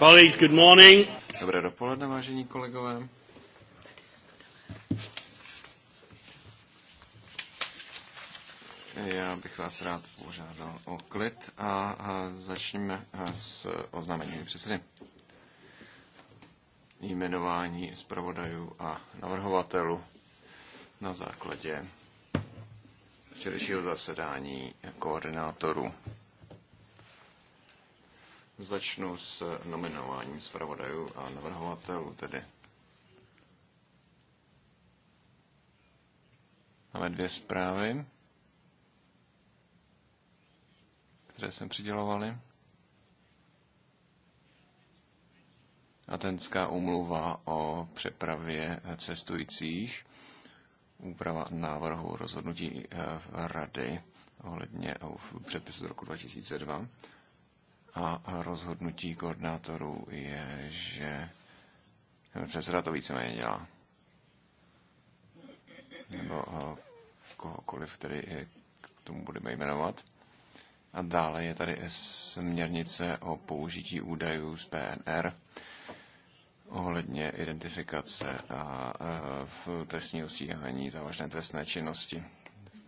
Colleagues, good morning. Dobré dopoledne, vážení kolegové. Já bych vás rád požádal o klid a začneme s oznámením předsedy. Jmenování zpravodajů a navrhovatelů na základě včerejšího zasedání koordinátorů. Začnu s nominováním zpravodajů a navrhovatelů tedy. Máme dvě zprávy, které jsme přidělovali. Atenská umluva o přepravě cestujících, úprava návrhu rozhodnutí v eh, Rady ohledně eh, předpisu z roku 2002 a rozhodnutí koordinátorů je, že předseda to víceméně dělá. Nebo eh, kohokoliv tedy eh, k tomu budeme jmenovat. A dále je tady směrnice o použití údajů z PNR ohledně identifikace a eh, v trestního stíhání závažné trestné činnosti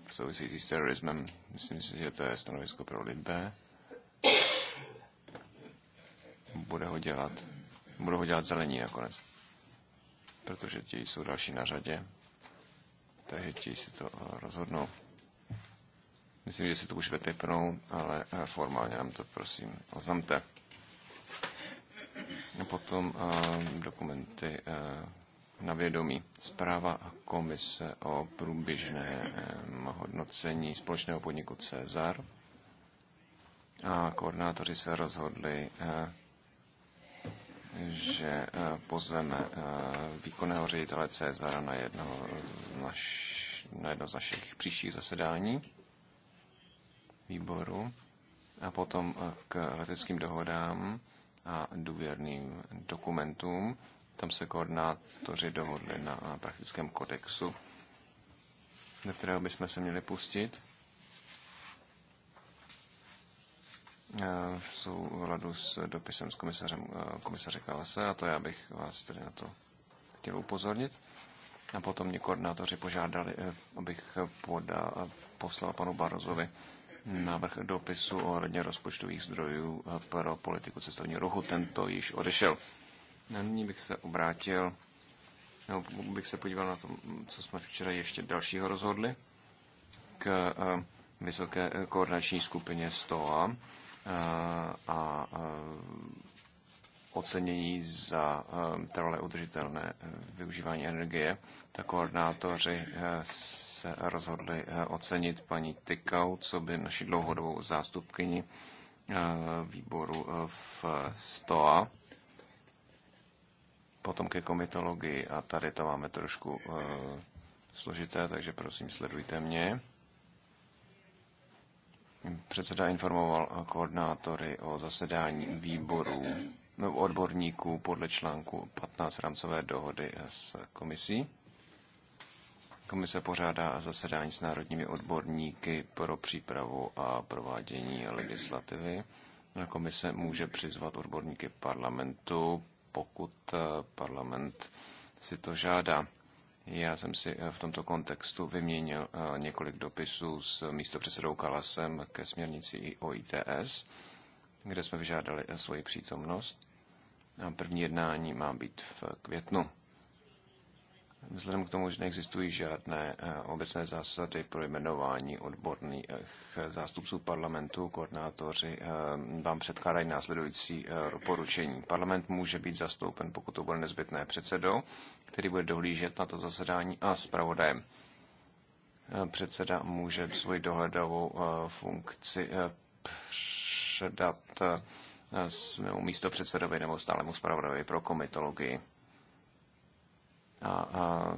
v souvisí s terorismem. Myslím si, že to je stanovisko pro Libé bude ho dělat, bude ho dělat zelení nakonec. Protože ti jsou další na řadě, takže ti si to eh, rozhodnou. Myslím, že si to už vytipnou, ale eh, formálně nám to prosím oznamte. A potom eh, dokumenty na vědomí. Zpráva komise o průběžném hodnocení společného podniku Cezar. A koordinátoři se rozhodli že eh, pozveme eh, výkonného ředitele Cezara na naš, na jedno z našich příštích zasedání výboru a potom eh, k leteckým dohodám a důvěrným dokumentům. Tam se koordinátoři dohodli na praktickém kodexu, do kterého bychom se měli pustit. Eh, v souladu s dopisem s komisařem, eh, komisaře Kalase a to já bych vás tedy na to chtěl upozornit. A potom mě koordinátoři požádali, eh, abych podal, poslal panu Barozovi návrh dopisu ohledně rozpočtových zdrojů pro politiku cestovního ruchu. Tento již odešel. Na nyní bych se obrátil, nebo bych se podíval na to, co jsme včera ještě dalšího rozhodli k vysoké koordinační skupině STOA a ocenění za trvalé udržitelné e, využívání energie, tak koordinátoři e, se rozhodli e, ocenit paní Tykau, co by naši dlouhodobou zástupkyni výboru v STOA. Potom ke komitologii a tady to máme trošku složité, takže prosím sledujte mě. Předseda informoval koordinátory o zasedání výborů no, odborníků podle článku 15 rámcové dohody s komisí. Komise pořádá zasedání s národními odborníky pro přípravu a provádění legislativy. Komise může přizvat odborníky parlamentu, pokud eh, parlament si to žádá. Já jsem si eh, v tomto kontextu vyměnil eh, několik dopisů s místopředsedou Kalasem ke směrnici OITS, kde jsme vyžádali eh, svoji přítomnost. První jednání má být v květnu. Vzhledem k tomu, že neexistují žádné eh, obecné zásady pro jmenování odborných eh, zástupců parlamentu, koordinátoři eh, vám předkládají následující doporučení. Parlament může být zastoupen, pokud to bude nezbytné předsedou, který bude dohlížet na to zasedání a zpravodajem. Předseda může svoji dohledovou funkci předat svému předsedovi nebo stálemu zpravodaji pro komitologii a, a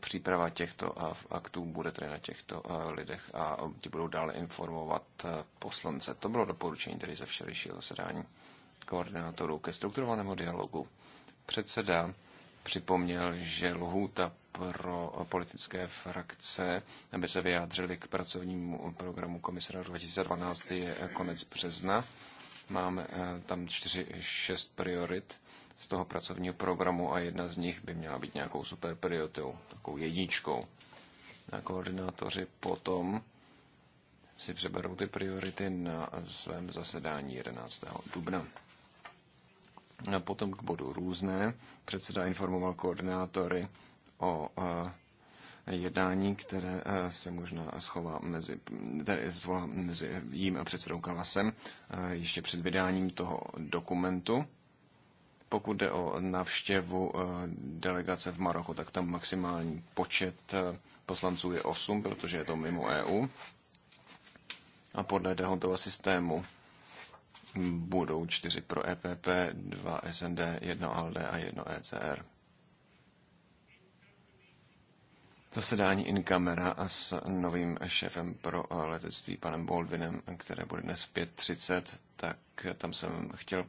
příprava těchto aktů bude tedy na těchto lidech a ti budou dále informovat e, poslance. To bylo doporučení tedy ze včerejšího zasedání koordinátorů ke strukturovanému dialogu. Předseda připomněl, že lhůta pro politické frakce, aby se vyjádřili k pracovnímu programu komisera 2012 je konec března. Máme e, tam čtyři šest priorit z toho pracovního programu a jedna z nich by měla být nějakou super prioritou, takovou jedničkou. A koordinátoři potom si přeberou ty priority na svém zasedání 11. dubna. A potom k bodu různé. Předseda informoval koordinátory o eh, jednání, které eh, se možná schová mezi, tedy zvolá mezi jím a předsedou Kalasem eh, ještě před vydáním toho dokumentu pokud jde o návštěvu eh, delegace v Maroku, tak tam maximální počet eh, poslanců je 8, protože je to mimo EU. A podle Dehontova systému budou 4 pro EPP, 2 SND, 1 ALDE a 1 ECR. Zasedání in camera a s novým šéfem pro eh, letectví, panem Baldwinem, které bude dnes v 5.30, tak tam jsem chtěl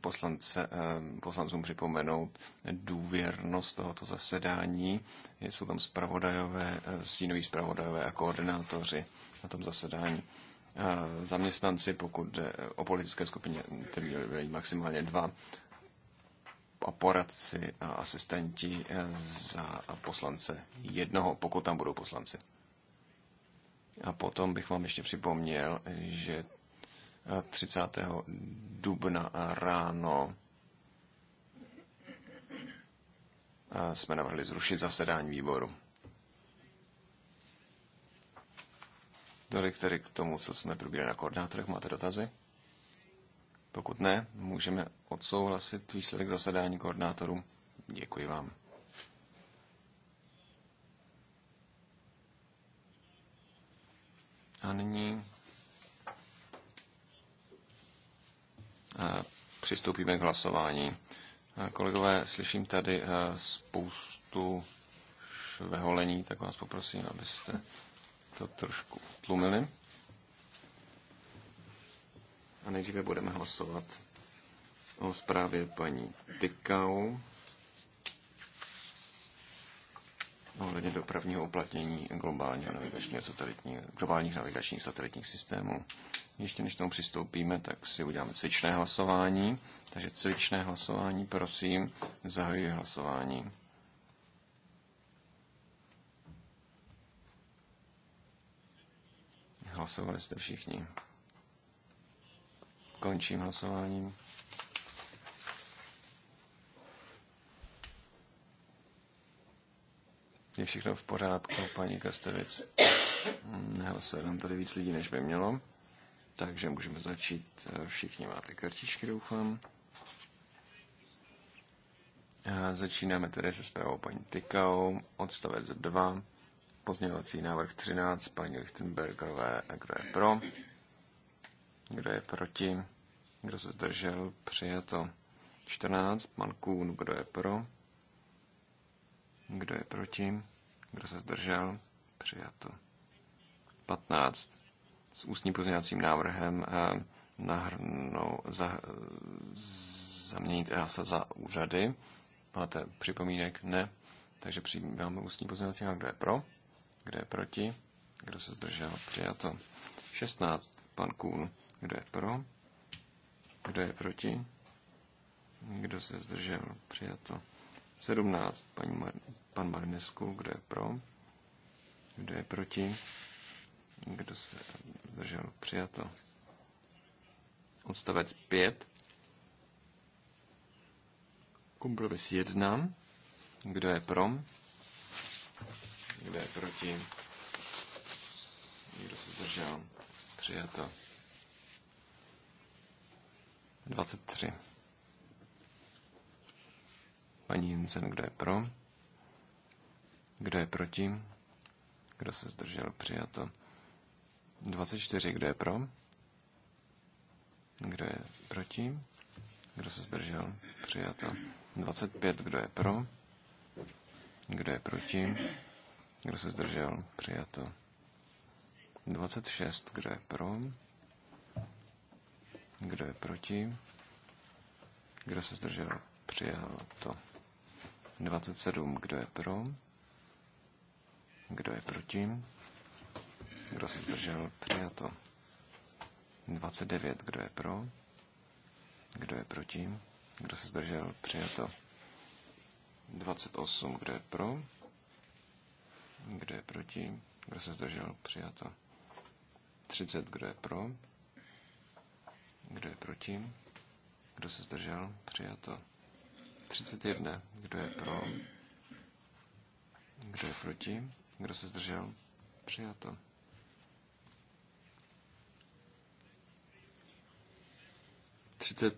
poslance, eh, poslancům připomenout důvěrnost tohoto zasedání. Jsou tam zpravodajové, eh, stínoví zpravodajové a koordinátoři na tom zasedání. Eh, zaměstnanci, pokud jde o politické skupině, ty měli maximálně dva, a poradci a asistenti za poslance jednoho, pokud tam budou poslanci. A potom bych vám ještě připomněl, že 30. dubna ráno jsme navrhli zrušit zasedání výboru. Tolik tedy k tomu, co jsme probírali na koordinátorech. Máte dotazy? Pokud ne, můžeme odsouhlasit výsledek zasedání koordinátorů. Děkuji vám. A nyní přistoupíme k hlasování. Kolegové, slyším tady e, spoustu šveholení, tak vás poprosím, abyste to trošku tlumili. A nejdříve budeme hlasovat o zprávě paní Tykau. ohledně dopravního uplatnění globálního navigačního satelitní, globálních navigačních satelitních systémů. Ještě než tomu přistoupíme, tak si uděláme cvičné hlasování. Takže cvičné hlasování, prosím, zahajuji hlasování. Hlasovali jste všichni. Končím hlasováním. Je všechno v pořádku, paní Kastevic. Hlasuje nám tady víc lidí, než by mělo. Takže můžeme začít. Všichni máte kartičky, doufám. A začínáme tedy se zprávou paní Tykau, odstavec 2, pozměňovací návrh 13, paní Lichtenbergové, kdo je pro, kdo je proti, kdo se zdržel, přijato 14, pan Kuhn, kdo je pro, kdo je proti? Kdo se zdržel? Přijato. 15. S ústním pozměňovacím návrhem eh, nahrnou, za, zaměnit EASA za úřady. Máte připomínek? Ne. Takže přijímáme ústní pozměňovací návrh. Kdo je pro? Kdo je proti? Kdo se zdržel? Přijato. 16. Pan Kůn. Kdo je pro? Kdo je proti? Kdo se zdržel? Přijato. 17. Paní Mar- pan Magnesku, kdo je pro, kdo je proti, kdo se zdržel přijato. Odstavec 5. Kompromis 1. Kdo je pro? Kdo je proti? Kdo se zdržel? Přijato. 23. Paní Jensen, kdo je pro? Kdo je proti? Kdo se zdržel? Přijato. 24. Kdo je pro? Kdo je proti? Kdo se zdržel? Přijato. 25. Kdo je pro? Kdo je proti? Kdo se zdržel? Přijato. 26. Kdo je pro? Kdo je proti? Kdo se zdržel? Přijato. 27. Kdo je pro? Kdo je proti? Kdo se zdržel? Přijato. 29. Kdo je pro? Kdo je proti? Kdo se zdržel? Přijato. 28. Kdo je pro? Kdo je proti? Kdo se zdržel? Přijato. 30. Kdo je pro? Kdo je proti? Kdo se zdržel? Přijato. 31. Kdo je pro? Kdo je proti? Kdo se zdržel? Přijato.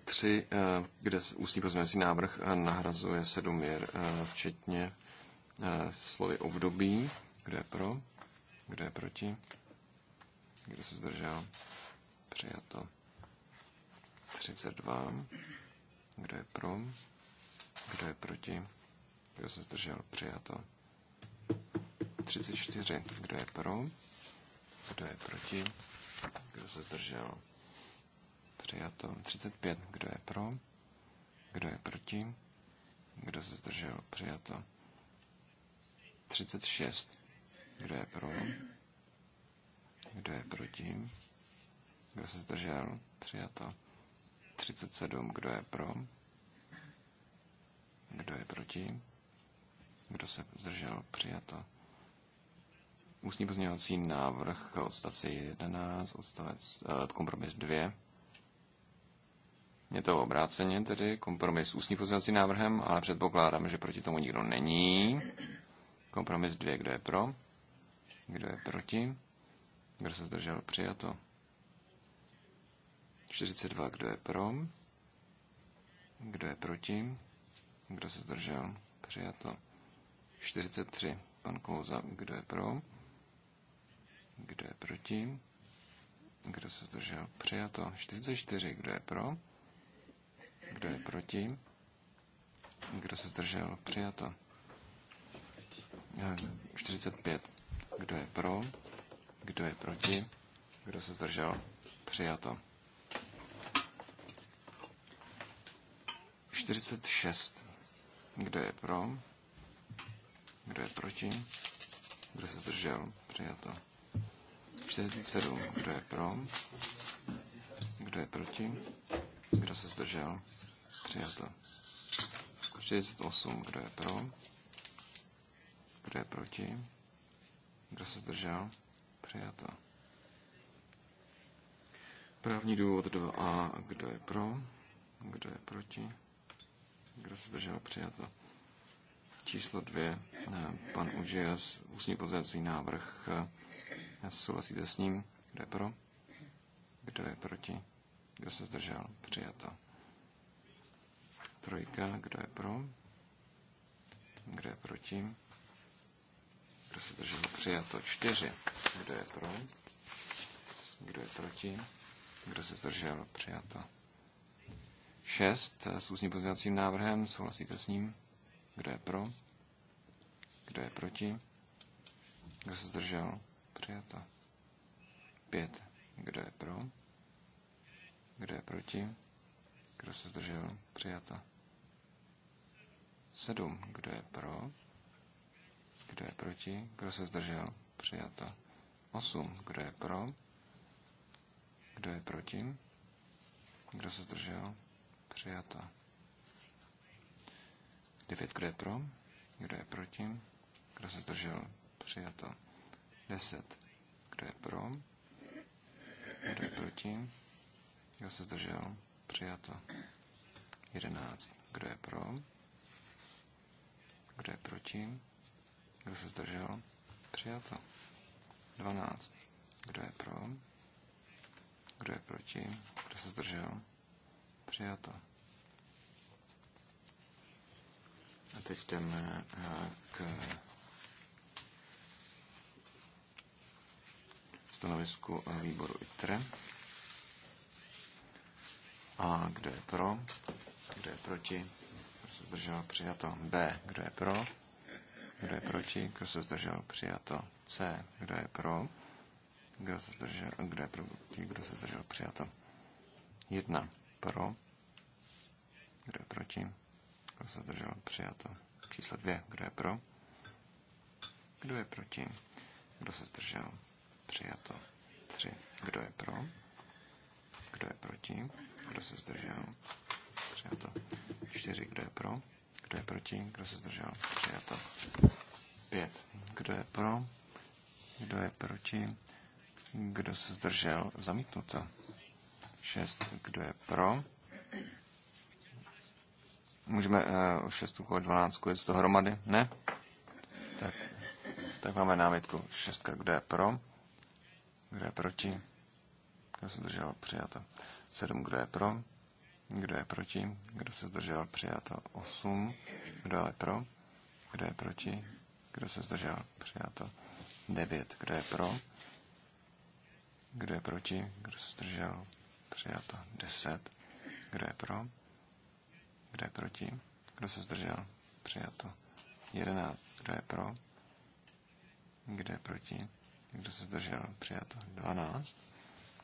tři, eh, kde ústní pozměňovací návrh eh, nahrazuje sedm měr eh, včetně slovy období. Kdo je pro? Kdo je proti? Kdo se zdržel? Přijato. 32. Kdo je pro? Kdo je proti? Kdo se zdržel? Přijato. 34. Kdo je pro? Kdo je proti? Kdo se zdržel? Přijato. 35. Kdo je pro? Kdo je proti? Kdo se zdržel? Přijato. 36. Kdo je pro? Kdo je proti? Kdo se zdržel? Přijato. 37. Kdo je pro? Kdo je proti? Kdo se zdržel? Přijato ústní pozměňovací návrh k odstavci 11, odstavec, uh, kompromis 2. Je to obráceně tedy, kompromis s ústní pozměňovacím návrhem, ale předpokládám, že proti tomu nikdo není. Kompromis 2, kdo je pro? Kdo je proti? Kdo se zdržel? Přijato. 42, kdo je pro? Kdo je proti? Kdo se zdržel? Přijato. 43, pan Kouza, kdo je pro? Kdo je proti? Kdo se zdržel? Přijato. 44. Kdo je pro? Kdo je proti? Kdo se zdržel? Přijato. 45. Eh, Kdo je pro? Kdo je proti? Kdo se zdržel? Přijato. 46. Kdo je pro? Kdo je proti? Kdo se zdržel? Přijato. 47. Kdo je pro? Kdo je proti? Kdo se zdržel? Přijato. 38. Kdo je pro? Kdo je proti? Kdo se zdržel? Přijato. Právní důvod 2a. Kdo je pro? Kdo je proti? Kdo se zdržel? Přijato. Číslo 2. Pan Užijas, ústní pozvací návrh Souhlasíte s ním? Kdo je pro? Kdo je proti? Kdo se zdržel? Přijato. Trojka. Kdo je pro? Kdo je proti? Kdo se zdržel? Přijato. Čtyři. Kdo je pro? Kdo je proti? Kdo se zdržel? Přijato. Šest. S ústním pozměňovacím návrhem. Souhlasíte s ním? Kdo je pro? Kdo je proti? Kdo se zdržel? Přijata. Pět. Kdo je pro? Kdo je proti? Kdo se zdržel? Přijata. Sedm. Kdo je pro? Kdo je proti? Kdo se zdržel? Přijata. Osm. Kdo je pro? Kdo je proti? Kdo se zdržel? Přijata. Devět. Kdo je pro? Kdo je proti? Kdo se zdržel? Přijata. 10. Kdo je pro? Kdo je proti? Kdo se zdržel? Přijato. 11. Kdo je pro? Kdo je proti? Kdo se zdržel? Přijato. 12. Kdo je pro? Kdo je proti? Kdo se zdržel? Přijato. A teď jdeme eh, k stanovisku výboru ITRE. A kdo je pro? Kdo je proti? Kdo se zdržel? Přijato. B. Kdo je pro? Kdo je proti? Kdo se zdržel? Přijato. C. Kdo je pro? Kdo se zdržel? Kdo je proti? Kdo se zdržel? Přijato. Jedna. Pro. Kdo je proti? Kdo se zdržel? Přijato. Číslo dvě. Kdo je pro? Kdo je proti? Kdo se zdržel? Přijato. 3. Kdo je pro? Kdo je proti? Kdo se zdržel? Přijato. 4. Kdo je pro? Kdo je proti? Kdo se zdržel? Přijato. 5. Kdo je pro? Kdo je proti? Kdo se zdržel? Zamítnuto. 6. Kdo je pro? Můžeme uh, 6 a 12 je z toho hromady? Ne? Tak, tak máme námitku. 6. Kdo je pro? Kdo je proti? Kdo se zdržel? Přijato. 7. Kdo je pro? Kdo je proti? Kdo se zdržel? Přijato. 8. Kdo je pro? Kdo je proti? Kdo se zdržel? Přijato. 9. Kdo je pro? Kdo je proti? Kdo se zdržel? Přijato. 10. Kdo je pro? Kdo je proti? Kdo se zdržel? Přijato. 11. Kdo je pro? Kdo je proti? Kdo se zdržel? Přijato. 12.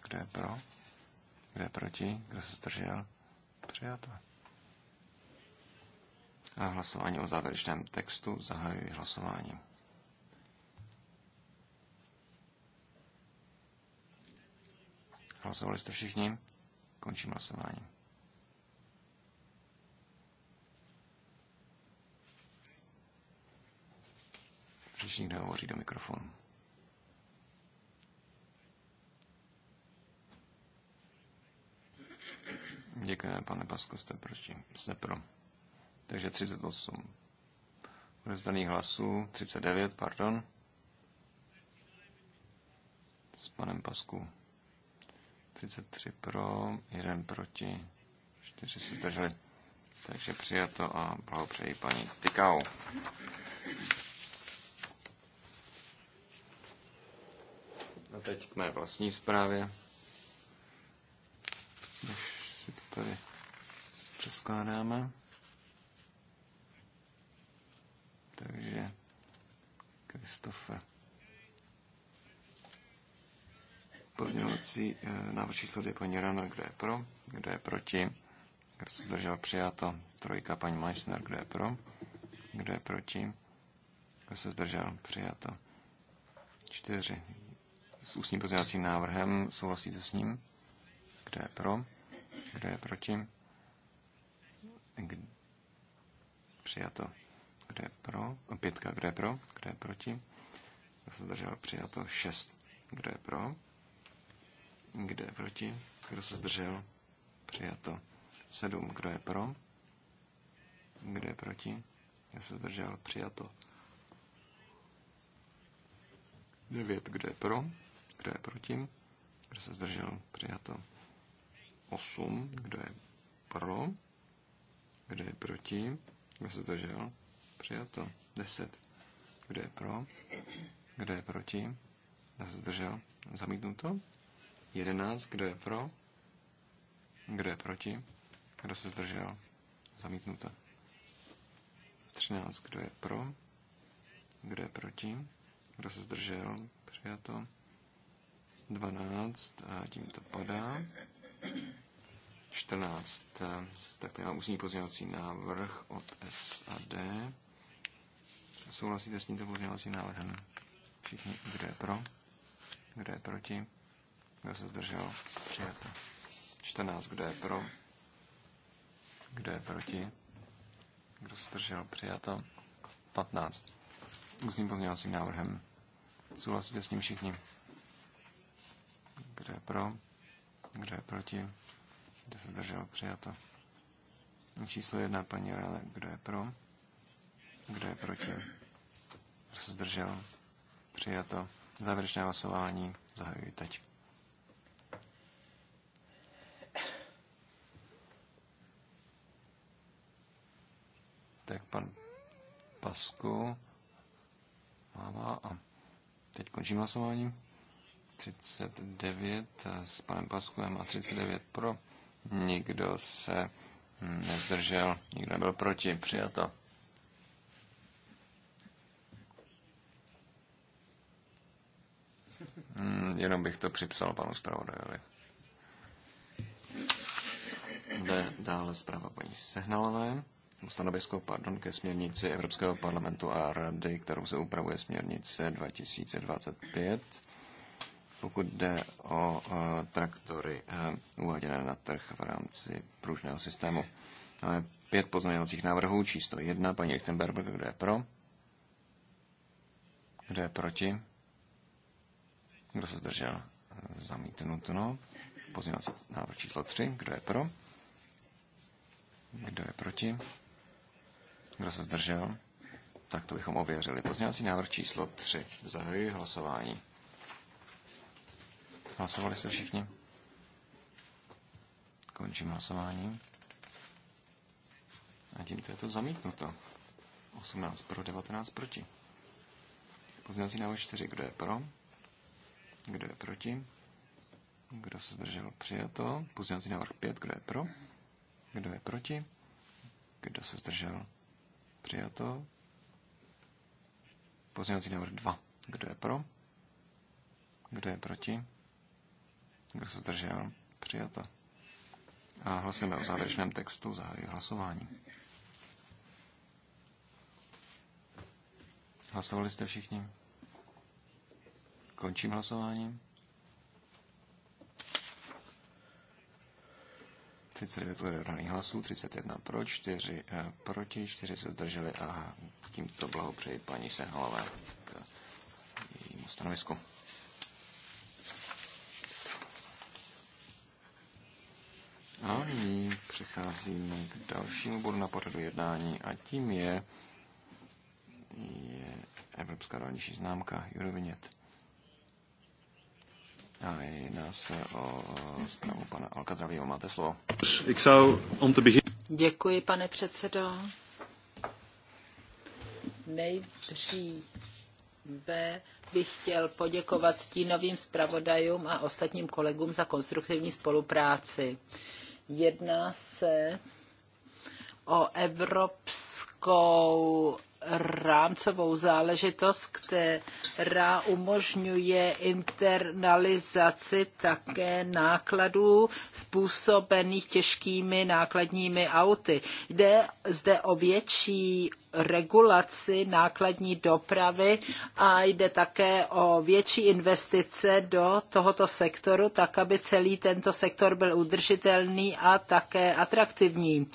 Kdo je pro? Kdo je proti? Kdo se zdržel? Přijato. A hlasování o závěrečném textu zahajuji hlasování. Hlasovali jste všichni? Končím hlasování. Řečník nehovoří do mikrofonu. Děkujeme, pane Pasko, jste, proti, jste pro. Takže 38 rozdaných hlasů, 39, pardon, s panem Pasku. 33 pro, 1 proti, 4 se zdrželi. Takže přijato a blahopřeji paní Tykau. A teď k mé vlastní zprávě. tady přeskládáme. Takže Kristofe. Pozměňovací eh, návrh číslo dvě paní Runner, kdo je pro, kdo je proti, kdo se zdržel přijato, trojka paní Meissner, kdo je pro, kdo je proti, kdo se zdržel přijato, čtyři s ústním pozměňovacím návrhem, souhlasíte s ním, kdo je pro, kdo je proti? Přijato. Kdo je pro? Pětka. Kdo je pro? Kdo je proti? Kdo se zdržel? Přijato. Šest. Kdo je pro? Kdo je proti? Kdo se zdržel? Přijato. Sedm. Kdo je pro? Kdo je proti? Kdo se zdržel? Přijato. devět, Kdo je pro? Kdo je proti? Kdo se zdržel? Přijato. 8. Kdo je pro? Kdo je proti? Kdo se zdržel? Přijato. 10. Kdo je pro? Kdo je proti? Kdo se zdržel? Zamítnuto. 11. Kdo je pro? Kdo je proti? Kdo se zdržel? Zamítnuto. 13. Kdo je pro? Kdo je proti? Kdo se zdržel? Přijato. 12. A tím to padá. 14. Eh, tak to je ústní pozměňovací návrh od SAD. Souhlasíte s tímto pozměňovacím návrhem? Všichni, kdo je pro? Kdo je proti? Kdo se zdržel? Přijato. 14. Kdo je pro? Kdo je proti? Kdo se zdržel? Přijato. 15. Ústním pozměňovacím návrhem. Souhlasíte s ním všichni? Kdo je pro? Kdo je proti? Kdo se zdržel? Přijato. Číslo jedna, paní Rele. Kdo je pro? Kdo je proti? Kdo se zdržel? Přijato. Závěrečné hlasování zahajuji teď. Tak pan Pasku mává a teď končím hlasování. 39 eh, s panem Paskujem a 39 pro. Nikdo se nezdržel, nikdo nebyl proti, přijato. Hmm, jenom bych to připsal panu zpravodajovi. Jde dále zpráva paní Sehnalové. Stanovisko, pardon, ke směrnici Evropského parlamentu a rady, kterou se upravuje směrnice 2025 pokud jde o e, traktory e, uváděné na trh v rámci pružného systému, máme pět pozměňovacích návrhů. Číslo jedna, paní Lichtenberg, kdo je pro? Kdo je proti? Kdo se zdržel? Zamítnuto. No. Pozměňovací návrh číslo 3. Kdo je pro? Kdo je proti? Kdo se zdržel? Tak to bychom ověřili. Pozměňovací návrh číslo 3. Zahajuji hlasování. Hlasovali se všichni? Končím hlasování. A tímto je to zamítnuto. 18 pro, 19 proti. Pozměnací návrh 4. Kdo je pro? Kdo je proti? Kdo se zdržel? Přijato. Pozměnací návrh 5. Kdo je pro? Kdo je proti? Kdo se zdržel? Přijato. Pozměnací návrh 2. Kdo je pro? Kdo je proti? Kdo se zdržel? Přijata. A hlasujeme o závěrečném textu. Zahajuji hlasování. Hlasovali jste všichni? Končím hlasování. 39 lidí hlasů, 31 pro, 4 eh, proti, 4 se zdrželi a tímto blahopřeji paní Sehalové k jejímu stanovisku. A nyní přecházíme k dalšímu bodu na pořadu jednání a tím je, je Evropská dálniční známka Eurovinět. A jedná se o zprávu pana Alkadravího. Máte slovo. Děkuji, pane předsedo. Nejdříve bych chtěl poděkovat stínovým zpravodajům a ostatním kolegům za konstruktivní spolupráci. Jedná se o Evropskou rámcovou záležitost, která umožňuje internalizaci také nákladů způsobených těžkými nákladními auty. Jde zde o větší regulaci nákladní dopravy a jde také o větší investice do tohoto sektoru, tak aby celý tento sektor byl udržitelný a také atraktivní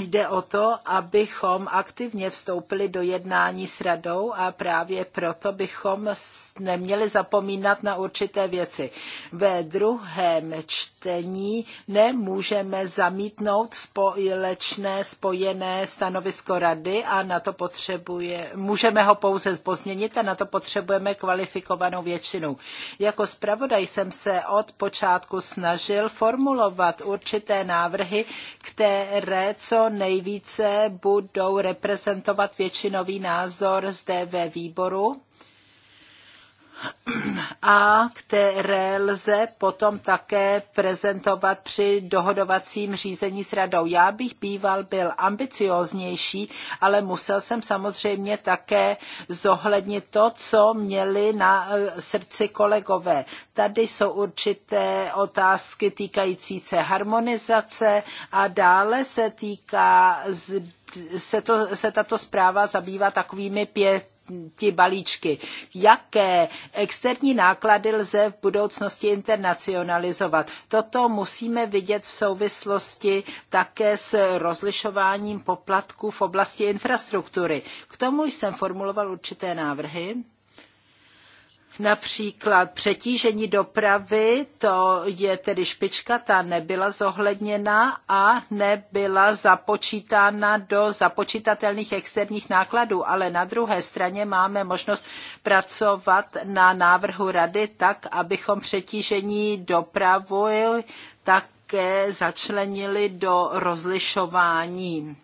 jde o to, abychom aktivně vstoupili do jednání s radou a právě proto bychom neměli zapomínat na určité věci. Ve druhém čtení nemůžeme zamítnout společné spojené stanovisko rady a na to potřebuje, můžeme ho pouze pozměnit a na to potřebujeme kvalifikovanou většinu. Jako zpravodaj jsem se od počátku snažil formulovat určité návrhy, které co nejvíce budou reprezentovat většinový názor zde ve výboru a které lze potom také prezentovat při dohodovacím řízení s radou. Já bych býval byl ambicioznější, ale musel jsem samozřejmě také zohlednit to, co měli na eh, srdci kolegové. Tady jsou určité otázky týkající se harmonizace a dále se týká se, to, se tato zpráva zabývá takovými pět, ty balíčky. Jaké externí náklady lze v budoucnosti internacionalizovat? Toto musíme vidět v souvislosti také s rozlišováním poplatků v oblasti infrastruktury. K tomu jsem formuloval určité návrhy. Například přetížení dopravy, to je tedy špička, ta nebyla zohledněna a nebyla započítána do započítatelných externích nákladů, ale na druhé straně máme možnost pracovat na návrhu rady tak, abychom přetížení dopravy také začlenili do rozlišování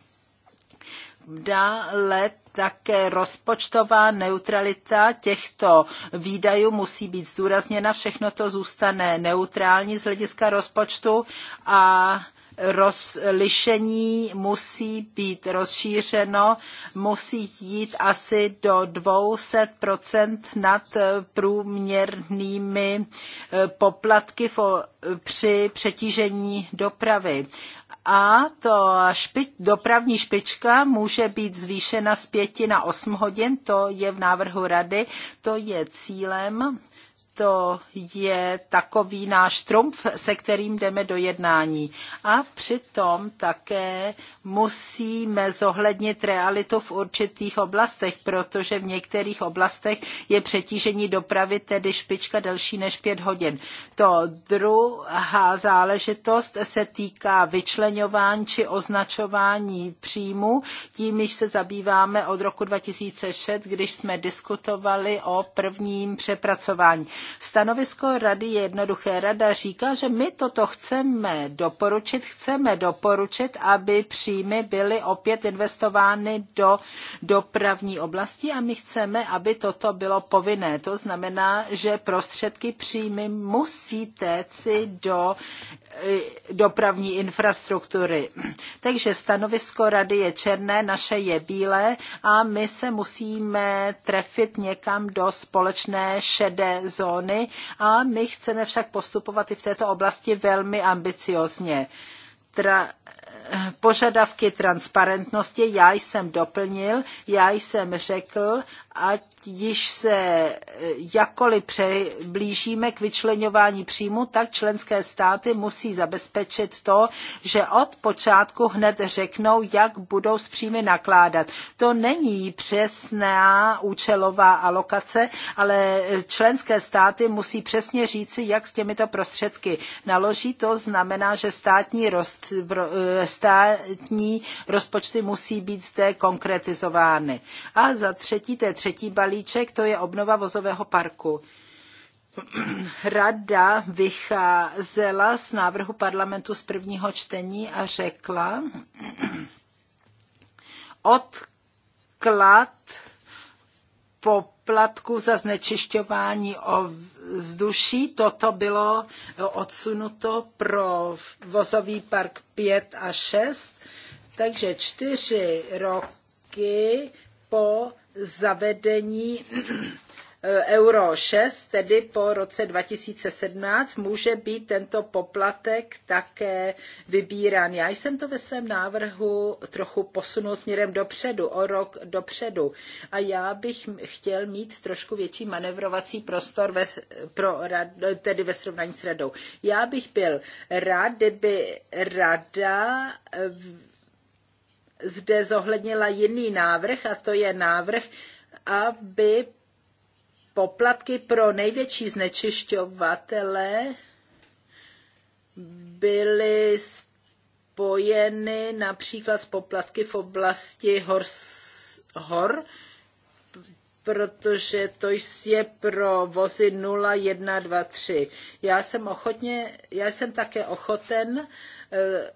Dále také rozpočtová neutralita těchto výdajů musí být zdůrazněna. Všechno to zůstane neutrální z hlediska rozpočtu a rozlišení musí být rozšířeno, musí jít asi do 200% nad průměrnými eh, poplatky při přetížení dopravy a to špič, dopravní špička může být zvýšena z pěti na osm hodin, to je v návrhu rady, to je cílem to je takový náš trumf, se kterým jdeme do jednání. A přitom také musíme zohlednit realitu v určitých oblastech, protože v některých oblastech je přetížení dopravy tedy špička delší než pět hodin. To druhá záležitost se týká vyčlenování či označování příjmu. Tím když se zabýváme od roku 2006, když jsme diskutovali o prvním přepracování. Stanovisko rady je jednoduché. Rada říká, že my toto chceme doporučit, chceme doporučit, aby příjmy byly opět investovány do dopravní oblasti a my chceme, aby toto bylo povinné. To znamená, že prostředky příjmy musí téci do Eh, dopravní infrastruktury. Takže stanovisko rady je černé, naše je bílé a my se musíme trefit někam do společné šedé zóny a my chceme však postupovat i v této oblasti velmi ambiciozně. Tra- eh, požadavky transparentnosti já jsem doplnil, já jsem řekl, ať již se eh, jakkoliv blížíme k vyčlenování příjmu, tak členské státy musí zabezpečit to, že od počátku hned řeknou, jak budou s příjmy nakládat. To není přesná účelová alokace, ale členské státy musí přesně říci, jak s těmito prostředky naloží. To znamená, že státní, eh, státní rozpočty musí být zde konkretizovány. A za třetí, to je třetí balíček, balíček, to je obnova vozového parku. Rada vycházela z návrhu parlamentu z prvního čtení a řekla, odklad poplatku za znečišťování vzduší. Toto bylo odsunuto pro vozový park 5 a 6, takže čtyři roky po zavedení euro 6, tedy po roce 2017, může být tento poplatek také vybírán. Já jsem to ve svém návrhu trochu posunul směrem dopředu, o rok dopředu. A já bych chtěl mít trošku větší manevrovací prostor ve, pro, tedy ve srovnání s radou. Já bych byl rád, kdyby rada zde zohlednila jiný návrh a to je návrh, aby poplatky pro největší znečišťovatele byly spojeny například s poplatky v oblasti hor, hor protože to je pro vozy 0, 1, 2, 3. Já jsem, ochotně, já jsem také ochoten eh,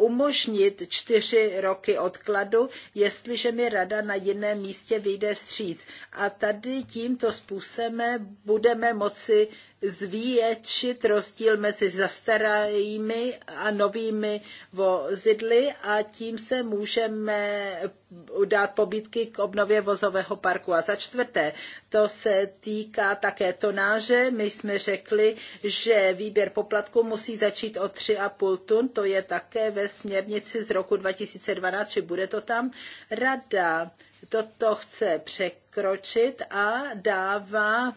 umožnit čtyři roky odkladu, jestliže mi rada na jiném místě vyjde stříc. A tady tímto způsobem budeme moci zvětšit rozdíl mezi zastaralými a novými vozidly a tím se můžeme dát pobídky k obnově vozového parku. A za čtvrté, to se týká také tonáže. My jsme řekli, že výběr poplatku musí začít od 3,5 tun, to je také ve směrnici z roku 2012, či bude to tam. Rada toto chce překročit a dává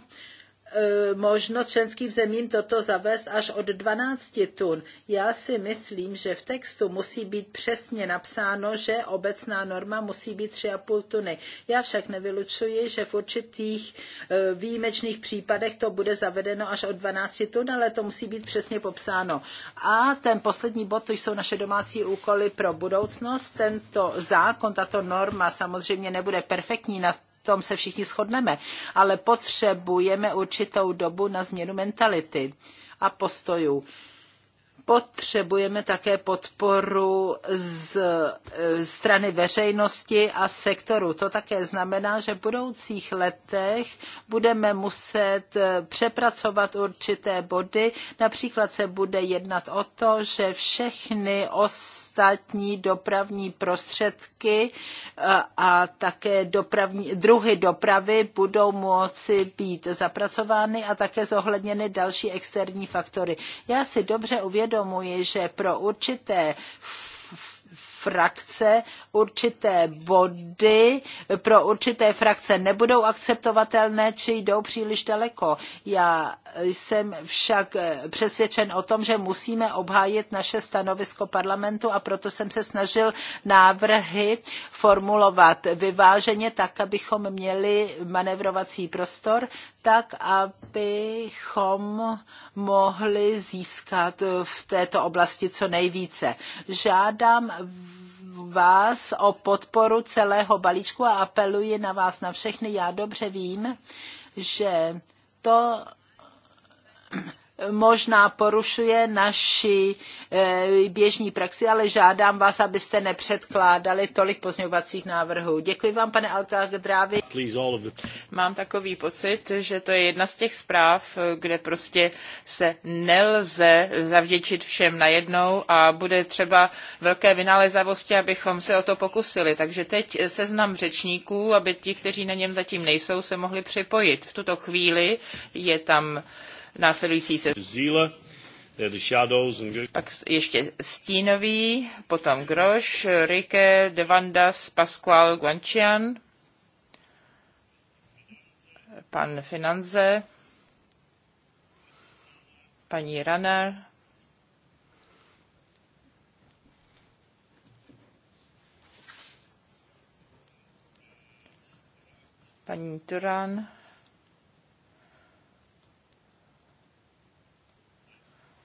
Eh, možnost členským zemím toto zavést až od 12 tun. Já si myslím, že v textu musí být přesně napsáno, že obecná norma musí být 3,5 tuny. Já však nevylučuji, že v určitých eh, výjimečných případech to bude zavedeno až od 12 tun, ale to musí být přesně popsáno. A ten poslední bod, to jsou naše domácí úkoly pro budoucnost. Tento zákon, tato norma samozřejmě nebude perfektní na tom se všichni shodneme, ale potřebujeme určitou dobu na změnu mentality a postojů potřebujeme také podporu z e, strany veřejnosti a sektoru. To také znamená, že v budoucích letech budeme muset e, přepracovat určité body. Například se bude jednat o to, že všechny ostatní dopravní prostředky e, a také dopravní, druhy dopravy budou moci být zapracovány a také zohledněny další externí faktory. Já si dobře uvědomuji, uvědomuji, že pro určité frakce určité body pro určité frakce nebudou akceptovatelné či jdou příliš daleko. Já jsem však eh, přesvědčen o tom, že musíme obhájit naše stanovisko parlamentu a proto jsem se snažil návrhy formulovat vyváženě tak, abychom měli manevrovací prostor, tak, abychom mohli získat v této oblasti co nejvíce. Žádám vás o podporu celého balíčku a apeluji na vás na všechny. Já dobře vím, že to možná porušuje naši eh, běžní praxi, ale žádám vás, abyste nepředkládali tolik pozměňovacích návrhů. Děkuji vám, pane Alkadrávi. Mám takový pocit, že to je jedna z těch zpráv, kde prostě se nelze zavděčit všem najednou a bude třeba velké vynalezavosti, abychom se o to pokusili. Takže teď seznam řečníků, aby ti, kteří na něm zatím nejsou, se mohli připojit. V tuto chvíli je tam následující se... Eh, Pak ještě Stínový, potom Groš, Rike, Devandas, Pasqual, Guanchian, pan Finanze, paní Runner, paní Turan,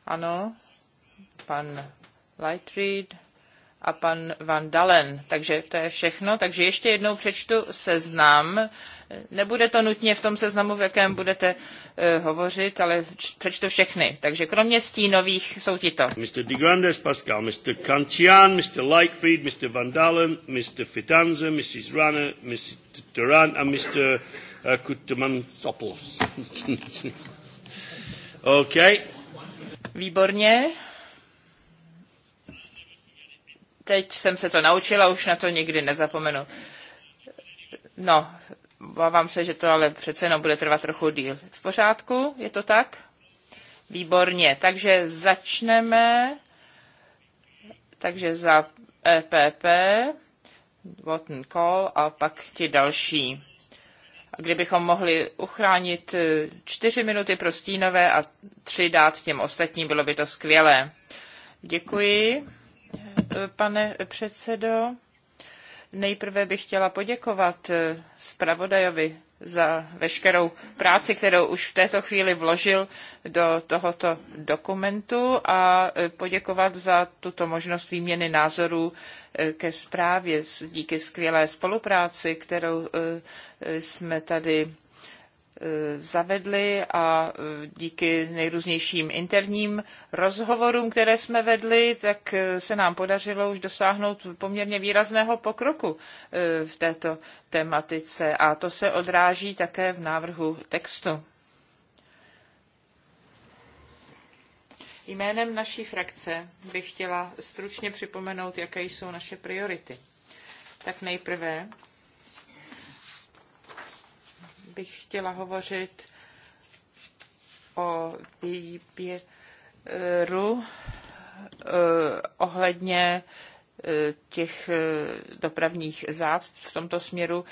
Ano, pan Lightread a pan Van Dalen. Takže to je všechno. Takže ještě jednou přečtu seznam. Nebude to nutně v tom seznamu, v jakém budete uh, hovořit, ale přečtu všechny. Takže kromě stínových jsou ti to. Mr. De Grandes Pascal, Mr. Kantian, Mr. Lightfried, Mr. Van Dalen, Mr. Fitanza, Mrs. Rana, Mr. Duran a Mr. Eh, Kutuman Sopoulos. okay. Výborně. Teď jsem se to naučila, už na to nikdy nezapomenu. No, bávám se, že to ale přece jenom bude trvat trochu díl. V pořádku? Je to tak? Výborně. Takže začneme. Takže za EPP, Watton Call a pak ti další kdybychom mohli uchránit eh, čtyři minuty pro stínové a tři dát těm ostatním, bylo by to skvělé. Děkuji, eh, pane předsedo. Nejprve bych chtěla poděkovat eh, zpravodajovi za veškerou práci, kterou už v této chvíli vložil do tohoto dokumentu a poděkovat za tuto možnost výměny názorů ke zprávě díky skvělé spolupráci, kterou e, jsme tady e, zavedli a e, díky nejrůznějším interním rozhovorům, které jsme vedli, tak se nám podařilo už dosáhnout poměrně výrazného pokroku v této tematice a to se odráží také v návrhu textu. Jménem naší frakce bych chtěla stručně připomenout, jaké jsou naše priority. Tak nejprve bych chtěla hovořit o výběru eh, ohledně eh, těch eh, dopravních zácp. V tomto směru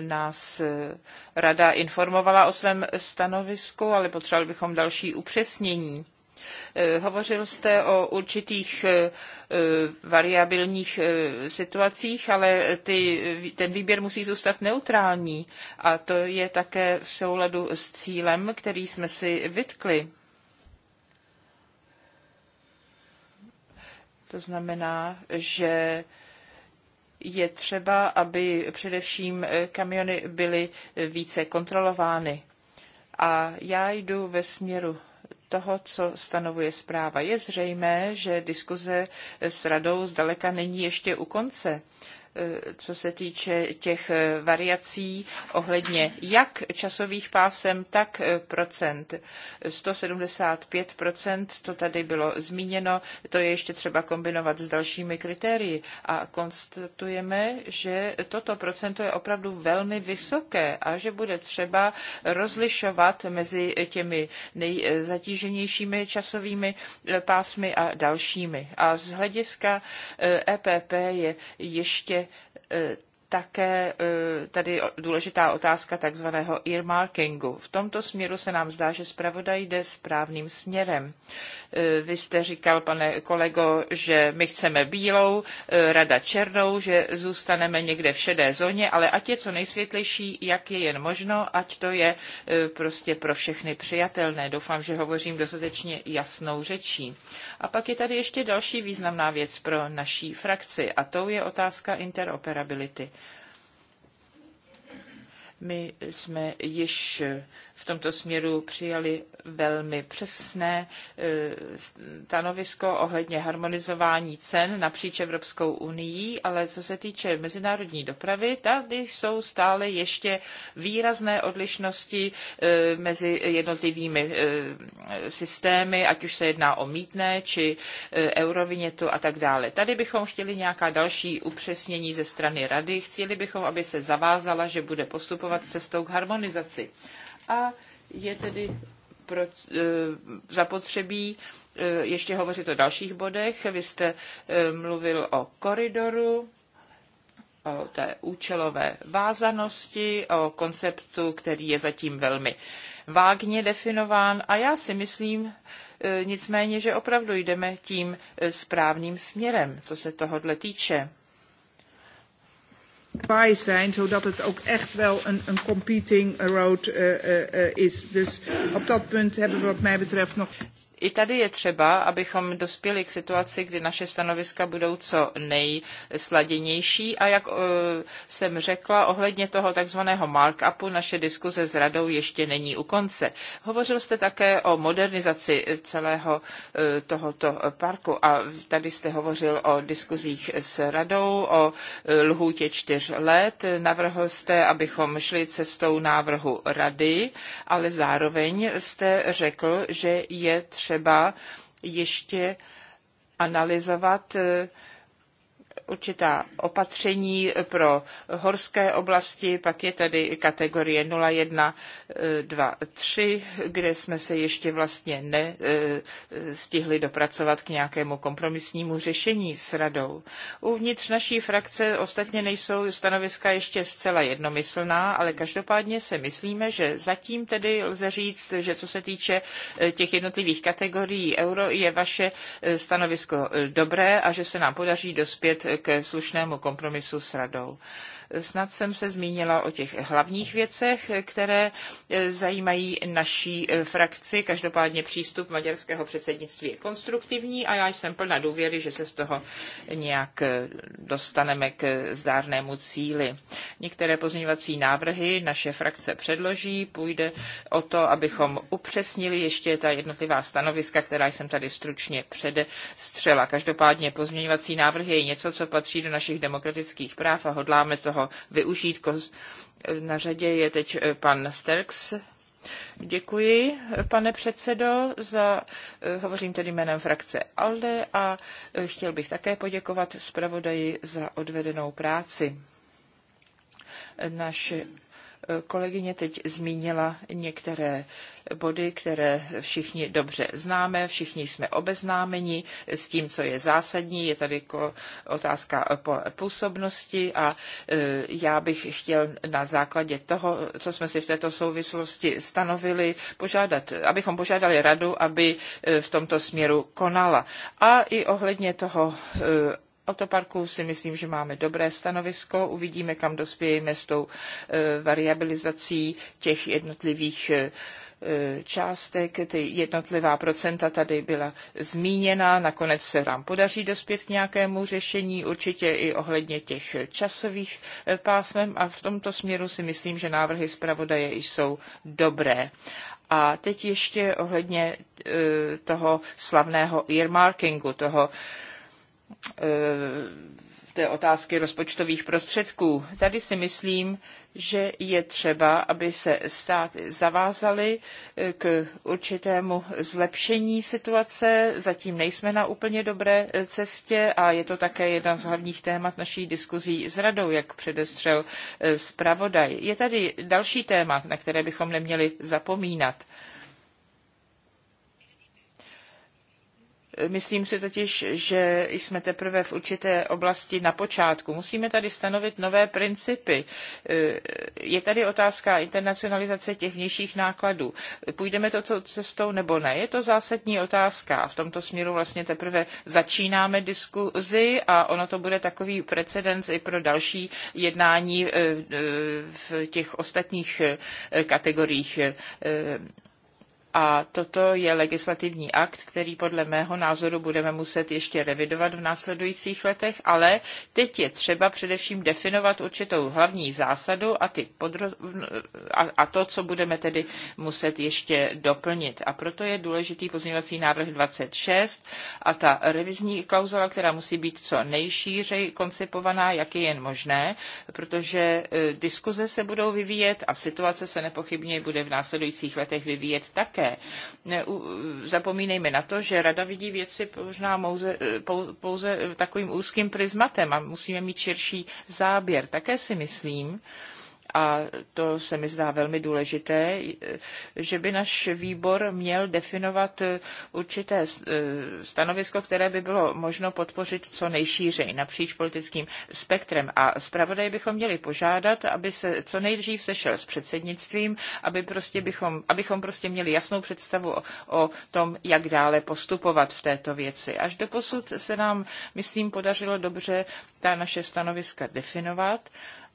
nás rada informovala o svém stanovisku, ale potřebovali bychom další upřesnění. Eh, hovořil jste o určitých eh, eh, variabilních situacích, ale ty, ten výběr musí zůstat neutrální a to je také v souladu s cílem, který jsme si vytkli. To znamená, že je třeba, aby především kamiony byly více kontrolovány. A já jdu ve směru toho, co stanovuje zpráva. Je zřejmé, že diskuze s radou zdaleka není ještě u konce. Eh, co se týče těch eh, variací ohledně jak časových pásem, tak eh, procent. 175 procent, to tady bylo zmíněno, to je ještě třeba kombinovat s dalšími kritérii a konstatujeme, že toto procento je opravdu velmi vysoké a že bude třeba rozlišovat mezi těmi nejzatíženějšími časovými pásmy a dalšími. A z hlediska EPP e je ještě Eh, také eh, tady důležitá otázka takzvaného earmarkingu. V tomto směru se nám zdá, že zpravodaj jde správným směrem. Eh, vy jste říkal, pane kolego, že my chceme bílou, rada černou, že zůstaneme někde v šedé zóně, ale ať je co nejsvětlejší, jak je jen možno, ať to je prostě pro všechny přijatelné. Doufám, že hovořím dostatečně jasnou řečí. A pak je tady ještě další významná věc pro naší frakci a tou je otázka interoperability. My jsme již v tomto směru přijali velmi přesné e, stanovisko ohledně harmonizování cen napříč Evropskou unii, ale co se týče mezinárodní dopravy, tady jsou stále ještě výrazné odlišnosti e, mezi jednotlivými e, systémy, ať už se jedná o mítné či eurovinětu a tak dále. Tady bychom chtěli nějaká další upřesnění ze strany rady. Chtěli bychom, aby se zavázala, že bude postupovat cestou k harmonizaci a je tedy pro, eh, zapotřebí eh, ještě hovořit o dalších bodech. Vy jste eh, mluvil o koridoru, o té účelové vázanosti, o konceptu, který je zatím velmi vágně definován a já si myslím nicméně, že opravdu jdeme tím správným směrem, co se tohodle týče by zijn, zodat het ook echt wel een, een competing road uh, uh, is. Dus op dat punt hebben we wat mij betreft nog. I tady je třeba, abychom dospěli k situaci, kdy naše stanoviska budou co nejsladěnější a jak e, jsem řekla, ohledně toho takzvaného markupu naše diskuze s radou ještě není u konce. Hovořil jste také o modernizaci celého e, tohoto parku a tady jste hovořil o diskuzích s radou, o e, lhůtě čtyř let. Navrhl jste, abychom šli cestou návrhu rady, ale zároveň jste řekl, že je třeba třeba ještě analyzovat eh, určitá opatření pro horské oblasti, pak je tady kategorie 0123, kde jsme se ještě vlastně nestihli eh, dopracovat k nějakému kompromisnímu řešení s radou. Uvnitř naší frakce ostatně nejsou stanoviska ještě zcela jednomyslná, ale každopádně se myslíme, že zatím tedy lze říct, že co se týče eh, těch jednotlivých kategorií euro, je vaše eh, stanovisko dobré a že se nám podaří dospět ke slušnému kompromisu s radou. Snad jsem se zmínila o těch hlavních věcech, které eh, zajímají naší eh, frakci. Každopádně přístup maďarského předsednictví je konstruktivní a já jsem plna důvěry, že se z toho nějak eh, dostaneme k zdárnému cíli. Některé pozměňovací návrhy naše frakce předloží. Půjde o to, abychom upřesnili ještě ta jednotlivá stanoviska, která jsem tady stručně předestřela. Každopádně pozměňovací návrhy je něco, co patří do našich demokratických práv a hodláme toho využít. Na řadě je teď eh, pan Sterks. Děkuji, pane předsedo, za, eh, hovořím tedy jménem frakce ALDE a eh, chtěl bych také poděkovat zpravodaji za odvedenou práci. Naše Kolegyně teď zmínila některé body, které všichni dobře známe, všichni jsme obeznámeni s tím, co je zásadní. Je tady otázka působnosti a e, já bych chtěl na základě toho, co jsme si v této souvislosti stanovili, požádat, abychom požádali radu, aby e, v tomto směru konala. A i ohledně toho e, autoparku si myslím, že máme dobré stanovisko. Uvidíme, kam dospějeme s tou e, variabilizací těch jednotlivých e, e, částek, ty jednotlivá procenta tady byla zmíněna, nakonec se nám podaří dospět k nějakému řešení, určitě i ohledně těch časových pásmem a v tomto směru si myslím, že návrhy zpravodaje jsou dobré. A teď ještě ohledně toho slavného earmarkingu, toho Eh, té otázky rozpočtových prostředků. Tady si myslím, že je třeba, aby se státy zavázaly eh, k určitému zlepšení situace. Zatím nejsme na úplně dobré eh, cestě a je to také jedna z hlavních témat naší diskuzí s radou, jak předestřel zpravodaj. Je tady další téma, na které bychom neměli zapomínat. Myslím si totiž, že jsme teprve v určité oblasti na počátku. Musíme tady stanovit nové principy. Je tady otázka internacionalizace těch vnějších nákladů. Půjdeme to cestou nebo ne? Je to zásadní otázka. A v tomto směru vlastně teprve začínáme diskuzi a ono to bude takový precedens i pro další jednání eh, eh, v těch ostatních eh, kategoriích a toto je legislativní akt, který podle mého názoru budeme muset ještě revidovat v následujících letech, ale teď je třeba především definovat určitou hlavní zásadu a, ty podro... a, to, co budeme tedy muset ještě doplnit. A proto je důležitý pozměňovací návrh 26 a ta revizní klauzula, která musí být co nejšířej koncipovaná, jak je jen možné, protože e, diskuze se budou vyvíjet a situace se nepochybně bude v následujících letech vyvíjet také také. Zapomínejme na to, že rada vidí věci možná pouze, eh, pouze takovým úzkým prismatem a musíme mít širší záběr. Také si myslím, a to se mi zdá velmi důležité, že by náš výbor měl definovat eh, určité eh, stanovisko, které by bylo možno podpořit co nejšířej napříč politickým spektrem. A zpravodaj bychom měli požádat, aby se co nejdřív sešel s předsednictvím, aby prostě bychom, abychom prostě měli jasnou představu o, o tom, jak dále postupovat v této věci. Až do posud se nám, myslím, podařilo dobře ta naše stanoviska definovat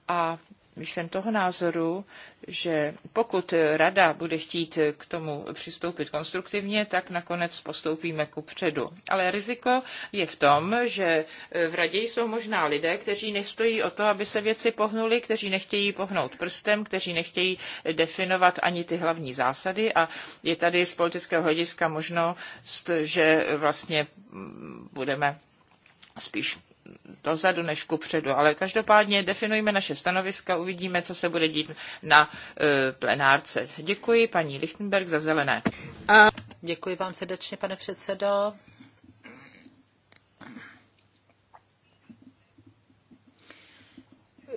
a jsem toho názoru, že pokud rada bude chtít k tomu přistoupit konstruktivně, tak nakonec postoupíme ku předu. Ale riziko je v tom, že v radě jsou možná lidé, kteří nestojí o to, aby se věci pohnuly, kteří nechtějí pohnout prstem, kteří nechtějí definovat ani ty hlavní zásady a je tady z politického hlediska možnost, že vlastně budeme spíš dozadu než ku předu. Ale každopádně definujeme naše stanoviska, uvidíme, co se bude dít na e, plenárce. Děkuji paní Lichtenberg za zelené. A... Děkuji vám srdečně, pane předsedo.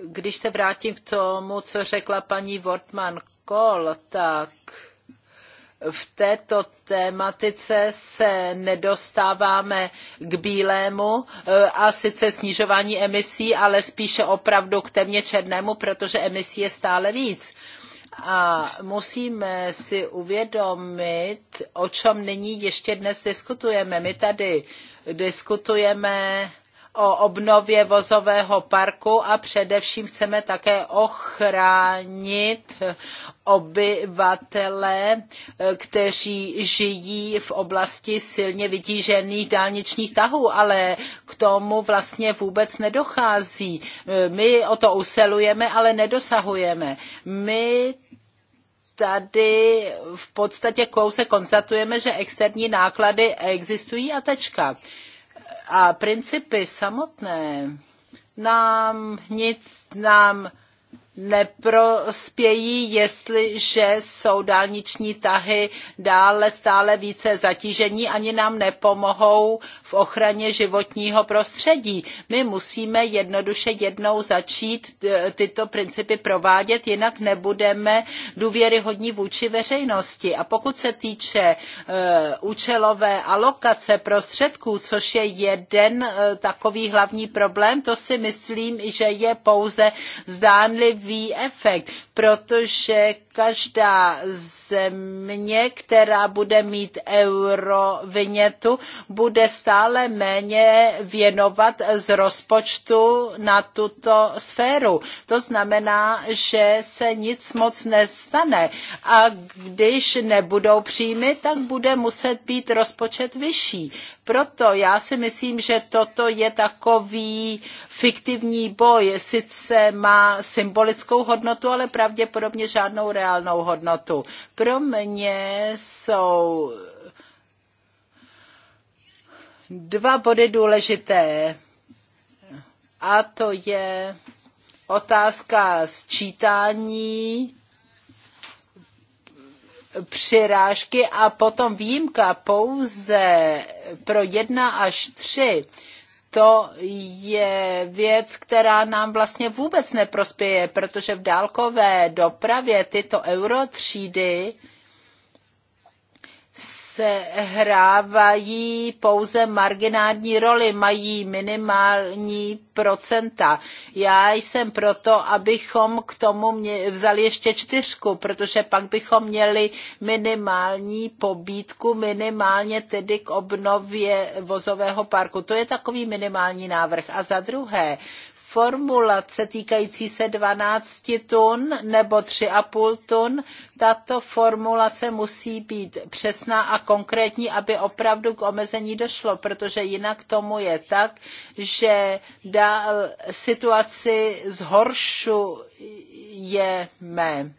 Když se vrátím k tomu, co řekla paní Wortmann Kohl, tak v této tématice se nedostáváme k bílému eh, a sice snižování emisí, ale spíše opravdu k temně černému, protože emisí je stále víc. A musíme si uvědomit, o čem nyní ještě dnes diskutujeme. My tady diskutujeme o obnově vozového parku a především chceme také ochránit obyvatele, kteří žijí v oblasti silně vytížených dálničních tahů, ale k tomu vlastně vůbec nedochází. My o to usilujeme, ale nedosahujeme. My tady v podstatě kouse konstatujeme, že externí náklady existují a tečka a principy samotné nám nic nám neprospějí, jestliže jsou dálniční tahy dále stále více zatížení, ani nám nepomohou v ochraně životního prostředí. My musíme jednoduše jednou začít eh, tyto principy provádět, jinak nebudeme důvěryhodní vůči veřejnosti. A pokud se týče eh, účelové alokace prostředků, což je jeden eh, takový hlavní problém, to si myslím, že je pouze zdánlivý svý efekt, protože každá země, která bude mít eurovinětu, bude stále méně věnovat z rozpočtu na tuto sféru. To znamená, že se nic moc nestane. A když nebudou příjmy, tak bude muset být rozpočet vyšší. Proto já si myslím, že toto je takový fiktivní boj. Sice má symbolickou hodnotu, ale pravděpodobně žádnou realitu reálnou hodnotu. Pro mě jsou dva body důležité. A to je otázka sčítání přirážky a potom výjimka pouze pro jedna až tři to je věc, která nám vlastně vůbec neprospěje, protože v dálkové dopravě tyto eurotřídy třídy se hrávají pouze marginální roli, mají minimální procenta. Já jsem proto, abychom k tomu mě, vzali ještě čtyřku, protože pak bychom měli minimální pobídku, minimálně tedy k obnově vozového parku. To je takový minimální návrh. A za druhé, formulace týkající se 12 tun nebo 3,5 tun, tato formulace musí být přesná a konkrétní, aby opravdu k omezení došlo, protože jinak tomu je tak, že dál situaci zhoršujeme.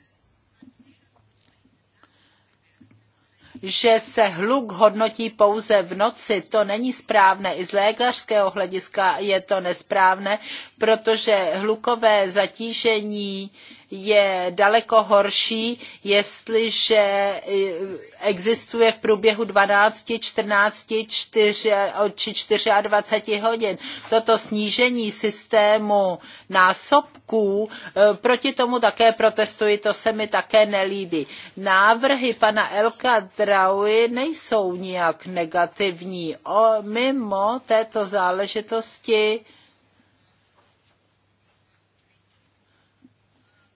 že se hluk hodnotí pouze v noci. To není správné. I z lékařského hlediska je to nesprávné, protože hlukové zatížení je daleko horší, jestliže eh, existuje v průběhu 12, 14 4, či 24 hodin. Toto snížení systému násobků, eh, proti tomu také protestuji, to se mi také nelíbí. Návrhy pana Elka Draui nejsou nijak negativní. O, mimo této záležitosti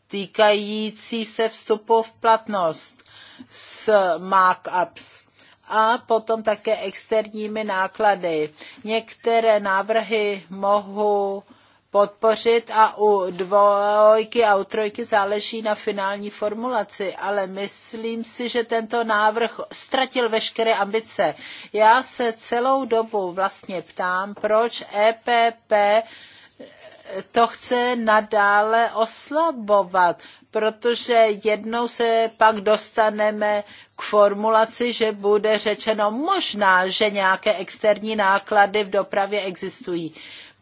týkající se vstupu v platnost s markups a potom také externími náklady. Některé návrhy mohu podpořit a u dvojky a u trojky záleží na finální formulaci, ale myslím si, že tento návrh ztratil veškeré ambice. Já se celou dobu vlastně ptám, proč EPP to chce nadále oslabovat, protože jednou se pak dostaneme k formulaci, že bude řečeno možná, že nějaké externí náklady v dopravě existují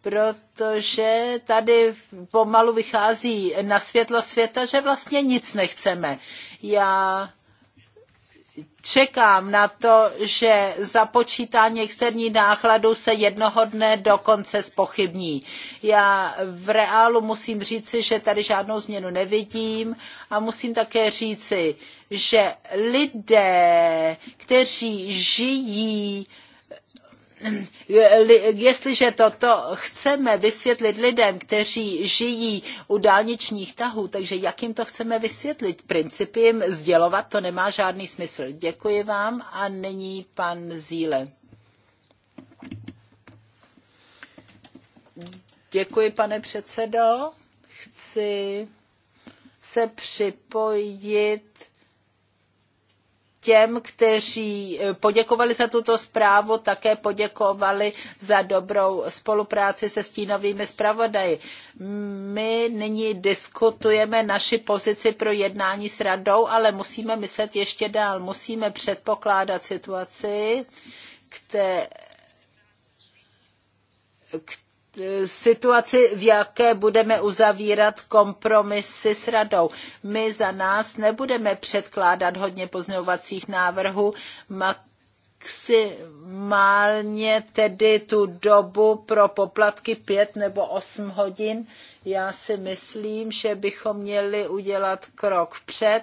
protože tady pomalu vychází na světlo světa, že vlastně nic nechceme. Já čekám na to, že započítání externí nákladů se jednoho dne dokonce spochybní. Já v reálu musím říci, že tady žádnou změnu nevidím a musím také říci, že lidé, kteří žijí jestliže toto chceme vysvětlit lidem, kteří žijí u dálničních tahů, takže jak jim to chceme vysvětlit? Principy jim sdělovat to nemá žádný smysl. Děkuji vám a nyní pan Zíle. Děkuji, pane předsedo. Chci se připojit těm, kteří eh, poděkovali za tuto zprávu, také poděkovali za dobrou spolupráci se stínovými zpravodaji. My nyní diskutujeme naši pozici pro jednání s radou, ale musíme myslet ještě dál. Musíme předpokládat situaci, které situaci, v jaké budeme uzavírat kompromisy s radou. My za nás nebudeme předkládat hodně pozměňovacích návrhů, maximálně tedy tu dobu pro poplatky pět nebo osm hodin. Já si myslím, že bychom měli udělat krok vpřed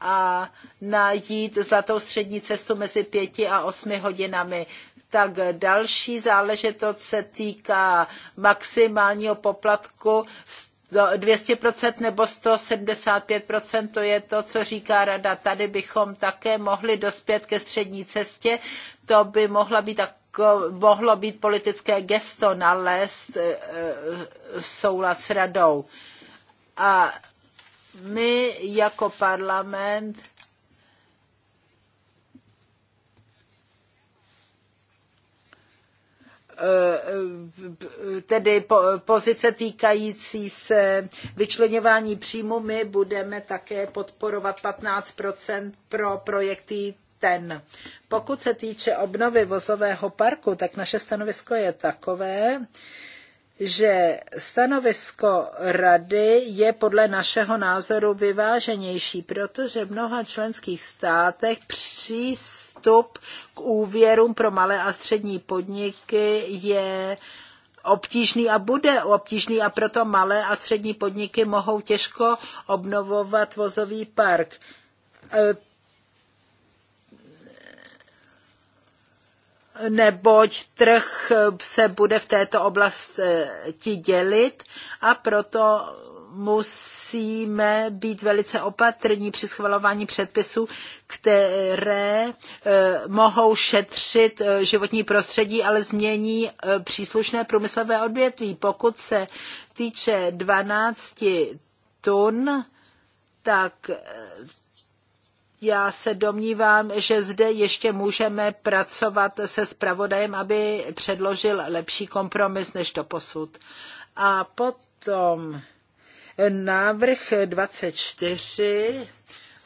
a najít zlatou střední cestu mezi pěti a osmi hodinami tak další záležitost se týká maximálního poplatku 200% nebo 175%, to je to, co říká rada. Tady bychom také mohli dospět ke střední cestě. To by mohla být tak, mohlo být politické gesto nalézt eh, eh, soulad s radou. A my jako parlament tedy pozice týkající se vyčlenování příjmu, my budeme také podporovat 15 pro projekty ten. Pokud se týče obnovy vozového parku, tak naše stanovisko je takové, že stanovisko rady je podle našeho názoru vyváženější, protože v mnoha členských státech přístup k úvěrům pro malé a střední podniky je obtížný a bude obtížný a proto malé a střední podniky mohou těžko obnovovat vozový park neboť trh se bude v této oblasti dělit a proto musíme být velice opatrní při schvalování předpisů, které eh, mohou šetřit eh, životní prostředí, ale změní eh, příslušné průmyslové odvětví. Pokud se týče 12 tun, tak já se domnívám, že zde ještě můžeme pracovat se zpravodajem, aby předložil lepší kompromis než doposud. posud. A potom návrh 24,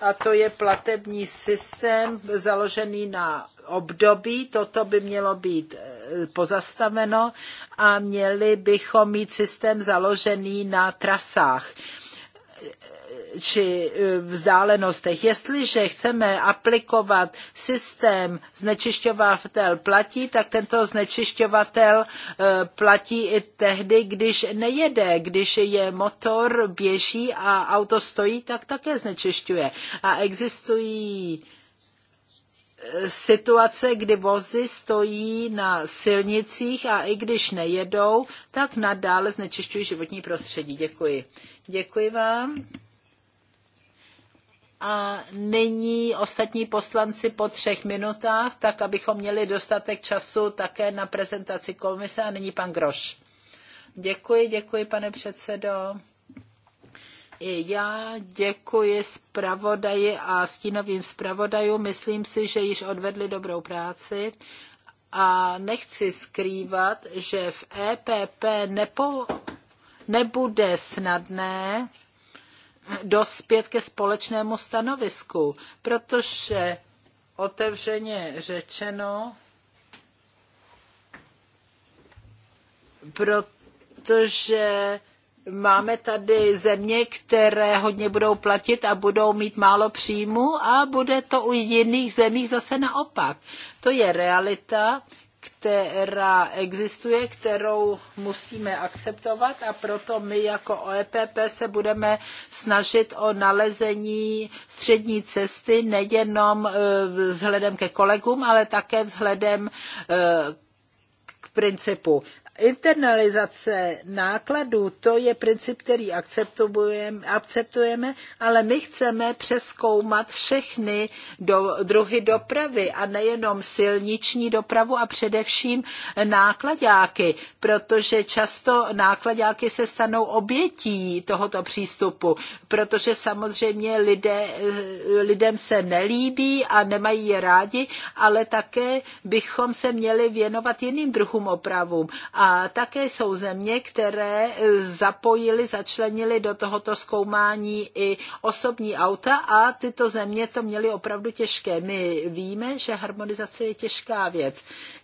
a to je platební systém založený na období. Toto by mělo být e, pozastaveno a měli bychom mít systém založený na trasách či e, vzdálenostech. Jestliže chceme aplikovat systém znečišťovatel platí, tak tento znečišťovatel e, platí i tehdy, když nejede, když je motor, běží a auto stojí, tak také znečišťuje. A existují e, situace, kdy vozy stojí na silnicích a i když nejedou, tak nadále znečišťují životní prostředí. Děkuji. Děkuji vám a nyní ostatní poslanci po třech minutách, tak abychom měli dostatek času také na prezentaci komise a nyní pan Groš. Děkuji, děkuji, pane předsedo. I já děkuji zpravodaji a stínovým zpravodajům. Myslím si, že již odvedli dobrou práci a nechci skrývat, že v EPP nepo, nebude snadné dospět ke společnému stanovisku, protože otevřeně řečeno, protože máme tady země, které hodně budou platit a budou mít málo příjmu a bude to u jiných zemí zase naopak. To je realita, která existuje, kterou musíme akceptovat a proto my jako OEPP se budeme snažit o nalezení střední cesty nejenom e, vzhledem ke kolegům, ale také vzhledem e, k principu internalizace nákladů, to je princip, který akceptujeme, akceptujeme, ale my chceme přeskoumat všechny do, druhy dopravy a nejenom silniční dopravu a především nákladáky, protože často nákladáky se stanou obětí tohoto přístupu, protože samozřejmě lidé, lidem se nelíbí a nemají je rádi, ale také bychom se měli věnovat jiným druhům opravům. A také jsou země, které e, zapojili, začlenili do tohoto zkoumání i osobní auta a tyto země to měly opravdu těžké. My víme, že harmonizace je těžká věc.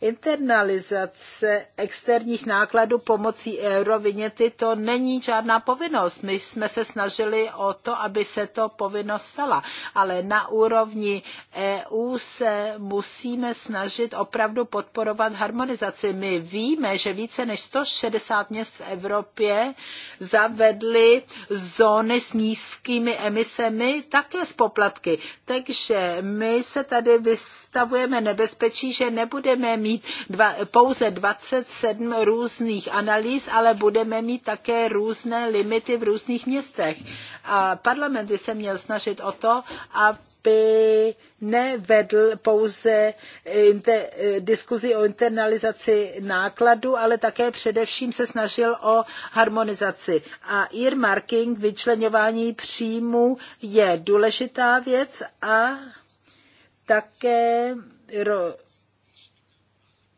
Internalizace externích nákladů pomocí eurovinety to není žádná povinnost. My jsme se snažili o to, aby se to povinnost stala, ale na úrovni EU se musíme snažit opravdu podporovat harmonizaci. My víme, že více více než 160 měst v Evropě zavedly zóny s nízkými emisemi také z poplatky. Takže my se tady vystavujeme nebezpečí, že nebudeme mít dva, pouze 27 různých analýz, ale budeme mít také různé limity v různých městech. A parlament by se měl snažit o to, aby nevedl pouze eh, inter, eh, diskuzi o internalizaci nákladu, ale také především se snažil o harmonizaci. A earmarking, vyčlenování příjmů, je důležitá věc a také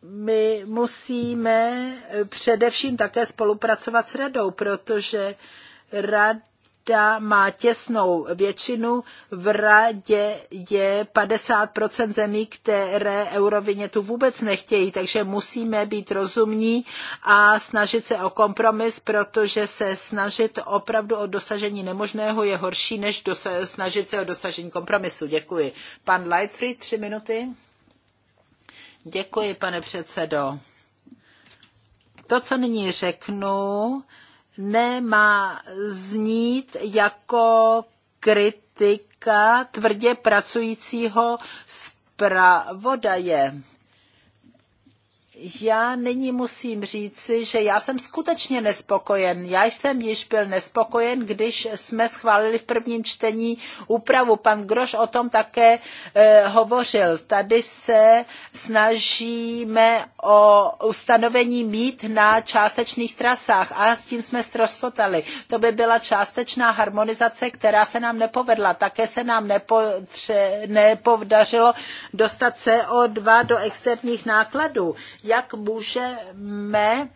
my musíme eh, především také spolupracovat s radou, protože rada rada má těsnou většinu, v radě je 50% zemí, které tu vůbec nechtějí, takže musíme být rozumní a snažit se o kompromis, protože se snažit opravdu o dosažení nemožného je horší, než dosa- snažit se o dosažení kompromisu. Děkuji. Pan Lightfried, tři minuty. Děkuji, pane předsedo. To, co nyní řeknu, nemá znít jako kritika tvrdě pracujícího zpravodaje já nyní musím říci, že já jsem skutečně nespokojen. Já jsem již byl nespokojen, když jsme schválili v prvním čtení úpravu. Pan Groš o tom také e, hovořil. Tady se snažíme o ustanovení mít na částečných trasách a s tím jsme stroskotali. To by byla částečná harmonizace, která se nám nepovedla. Také se nám nepotře- nepodařilo dostat CO2 do externích nákladů jak můžeme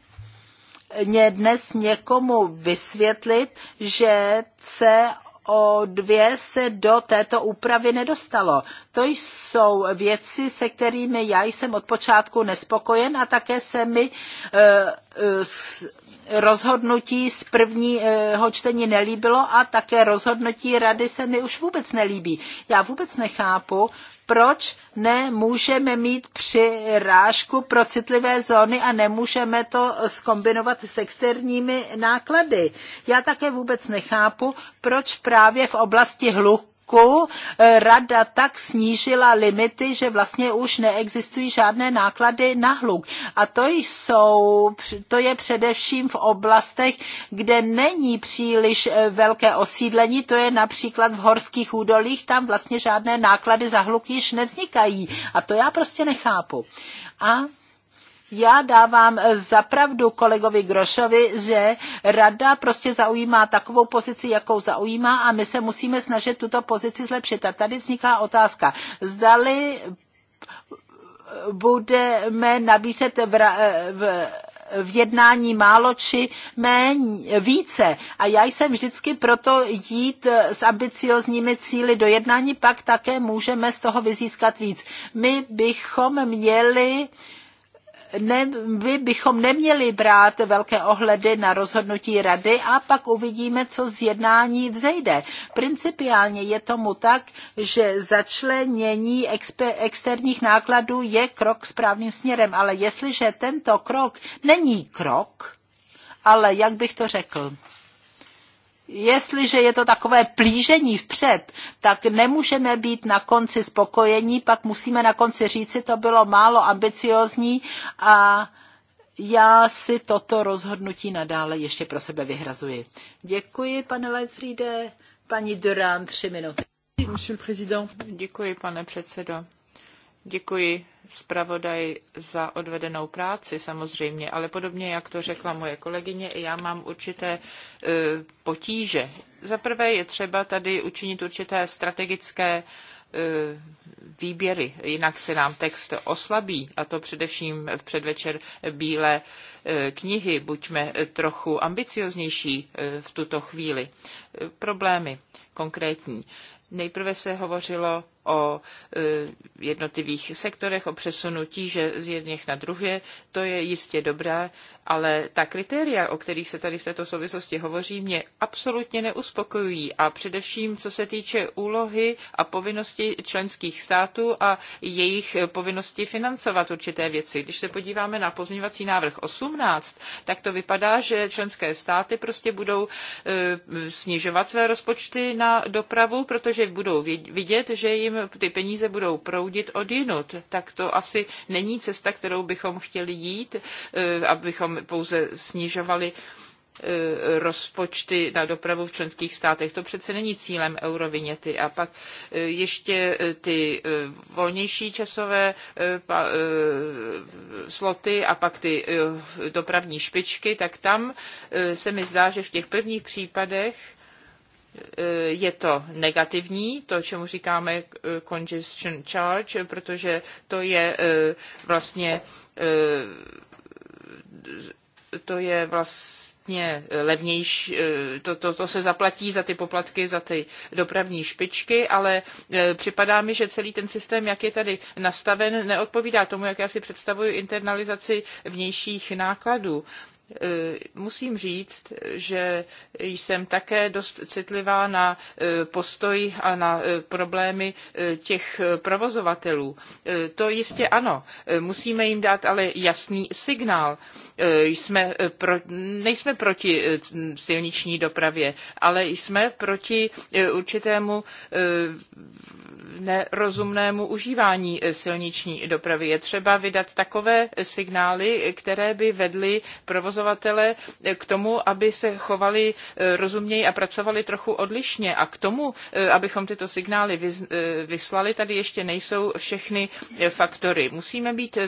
mě dnes někomu vysvětlit, že se o dvě se do této úpravy nedostalo. To jsou věci, se kterými já jsem od počátku nespokojen a také se mi eh, eh, rozhodnutí z prvního čtení nelíbilo a také rozhodnutí rady se mi už vůbec nelíbí. Já vůbec nechápu, proč nemůžeme mít přirážku pro citlivé zóny a nemůžeme to skombinovat s externími náklady. Já také vůbec nechápu, proč právě v oblasti hluku roku eh, rada tak snížila limity, že vlastně už neexistují žádné náklady na hluk. A to, jsou, to je především v oblastech, kde není příliš eh, velké osídlení, to je například v horských údolích, tam vlastně žádné náklady za hluk již nevznikají. A to já prostě nechápu. A já dávám eh, zapravdu kolegovi Grošovi, že rada prostě zaujímá takovou pozici, jakou zaujímá a my se musíme snažit tuto pozici zlepšit. A tady vzniká otázka, zdali budeme nabízet v, eh, v, v jednání málo či méně, více. A já jsem vždycky proto jít eh, s ambiciozními cíly do jednání, pak také můžeme z toho vyzískat víc. My bychom měli uh, ne, my bychom neměli brát velké ohledy na rozhodnutí rady a pak uvidíme, co z jednání vzejde. Principiálně je tomu tak, že začlenění exper, externích nákladů je krok správným směrem, ale jestliže tento krok není krok, ale jak bych to řekl, Jestliže je to takové plížení vpřed, tak nemůžeme být na konci spokojení, pak musíme na konci říci, to bylo málo ambiciozní a já si toto rozhodnutí nadále ještě pro sebe vyhrazuji. Děkuji, pane Leitfriede. Paní Durán, tři minuty. Děkuji, pane předsedo. Děkuji zpravodaj za odvedenou práci samozřejmě, ale podobně, jak to řekla moje kolegyně, i já mám určité e, potíže. Za prvé je třeba tady učinit určité strategické e, výběry, jinak se nám text oslabí, a to především v předvečer bílé e, knihy. Buďme trochu ambicioznější v tuto chvíli. Problémy konkrétní. Nejprve se hovořilo o e, jednotlivých sektorech, o přesunu tíže z jedných na druhé, to je jistě dobré, ale ta kritéria, o kterých se tady v této souvislosti hovoří, mě absolutně neuspokojují a především co se týče úlohy a povinnosti členských států a jejich povinnosti financovat určité věci. Když se podíváme na pozměňovací návrh 18, tak to vypadá, že členské státy prostě budou e, snižovat své rozpočty na dopravu, protože budou vidět, že jim jim ty peníze budou proudit od jinut. Tak to asi není cesta, kterou bychom chtěli jít, eh, abychom pouze snižovali eh, rozpočty na dopravu v členských státech. To přece není cílem eurovinety. A pak eh, ještě ty volnější časové sloty a pak ty dopravní špičky, tak tam se mi zdá, že v těch prvních případech je to negativní, to, čemu říkáme eh, congestion charge, protože to je eh, vlastně eh, to je vlastně levnější, to, to, to se zaplatí za ty poplatky, za ty dopravní špičky, ale připadá mi, že celý ten systém, jak je tady nastaven, neodpovídá tomu, jak já si představuji internalizaci vnějších nákladů. E, musím říct, že jsem také dost citlivá na e, postoj a na e, problémy těch provozovatelů. To jistě ano. Musíme jim dát ale jasný signál. Jsme pro, nejsme proti silniční dopravě, ale jsme proti určitému nerozumnému užívání silniční dopravy. Je třeba vydat takové signály, které by vedly provozovatelům provozovatele k tomu, aby se chovali e, rozumněji a pracovali trochu odlišně. A k tomu, e, abychom tyto signály e, vyslali, tady ještě nejsou všechny faktory. Musíme být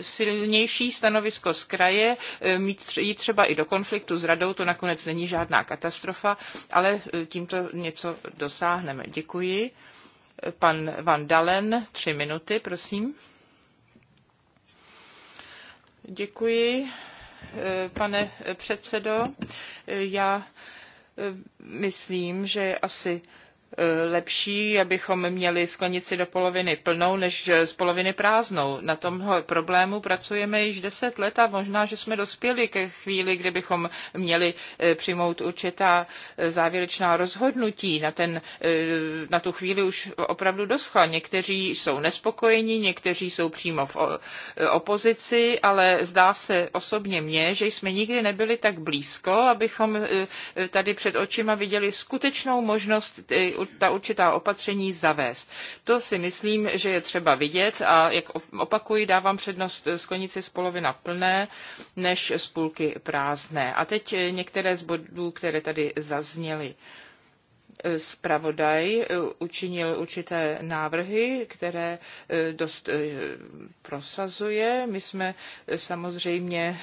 silnější stanovisko z kraje, mít jít třeba i do konfliktu s radou, to nakonec není žádná katastrofa, ale tímto něco dosáhneme. Děkuji. Pan Van Dalen, tři minuty, prosím. Děkuji. Eh, pane eh, předsedo. Eh, já myslím, že je asi lepší, abychom měli sklenici do poloviny plnou, než z poloviny prázdnou. Na tomhle problému pracujeme již deset let a možná, že jsme dospěli ke chvíli, kdy bychom měli eh, přijmout určitá eh, závěrečná rozhodnutí. Na, ten, eh, na tu chvíli už opravdu doschla. Někteří jsou nespokojeni, někteří jsou přímo v opozici, ale zdá se osobně mně, že jsme nikdy nebyli tak blízko, abychom tady před očima viděli skutečnou možnost ta určitá opatření zavést. To si myslím, že je třeba vidět a jak opakuji, dávám přednost eh, sklenici z polovina plné než z půlky prázdné. A teď eh, některé z bodů, které tady zazněly zpravodaj eh, učinil určité návrhy, které eh, dost eh, prosazuje. My jsme samozřejmě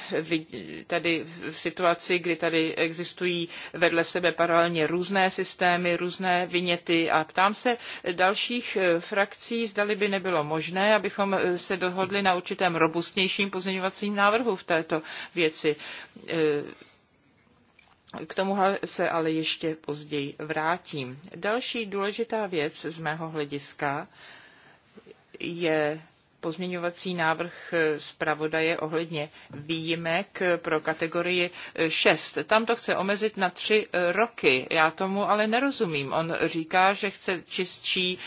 tady v situaci, kdy tady existují vedle sebe paralelně různé systémy, různé vyněty a ptám se dalších frakcí, zdali by nebylo možné, abychom se dohodli na určitém robustnějším pozměňovacím návrhu v této věci k tomu se ale ještě později vrátím. Další důležitá věc z mého hlediska je pozměňovací návrh eh, zpravodaje ohledně výjimek eh, pro kategorii 6. Eh, Tam to chce omezit na tři roky. Já tomu ale nerozumím. On říká, že chce čistší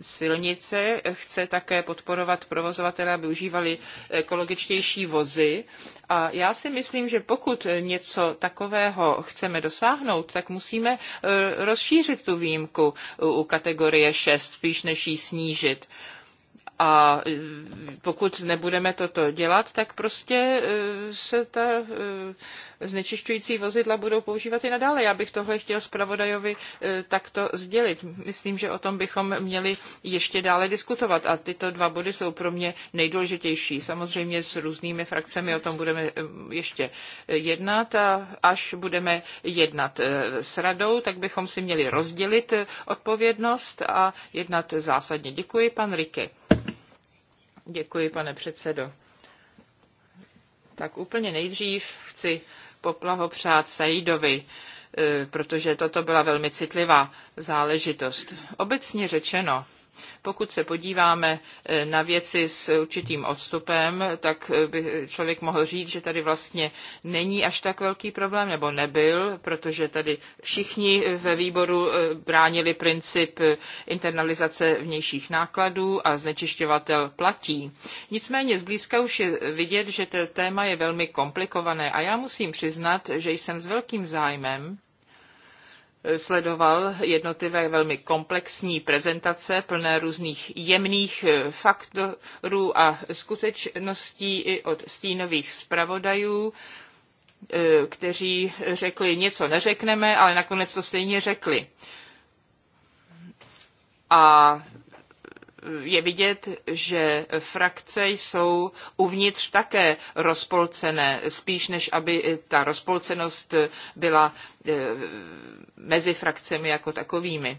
silnice, chce také podporovat provozovatele, aby užívali ekologičtější vozy. A já si myslím, že pokud něco takového chceme dosáhnout, tak musíme rozšířit tu výjimku u kategorie 6, spíš než ji snížit a e, pokud nebudeme toto dělat, tak prostě e, se ta e, znečišťující vozidla budou používat i nadále. Já bych tohle chtěl zpravodajovi takto sdělit. Myslím, že o tom bychom měli ještě dále diskutovat a tyto dva body jsou pro mě nejdůležitější. Samozřejmě s různými frakcemi o tom budeme ještě jednat a až budeme jednat s radou, tak bychom si měli rozdělit odpovědnost a jednat zásadně. Děkuji, pan Riky. Děkuji, pane předsedo. Tak úplně nejdřív chci poblahopřát Saidovi, e, protože toto byla velmi citlivá záležitost. Obecně řečeno, pokud se podíváme eh, na věci s určitým odstupem, tak eh, by člověk mohl říct, že tady vlastně není až tak velký problém, nebo nebyl, protože tady všichni eh, ve výboru bránili princip internalizace vnějších nákladů a znečišťovatel platí. Nicméně zblízka už je vidět, že to téma je velmi komplikované a já musím přiznat, že jsem s velkým zájmem sledoval jednotlivé velmi komplexní prezentace, plné různých jemných eh, faktorů a skutečností i od stínových zpravodajů, eh, kteří řekli něco neřekneme, ale nakonec to stejně řekli. A je vidět, že frakce jsou uvnitř také rozpolcené, spíš než aby ta rozpolcenost byla eh, mezi frakcemi jako takovými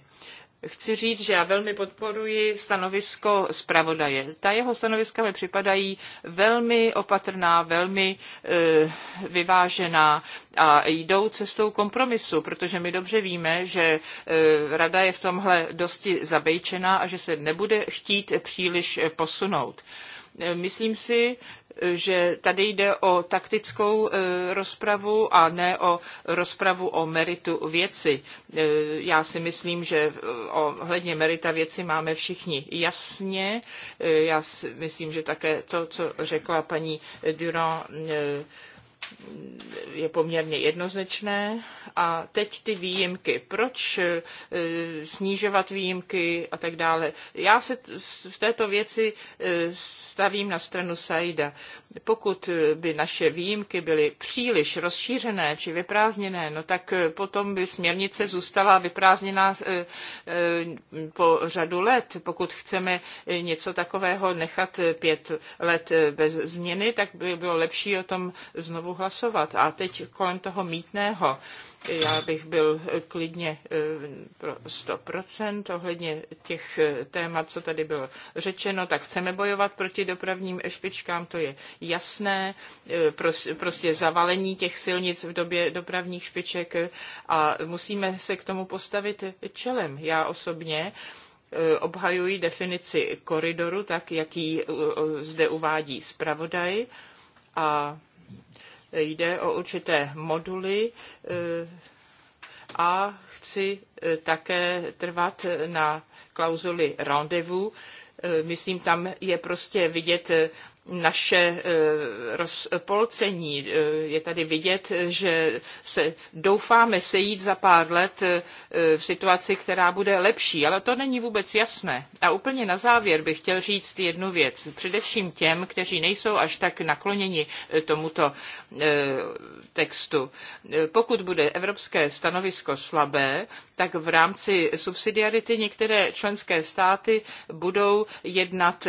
chci říct, že já velmi podporuji stanovisko zpravodaje. Ta jeho stanoviska mi připadají velmi opatrná, velmi e, vyvážená a jdou cestou kompromisu, protože my dobře víme, že e, rada je v tomhle dosti zabejčená a že se nebude chtít příliš posunout. E, myslím si, že tady jde o taktickou e, rozpravu a ne o rozpravu o meritu věci. E, já si myslím, že ohledně merita věci máme všichni jasně. E, já si myslím, že také to, co řekla paní Durand, je poměrně jednoznačné. A teď ty výjimky. Proč eh, snižovat výjimky a tak dále? Já se v této věci eh, stavím na stranu Saida pokud eh, by naše výjimky byly příliš rozšířené či vyprázdněné, no tak eh, potom by směrnice zůstala vyprázdněná eh, po řadu let. Pokud chceme něco takového nechat pět let bez změny, tak by bylo lepší o tom znovu hlasovat. A teď kolem toho mítného já bych byl eh, klidně eh, pro 100% ohledně těch eh, témat, co tady bylo řečeno, tak chceme bojovat proti dopravním špičkám, to je jasné, prostě zavalení těch silnic v době dopravních špiček a musíme se k tomu postavit čelem. Já osobně obhajuji definici koridoru, tak jak ji zde uvádí zpravodaj a Jde o určité moduly eh, a chci eh, také trvat na klauzuli rendezvous. Eh, myslím, tam je prostě vidět naše eh, rozpolcení. Eh, je tady vidět, že se doufáme sejít za pár let eh, v situaci, která bude lepší, ale to není vůbec jasné. A úplně na závěr bych chtěl říct jednu věc. Především těm, kteří nejsou až tak nakloněni tomuto textu. Pokud bude evropské stanovisko slabé, tak v rámci subsidiarity některé členské státy budou jednat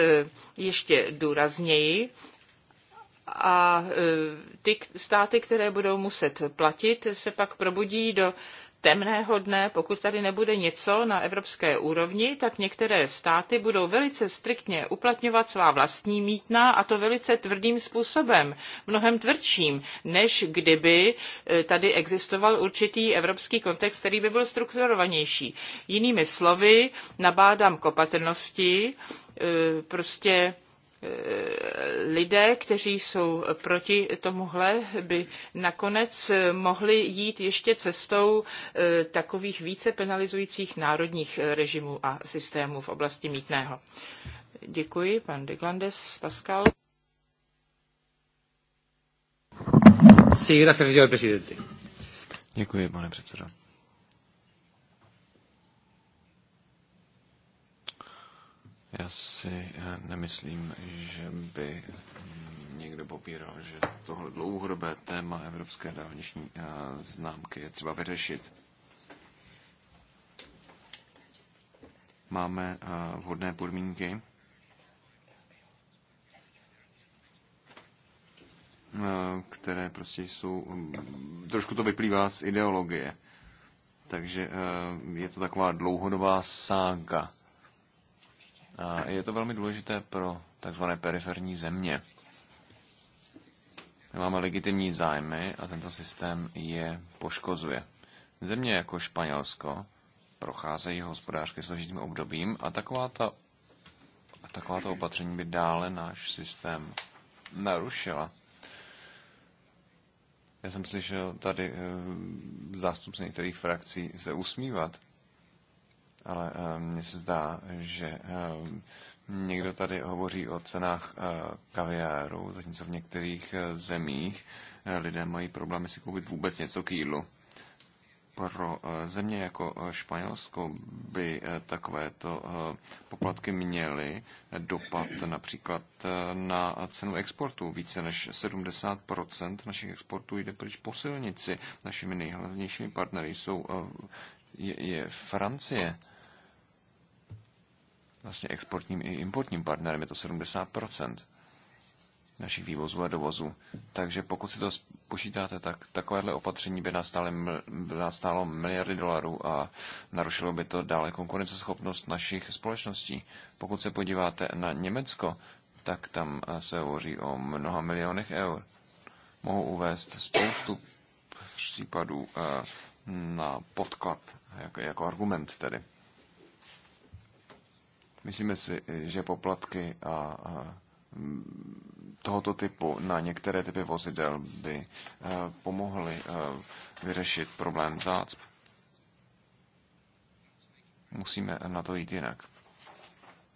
ještě důrazněji a e, ty státy, které budou muset platit, se pak probudí do temného dne, pokud tady nebude něco na evropské úrovni, tak některé státy budou velice striktně uplatňovat svá vlastní mítna a to velice tvrdým způsobem, mnohem tvrdším, než kdyby eh, tady existoval určitý evropský kontext, který by byl strukturovanější. Jinými slovy, nabádám k opatrnosti, eh, prostě Eh, lidé, kteří jsou proti tomuhle, by nakonec mohli jít ještě cestou eh, takových více penalizujících národních režimů a systémů v oblasti mítného. Děkuji, pan Deglandes, Pascal. Sí, gracias, señor presidente. Děkuji, pane předsedo. Já si eh, nemyslím, že by někdo popíral, že tohle dlouhodobé téma evropské dálniční eh, známky je třeba vyřešit. Máme eh, vhodné podmínky. které prostě jsou, mm, trošku to vyplývá z ideologie. Takže je to taková dlouhodobá sága a je to velmi důležité pro takzvané periferní země. My máme legitimní zájmy a tento systém je poškozuje. Země jako Španělsko procházejí hospodářsky složitým obdobím a taková ta, a taková opatření by dále náš systém narušila. Já jsem slyšel tady eh, zástupce některých frakcí se usmívat, ale eh, mně se zdá, že eh, někdo tady hovoří o cenách eh, kaviáru, zatímco v některých zemích lidé mají problémy si koupit vůbec něco k jídlu. Pro země jako Španělsko by takovéto poplatky měly dopad například na cenu exportu. Více než 70 našich exportů jde pryč po silnici. Našimi nejhlavnějšími partnery jsou je, je Francie vlastně exportním i importním partnerem, je to 70% našich vývozů a dovozů. Takže pokud si to počítáte, tak takovéhle opatření by nás, by nás stálo miliardy dolarů a narušilo by to dále konkurenceschopnost našich společností. Pokud se podíváte na Německo, tak tam se hovoří o mnoha milionech eur. Mohu uvést spoustu případů eh, na podklad, jako, jako argument tedy. Myslíme si, že poplatky a tohoto typu na některé typy vozidel by e, pomohly e, vyřešit problém zácp. Musíme na to jít jinak.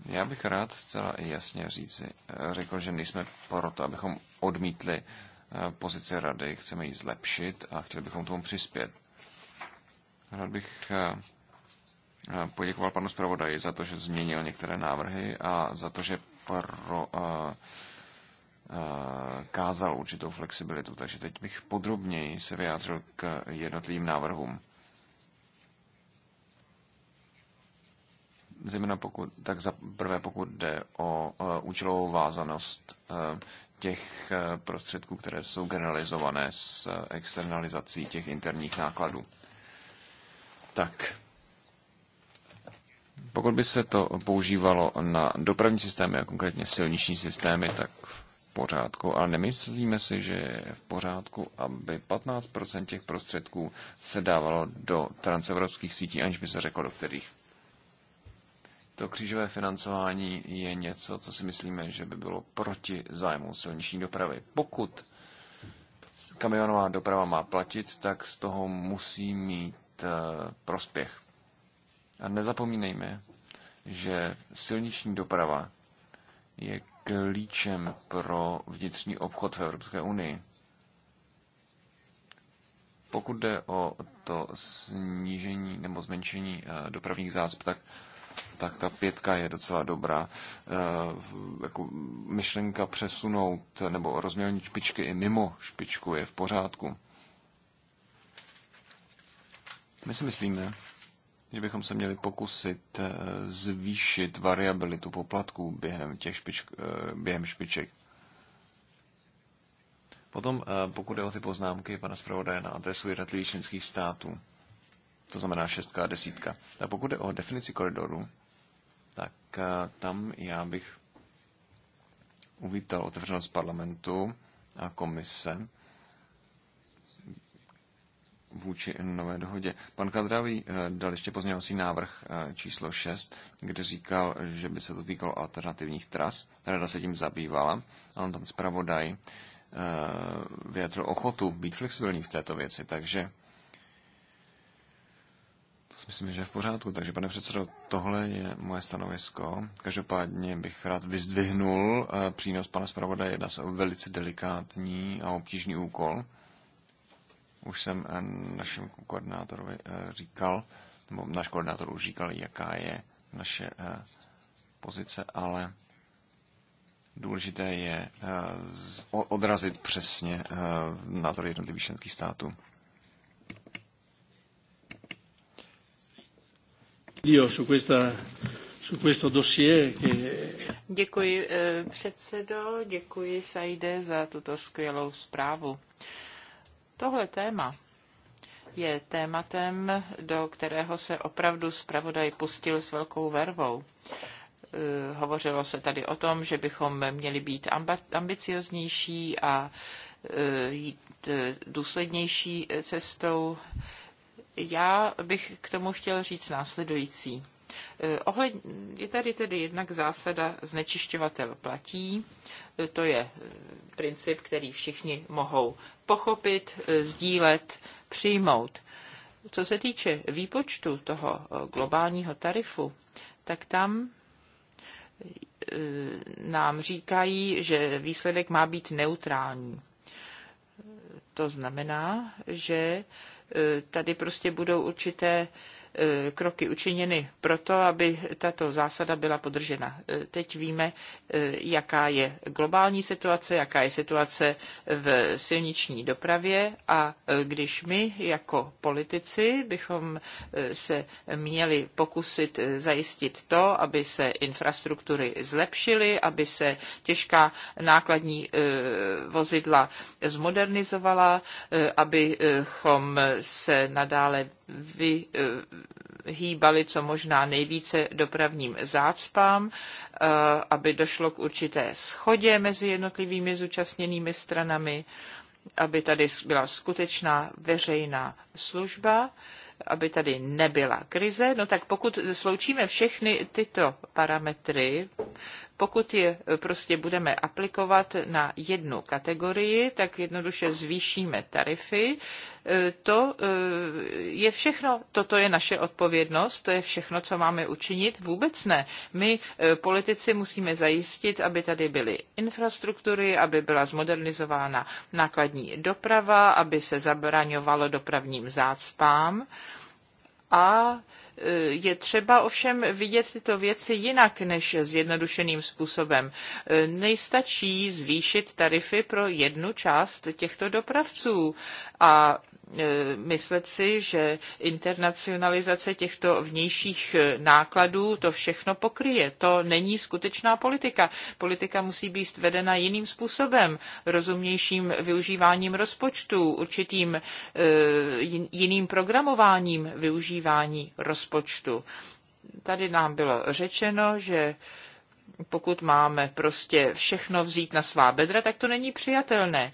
Já bych rád zcela jasně říci, e, řekl, že nejsme proto, abychom odmítli pozici rady, chceme ji zlepšit a chtěli bychom tomu přispět. Rád bych Eh, poděkoval panu zpravodaji za to, že změnil některé návrhy a za to, že pro, uh, uh, kázal určitou flexibilitu. Takže teď bych podrobněji se vyjádřil k jednotlivým návrhům. Zejména pokud, tak za prvé pokud jde o uh, účelovou vázanost uh, těch prostředků, které jsou generalizované s externalizací těch interních nákladů. Tak pokud by se to používalo na dopravní systémy a konkrétně silniční systémy, tak v pořádku, ale nemyslíme si, že je v pořádku, aby 15% těch prostředků se dávalo do transevropských sítí, aniž by se řeklo do kterých. To křížové financování je něco, co si myslíme, že by bylo proti zájmu silniční dopravy. Pokud kamionová doprava má platit, tak z toho musí mít eh, prospěch. A nezapomínejme, že silniční doprava je klíčem pro vnitřní obchod v Evropské unii. Pokud jde o to snížení nebo zmenšení eh, dopravních zácp, tak, tak ta pětka je docela dobrá. E, jako myšlenka přesunout nebo rozmělnit špičky i mimo špičku je v pořádku. My si myslíme, že bychom se měli pokusit eh, zvýšit variabilitu poplatků během, těch špiček eh, během špiček. Potom, eh, pokud je o ty poznámky pana zpravodaje na adresu jednotlivých členských států, to znamená šestka a desítka, tak pokud je o definici koridoru, tak tam já bych uvítal otevřenost parlamentu a komise vůči nové dohodě. Pan Kadravý eh, dal ještě pozměňovací návrh eh, číslo 6, kde říkal, že by se to týkalo alternativních tras. Rada se tím zabývala a on tam zpravodaj eh, vyjadřil ochotu být flexibilní v této věci, takže si myslím, že je v pořádku. Takže, pane předsedo, tohle je moje stanovisko. Každopádně bych rád vyzdvihnul přínos pana zpravodaje. Jedná se o velice delikátní a obtížný úkol. Už jsem eh, našem koordinátorovi eh, říkal, nebo náš koordinátor už říkal, jaká je naše eh, pozice, ale důležité je odrazit přesně názor jednotlivých členských států. Děkuji předsedo, děkuji Saide za tuto skvělou zprávu. Tohle téma je tématem, do kterého se opravdu zpravodaj pustil s velkou vervou. Eh, hovořilo se tady o tom, že bychom měli být ambicioznější a eh, jít eh, důslednější cestou. Já bych k tomu chtěl říct následující. Ohled, je tady tedy jednak zásada znečišťovatel platí to je eh, princip, který všichni mohou pochopit, eh, sdílet, přijmout. Co se týče výpočtu toho eh, globálního tarifu, tak tam nám říkají, že výsledek má být neutrální. To znamená, že tady prostě budou určité E, kroky učiněny proto, aby tato zásada byla podržena. E, teď víme, e, jaká je globální situace, jaká je situace v silniční dopravě a když my jako politici bychom se měli pokusit zajistit to, aby se infrastruktury zlepšily, aby se těžká nákladní vozidla zmodernizovala, abychom se nadále vyhýbali co možná nejvíce dopravním zácpám, eh, aby došlo k určité schodě mezi jednotlivými zúčastněnými stranami, aby tady byla skutečná veřejná služba, aby tady nebyla krize. No tak pokud sloučíme všechny tyto parametry, pokud je eh, prostě budeme aplikovat na jednu kategorii, tak jednoduše zvýšíme tarify, E, to e, je všechno, toto je naše odpovědnost, to je všechno, co máme učinit, vůbec ne. My e, politici musíme zajistit, aby tady byly infrastruktury, aby byla zmodernizována nákladní doprava, aby se zabraňovalo dopravním zácpám a je třeba ovšem vidět tyto věci jinak než zjednodušeným způsobem. Nejstačí zvýšit tarify pro jednu část těchto dopravců a E, myslet si, že internacionalizace těchto vnějších e, nákladů to všechno pokryje. To není skutečná politika. Politika musí být vedena jiným způsobem, rozumnějším využíváním rozpočtu, určitým e, jiným programováním využívání rozpočtu. Tady nám bylo řečeno, že pokud máme prostě všechno vzít na svá bedra, tak to není přijatelné.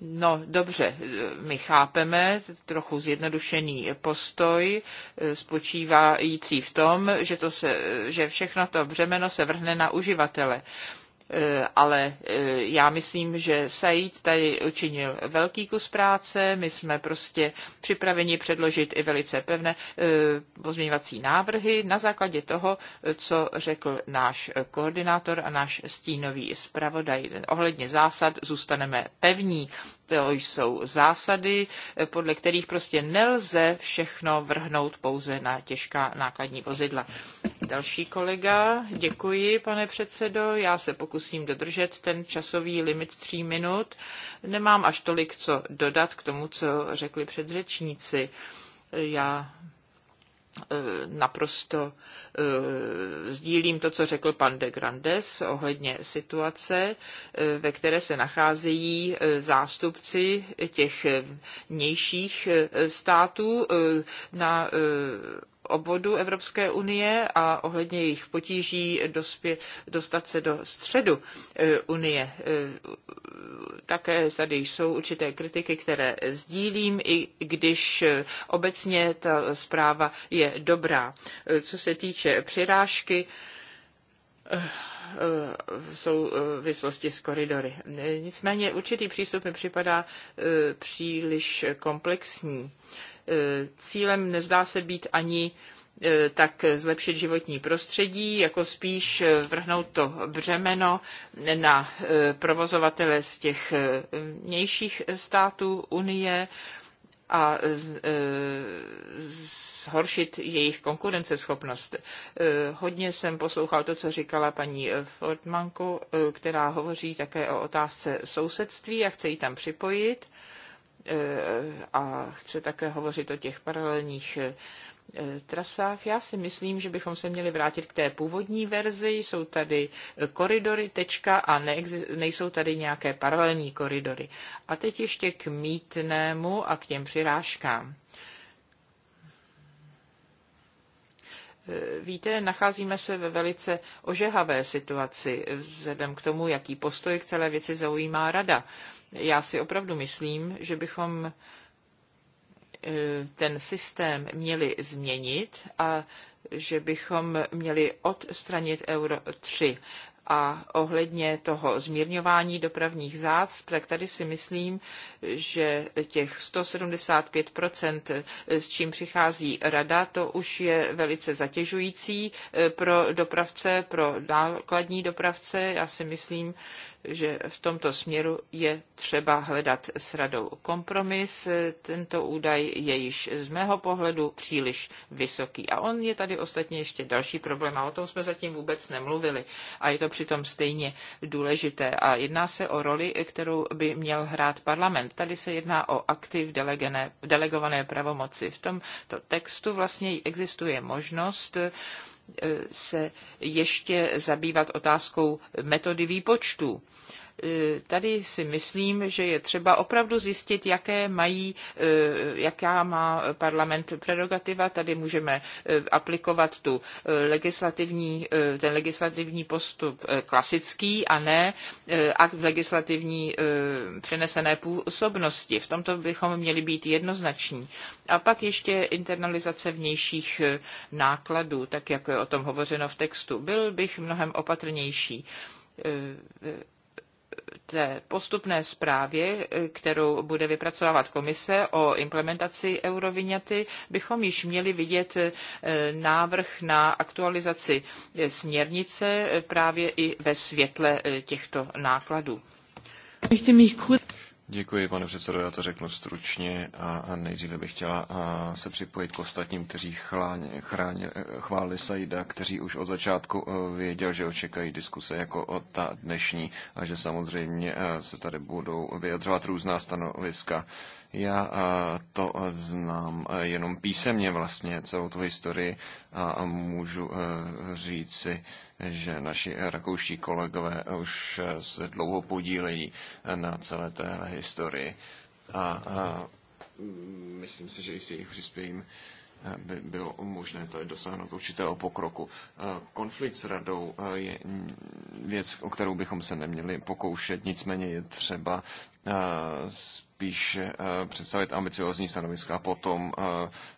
No dobře, my chápeme trochu zjednodušený postoj, eh, spočívající v tom, že, to se, že všechno to břemeno se vrhne na uživatele. Eh, ale eh, já myslím, že Said tady učinil velký kus práce. My jsme prostě připraveni předložit i velice pevné eh, pozměňovací návrhy na základě toho, co řekl náš koordinátor a náš stínový zpravodaj. Ohledně zásad zůstaneme pevní. To jsou zásady, podle kterých prostě nelze všechno vrhnout pouze na těžká nákladní vozidla. Další kolega, děkuji, pane předsedo. Já se pokusím pokusím dodržet ten časový limit tří minut. Nemám až tolik co dodat k tomu, co řekli předřečníci. Já eh, naprosto eh, sdílím to, co řekl pan de Grandes ohledně situace, eh, ve které se nacházejí zástupci těch nějších států na obvodu Evropské unie a ohledně jejich potíží dospě, dostat se do středu eh, unie. Eh, také tady jsou určité kritiky, které sdílím, i když eh, obecně ta zpráva je dobrá. Co se týče přirážky, v souvislosti s koridory. Nicméně určitý přístup mi připadá příliš komplexní cílem nezdá se být ani eh, tak zlepšit životní prostředí, jako spíš eh, vrhnout to břemeno na eh, provozovatele z těch vnějších států Unie a zhoršit jejich konkurenceschopnost. Hodně jsem poslouchal to, co říkala paní Fortmanko, která hovoří také o otázce sousedství a chce ji tam připojit. Eh, a chce také hovořit o těch paralelních eh, trasách. Já si myslím, že bychom se měli vrátit k té původní verzi. Jsou tady eh, koridory, tečka a nejsou tady nějaké paralelní koridory. A teď ještě k mítnému a k těm přirážkám. Eh, víte, nacházíme se ve velice ožehavé situaci vzhledem k tomu, jaký postoj k celé věci zaujímá rada. Já si opravdu myslím, že bychom eh, ten systém měli změnit a že bychom měli odstranit euro 3 a ohledně toho zmírňování dopravních zácp, tak tady si myslím, že těch 175 s čím přichází rada, to už je velice zatěžující eh, pro dopravce, pro nákladní dopravce. Já si myslím, že v tomto směru je třeba hledat s radou kompromis. Tento údaj je již z mého pohledu příliš vysoký. A on je tady ostatně ještě další problém a o tom jsme zatím vůbec nemluvili. A je to přitom stejně důležité. A jedná se o roli, kterou by měl hrát parlament. Tady se jedná o aktiv delegené, delegované pravomoci. V tomto textu vlastně existuje možnost se ještě zabývat otázkou metody výpočtu. Eh, tady si myslím, že je třeba opravdu zjistit, jaké mají, eh, jaká má parlament prerogativa. Tady můžeme eh, aplikovat tu legislativní, ten legislativní postup klasický a ne akt legislativní přenesené působnosti. V tomto bychom měli být jednoznační. A pak ještě internalizace vnějších nákladů, tak jak je o tom hovořeno v textu. Byl bych mnohem opatrnější té postupné zprávě, kterou bude vypracovávat komise o implementaci euroviněty, bychom již měli vidět eh, návrh na aktualizaci směrnice právě i ve světle eh, těchto nákladů. Děkuji, pane předsedo, já to řeknu stručně a nejdříve bych chtěla se připojit k ostatním, kteří chláně, chráně, chválili Saida, kteří už od začátku e, věděl, že očekají diskuse jako ta dnešní a že samozřejmě e, se tady budou vyjadřovat různá stanoviska. Já eh, to eh, znám eh, jenom písemně vlastně celou tu historii a můžu říci, že naši rakouští kolegové už se dlouho podílejí na celé téhle historii a myslím si, že i si jejich přispějím by bylo možné To je dosáhnout určitého pokroku. Konflikt s radou je věc, o kterou bychom se neměli pokoušet, nicméně je třeba spíš představit ambiciozní stanoviska a potom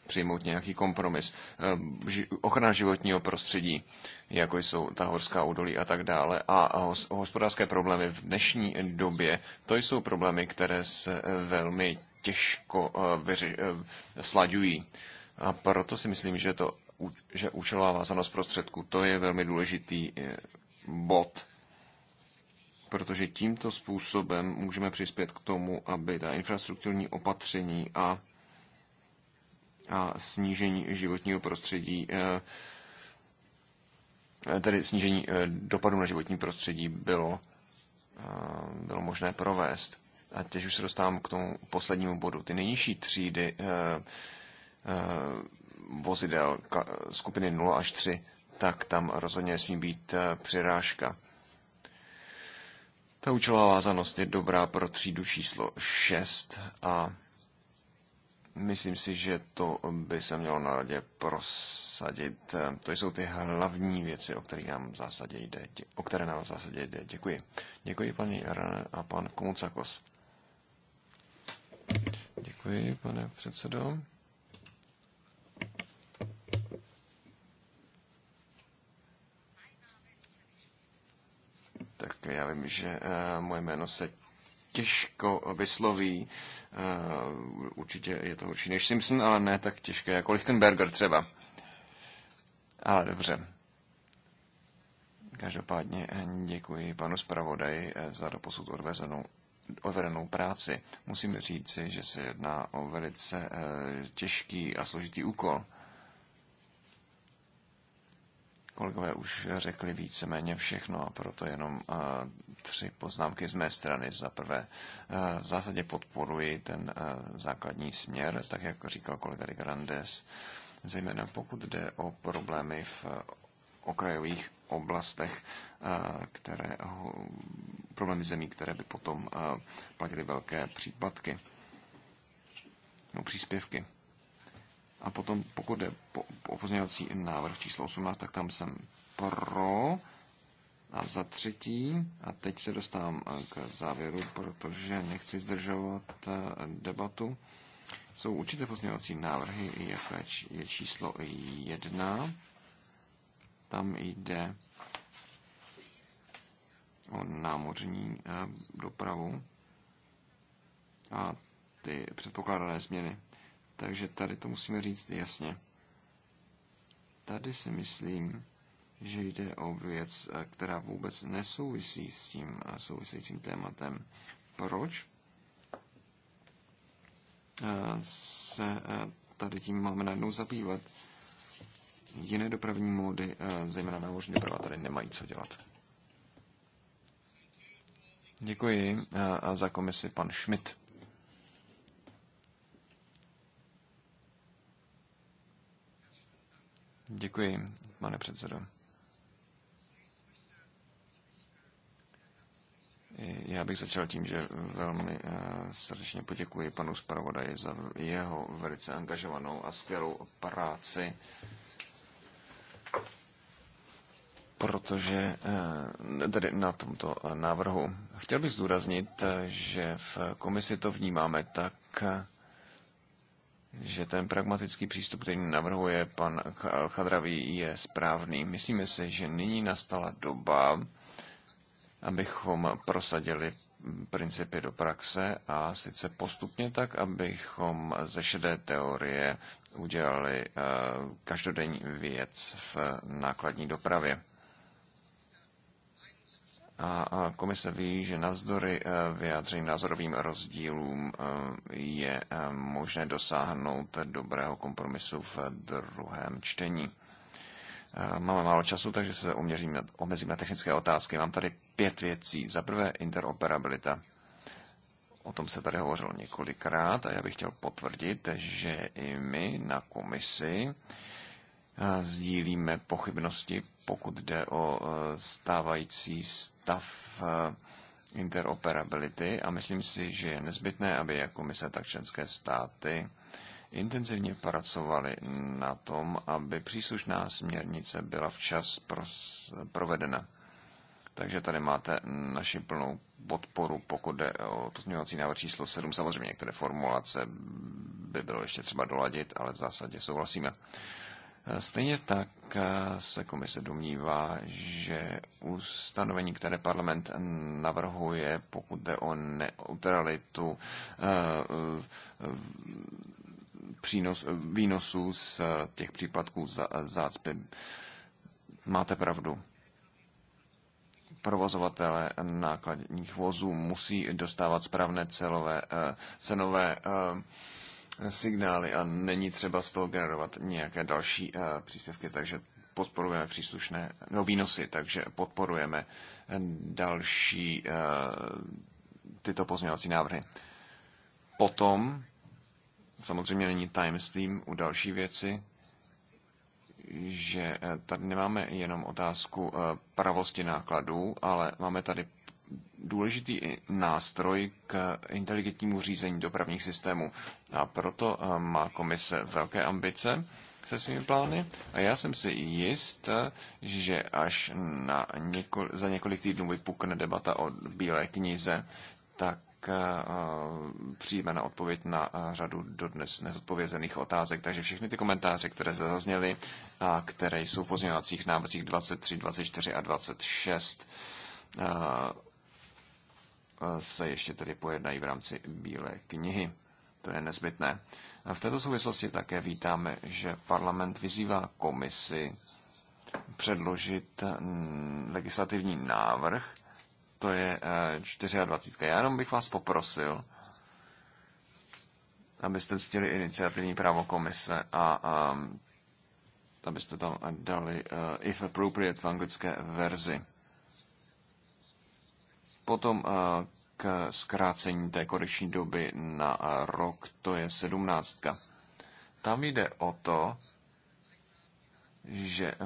přijmout nějaký kompromis. Ochrana životního prostředí, jako jsou ta horská údolí a tak dále, a hospodářské problémy v dnešní době, to jsou problémy, které se e, velmi těžko e, e, slaďují. A proto si myslím, že to že účelová vázanost prostředků, to je velmi důležitý bod protože tímto způsobem můžeme přispět k tomu, aby ta infrastrukturní opatření a, a snížení životního prostředí, eh, tedy snížení eh, dopadu na životní prostředí bylo, eh, bylo možné provést. A teď už se dostávám k tomu poslednímu bodu. Ty nejnižší třídy vozidel skupiny 0 až 3, tak tam rozhodně nesmí být přirážka ta účelová vázanost je dobrá pro třídu číslo 6 a myslím si, že to by se mělo na radě prosadit. To jsou ty hlavní věci, o, kterých nám v zásadě jde, o které nám v zásadě jde. Děkuji. Děkuji paní Rane a pan Komucakos. Děkuji, pane předsedo. tak já vím, že eh, moje jméno se těžko vysloví. Eh, určitě je to horší než Simpson, ale ne tak těžké jako Lichtenberger třeba. Ale dobře. Každopádně eh, děkuji panu zpravodaji za doposud odvezenou odvedenou práci. Musím říci, že se jedná o velice těžký a složitý úkol. kolegové už řekli víceméně všechno a proto jenom eh, tři poznámky z mé strany. Za prvé, eh, v zásadě podporuji ten eh, základní směr, tak jak říkal kolega de Grandes, zejména pokud jde o problémy v okrajových oblastech, které, problémy zemí, které by potom platily velké případky, no příspěvky. A potom, pokud jde po, o pozměňovací návrh číslo 18, tak tam jsem pro. A za třetí, a teď se dostávám eh, k závěru, protože nechci zdržovat eh, debatu, jsou určité pozměňovací návrhy, jako je číslo 1. Tam jde o námořní eh, dopravu a ty předpokládané změny. Takže tady to musíme říct jasně. Tady si myslím, že jde o věc, eh, která vůbec nesouvisí s tím eh, souvisejícím tématem. Proč eh, se tady tím máme najednou zabývat? Jiné dopravní módy, zejména námořní doprava, tady nemají co dělat. Děkuji a za komisi pan Schmidt. Děkuji, pane předsedo. Já bych začal tím, že velmi eh, srdečně poděkuji panu zpravodaji za jeho velice angažovanou a skvělou práci, protože eh, tady na tomto návrhu. Chtěl bych zdůraznit, eh, že v komisi to vnímáme tak, že ten pragmatický přístup, který navrhuje pan Chadravý, je správný. Myslíme si, že nyní nastala doba, abychom prosadili principy do praxe a sice postupně tak, abychom ze šedé teorie udělali eh, každodenní věc v nákladní dopravě. A komise ví, že navzdory eh, vyjádřeným názorovým rozdílům eh, je eh, možné dosáhnout dobrého kompromisu v druhém čtení. Máme málo času, takže se uměřím na, omezím na technické otázky. Mám tady pět věcí. Za prvé interoperabilita. O tom se tady hovořilo několikrát a já bych chtěl potvrdit, že i my na komisi sdílíme pochybnosti, pokud jde o eh, stávající stav eh, interoperability a myslím si, že je nezbytné, aby jak komise, tak členské státy intenzivně pracovali na tom, aby příslušná směrnice byla včas provedena. Takže tady máte naši plnou podporu, pokud jde o pozměňovací návrh číslo 7. Samozřejmě některé formulace by bylo ještě třeba doladit, ale v zásadě souhlasíme. Eh, stejně tak eh, se komise domnívá, že ustanovení, které parlament navrhuje, pokud jde o neutralitu eh, přínos, výnosů z těch případků zácpy, máte pravdu provozovatele nákladních vozů musí dostávat správné celové, cenové signály a není třeba z toho generovat nějaké další eh, příspěvky, takže podporujeme příslušné no, výnosy, takže podporujeme eh, další eh, tyto pozměňovací návrhy. Potom samozřejmě není tajemstvím u další věci, že tady nemáme jenom otázku pravosti nákladů, ale máme tady důležitý nástroj k inteligentnímu řízení dopravních systémů. A proto eh, má komise velké ambice se svými plány a já jsem si jist, že až na něko, za několik týdnů vypukne debata o Bílé knize, tak eh, přijme na odpověď na eh, řadu dodnes nezodpovězených otázek. Takže všechny ty komentáře, které se zazněly a které jsou v pozměňovacích návrzích 23, 24 a 26, se ještě tedy pojednají v rámci Bílé knihy. To je nezbytné. A v této souvislosti také vítáme, že parlament vyzývá komisi předložit legislativní návrh, to je 24. Eh, Já jenom bych vás poprosil, abyste ctili iniciativní právo komise a, a abyste tam dali uh, if appropriate v anglické verzi. Potom eh, k zkrácení té korekční doby na eh, rok, to je sedmnáctka. Tam jde o to, že eh,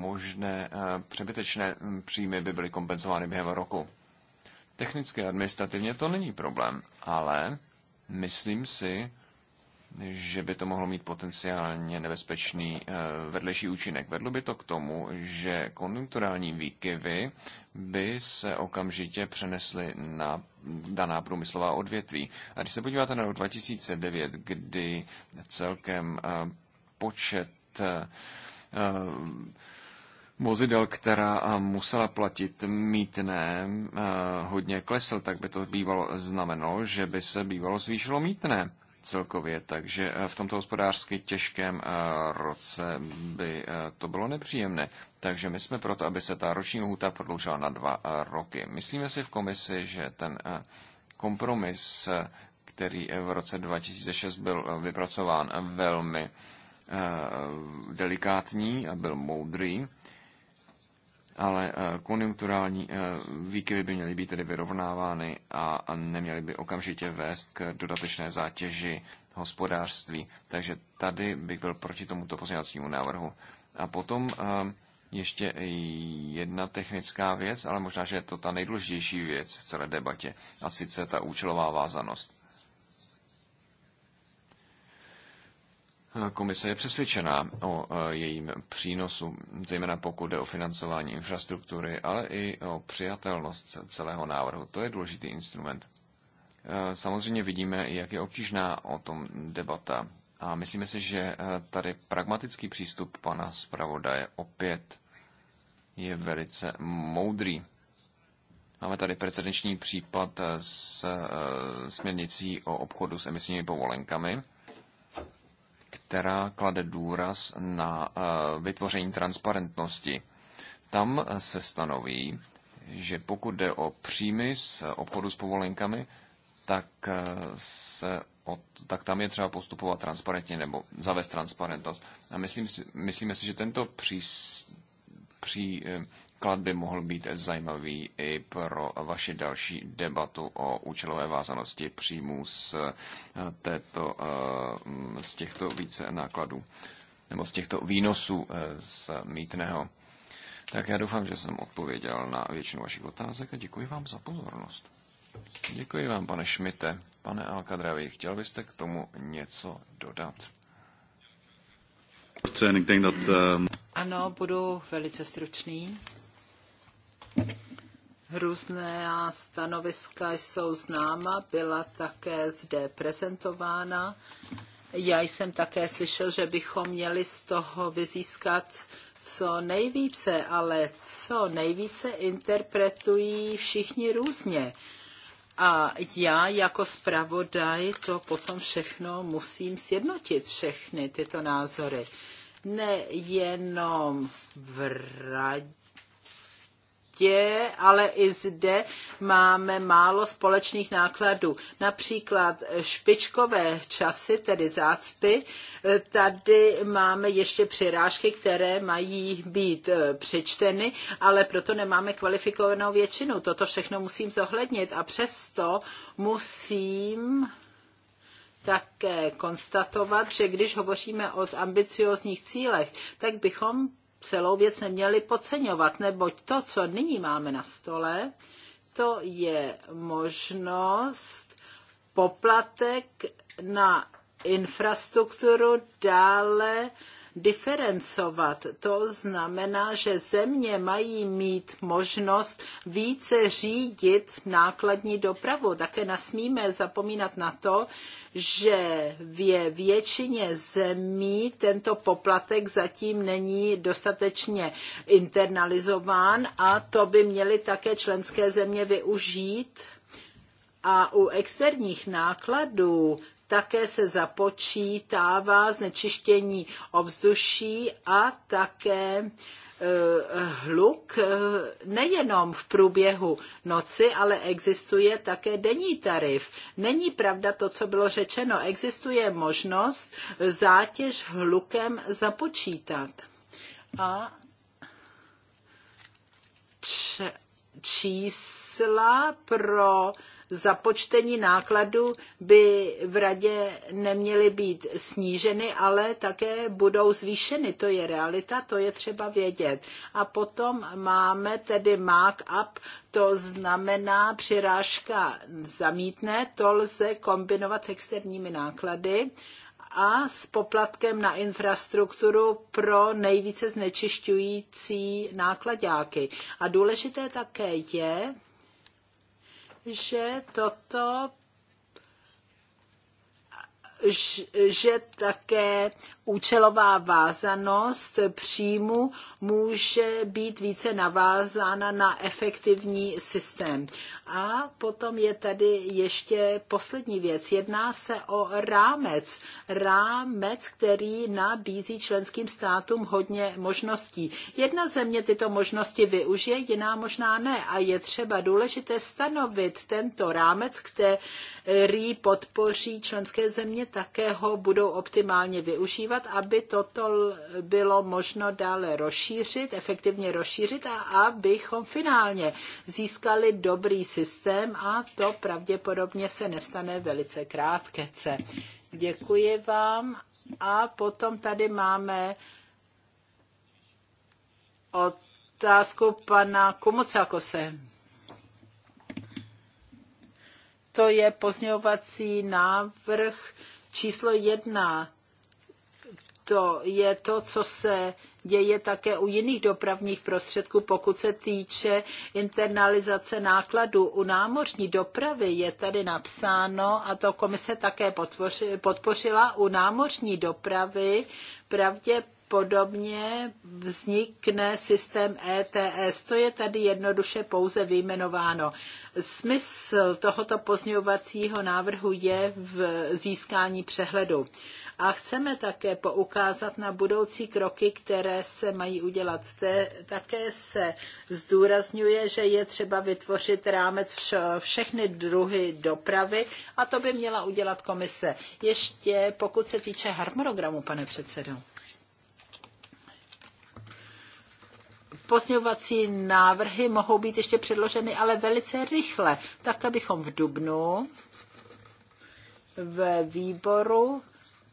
možné přebytečné hm, příjmy by byly kompenzovány během roku. Technicky a administrativně to není problém, ale myslím si, že by to mohlo mít potenciálně nebezpečný eh, vedlejší účinek. Vedlo by to k tomu, že konjunkturální výkyvy by se okamžitě přenesly na daná průmyslová odvětví. A když se podíváte na rok 2009, kdy celkem eh, počet eh, vozidel, která musela platit mítné, hodně klesl, tak by to bývalo znamenalo, že by se bývalo zvýšilo mítné celkově, takže eh, v tomto hospodářsky těžkém eh, roce by eh, to bylo nepříjemné. Takže my jsme proto, aby se ta roční lhůta prodloužila na dva roky. Myslíme si v komisi, že ten kompromis, který v roce 2006 byl vypracován velmi delikátní a byl moudrý, ale eh, konjunkturální eh, výkyvy by měly být tedy vyrovnávány a neměly by okamžitě vést k dodatečné zátěži hospodářství. Takže tady bych byl proti tomuto pozměňovacímu návrhu. A potom eh, ještě jedna technická věc, ale možná, že je to ta nejdůležitější věc v celé debatě, a sice ta účelová vázanost. Komise je přesvědčená o e, jejím přínosu, zejména pokud jde o financování infrastruktury, ale i o přijatelnost celého návrhu. To je důležitý instrument. E, samozřejmě vidíme, jak je obtížná o tom debata. A myslíme si, že e, tady pragmatický přístup pana zpravodaje opět je velice moudrý. Máme tady precedenční případ s směrnicí o obchodu s emisními povolenkami která klade důraz na eh, vytvoření transparentnosti. Tam eh, se stanoví, že pokud jde o příjmy z eh, obchodu s povolenkami, tak, se od, tak tam je třeba postupovat transparentně nebo zavést transparentnost. A myslím si, myslíme si, že tento pří, pří, základ by mohl být zajímavý i pro vaši další debatu o účelové vázanosti příjmů z, eh, této, eh, z těchto více nákladů nebo z těchto výnosů eh, z mítného. Tak já doufám, že jsem odpověděl na většinu vašich otázek a děkuji vám za pozornost. Děkuji vám, pane Šmite. Pane Alkadravi, chtěl byste k tomu něco dodat? Ano, budu velice stručný. Různé stanoviska jsou známa, byla také zde prezentována. Já jsem také slyšel, že bychom měli z toho vyzískat co nejvíce, ale co nejvíce interpretují všichni různě. A já jako zpravodaj to potom všechno musím sjednotit, všechny tyto názory. Nejenom v radě, zde, ale i zde máme málo společných nákladů. Například špičkové časy, tedy zácpy, tady máme ještě přirážky, které mají být eh, přečteny, ale proto nemáme kvalifikovanou většinu. Toto všechno musím zohlednit a přesto musím také konstatovat, že když hovoříme o ambiciozních cílech, tak bychom celou věc neměli podceňovat, neboť to, co nyní máme na stole, to je možnost poplatek na infrastrukturu dále diferencovat. To znamená, že země mají mít možnost více řídit nákladní dopravu. Také nasmíme zapomínat na to, že v většině zemí tento poplatek zatím není dostatečně internalizován a to by měly také členské země využít a u externích nákladů také se započítává znečištění ovzduší a také eh, hluk eh, nejenom v průběhu noci, ale existuje také denní tarif. Není pravda to, co bylo řečeno. Existuje možnost zátěž hlukem započítat. A čísla pro započtení nákladů by v radě neměly být sníženy, ale také budou zvýšeny. To je realita, to je třeba vědět. A potom máme tedy mark-up, to znamená přirážka zamítne, to lze kombinovat s externími náklady a s poplatkem na infrastrukturu pro nejvíce znečišťující nákladáky. A důležité také je, že toto že také účelová vázanost příjmu může být více navázána na efektivní systém. A potom je tady ještě poslední věc. Jedná se o rámec. Rámec, který nabízí členským státům hodně možností. Jedna země tyto možnosti využije, jiná možná ne. A je třeba důležité stanovit tento rámec, který podpoří členské země, také ho budou optimálně využívat udělat, aby toto bylo možno dále rozšířit, efektivně rozšířit a abychom finálně získali dobrý systém a to pravděpodobně se nestane velice krátkece. Děkuji vám a potom tady máme otázku pana Kumocakose. To je pozňovací návrh číslo jedna to je to, co se děje také u jiných dopravních prostředků, pokud se týče internalizace nákladů. U námořní dopravy je tady napsáno, a to komise také podpořila, u námořní dopravy pravděpodobně vznikne systém ETS. To je tady jednoduše pouze vyjmenováno. Smysl tohoto pozměňovacího návrhu je v získání přehledu. A chceme také poukázat na budoucí kroky, které se mají udělat. Té, také se zdůrazňuje, že je třeba vytvořit rámec vše, všechny druhy dopravy a to by měla udělat komise. Ještě pokud se týče harmonogramu, pane předsedo. Pozměňovací návrhy mohou být ještě předloženy, ale velice rychle, tak abychom v Dubnu ve výboru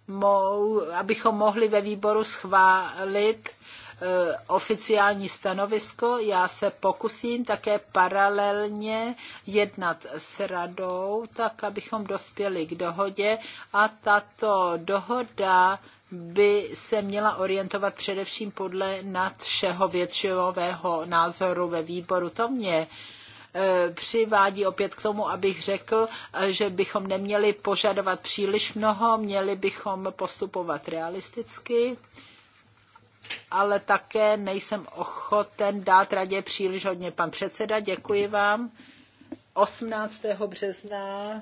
mou, abychom mohli ve výboru schválit eh, oficiální stanovisko. Já se pokusím také paralelně jednat s radou, tak abychom dospěli k dohodě a tato dohoda by se měla orientovat především podle nadšeho většinového názoru ve výboru. To mě uh, Eh, přivádí opět k tomu, abych řekl, eh, že bychom neměli požadovat příliš mnoho, měli bychom postupovat realisticky ale také nejsem ochoten dát radě příliš hodně. Pan předseda, děkuji vám. 18. března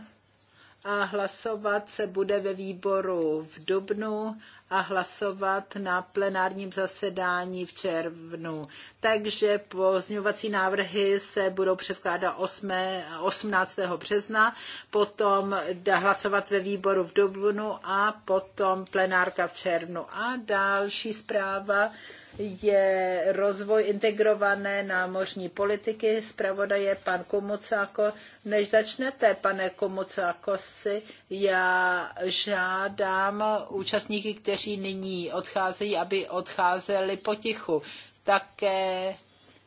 a hlasovat se bude ve výboru v Dubnu a hlasovat na plenárním zasedání v červnu. Takže pozňovací návrhy se budou předkládat 8, 18. března, potom hlasovat ve výboru v Dubnu a potom plenárka v červnu. A další zpráva je rozvoj integrované námořní politiky. zpravodaje je pan Komucáko. Než začnete, pane Komucáko, si já žádám účastníky, kteří nyní odcházejí, aby odcházeli potichu. Také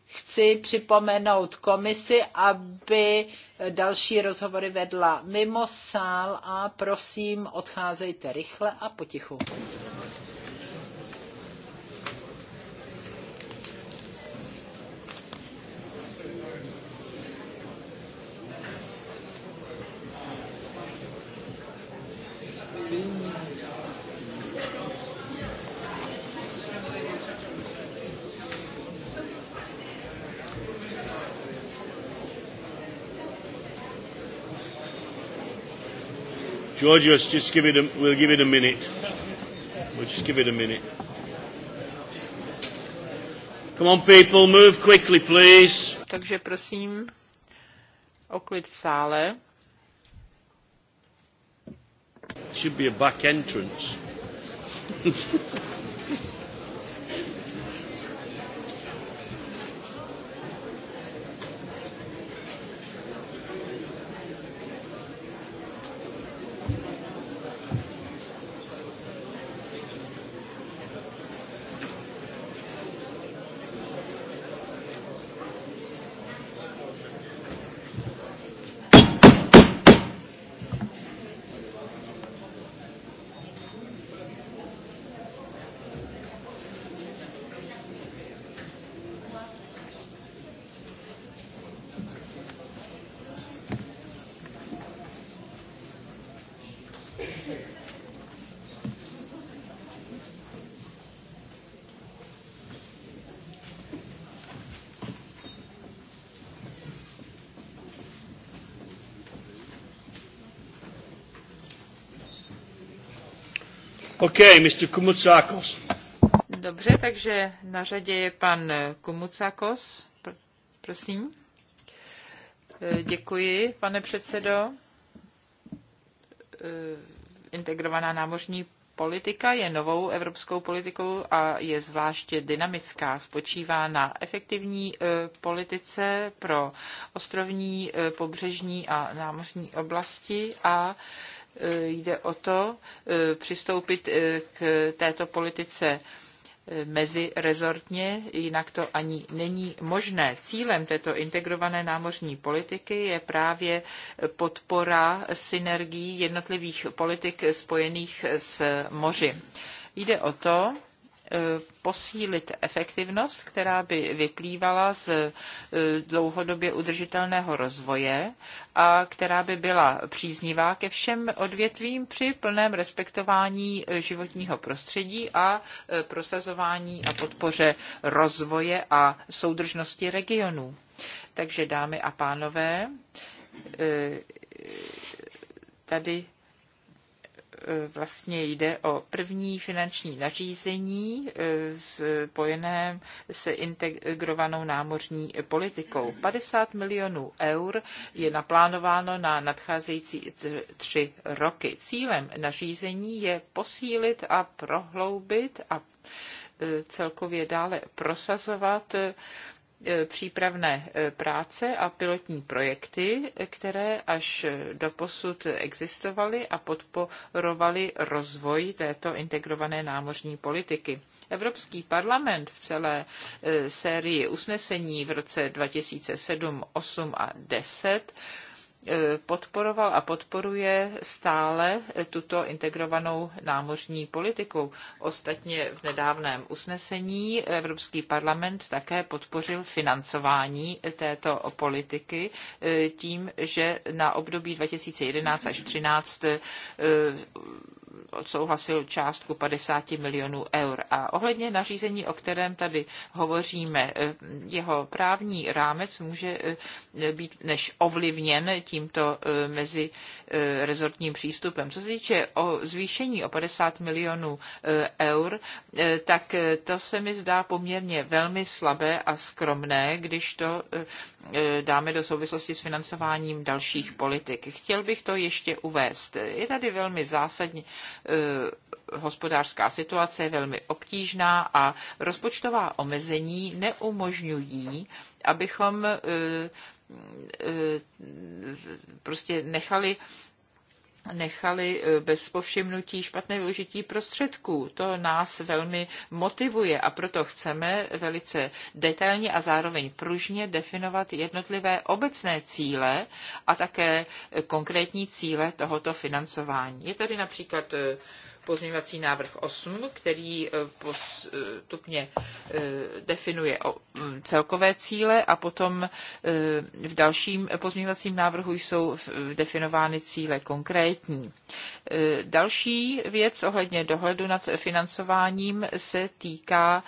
chci připomenout komisi, aby další rozhovory vedla mimo sál a prosím, odcházejte rychle a potichu. Georgios, just give it a, we'll give it a minute. We'll just give it a minute. Come on people, move quickly please. Takže prosím oklid v sále. Should be a back entrance. Okay, Mr. Kumutsakos. Dobře, takže na řadě je pan Kumutsakos. Pr- prosím. Eh, děkuji, pane předsedo. Eh, integrovaná námořní politika je novou evropskou politikou a je zvláště dynamická. Spočívá na efektivní eh, politice pro ostrovní, pobřežní a námořní oblasti a Eh, jde o to eh, přistoupit eh, k této politice rezortně jinak to ani není možné. Cílem této integrované námořní politiky je právě podpora synergií jednotlivých politik spojených s moři. Jde o to, Eh, posílit efektivnost, která by vyplývala z eh, dlouhodobě udržitelného rozvoje a která by byla příznivá ke všem odvětvím při plném respektování eh, životního prostředí a prosazování a podpoře rozvoje a soudržnosti regionů. Takže dámy a pánové, tady E, vlastně jde o první finanční nařízení e, spojené se integrovanou námořní politikou. 50 milionů eur je naplánováno na nadcházející tři roky. Cílem nařízení je posílit a prohloubit a e, celkově dále prosazovat E, přípravné e, práce a pilotní projekty, které až do posud existovaly a podporovaly rozvoj této integrované námořní politiky. Evropský parlament v celé e, sérii usnesení v roce 2007, 8 a 10 podporoval a podporuje stále tuto integrovanou námořní politiku. Ostatně v nedávném usnesení Evropský parlament také podpořil financování této politiky tím, že na období 2011 až 2013 eh, odsouhlasil částku 50 milionů eur. A ohledně nařízení, o kterém tady hovoříme, eh, jeho právní rámec může eh, být než ovlivněn tímto eh, mezi rezortním přístupem. Co se týče o zvýšení o 50 milionů eur, tak to se mi zdá poměrně velmi slabé a skromné, když to dáme do souvislosti s financováním dalších politik. Chtěl bych to ještě uvést. Je tady velmi zásadní Eh, hospodářská situace je velmi obtížná a rozpočtová omezení neumožňují, abychom eh, eh, prostě nechali nechali eh, bez povšimnutí špatné využití prostředků. To nás velmi motivuje a proto chceme velice detailně a zároveň pružně definovat jednotlivé obecné cíle a také konkrétní cíle tohoto financování. Je tady například eh, pozměňovací návrh 8, který eh, postupně eh, definuje mm, celkové cíle a potom eh, v dalším pozměňovacím návrhu jsou definovány cíle konkrétní. Další věc ohledně dohledu nad financováním se týká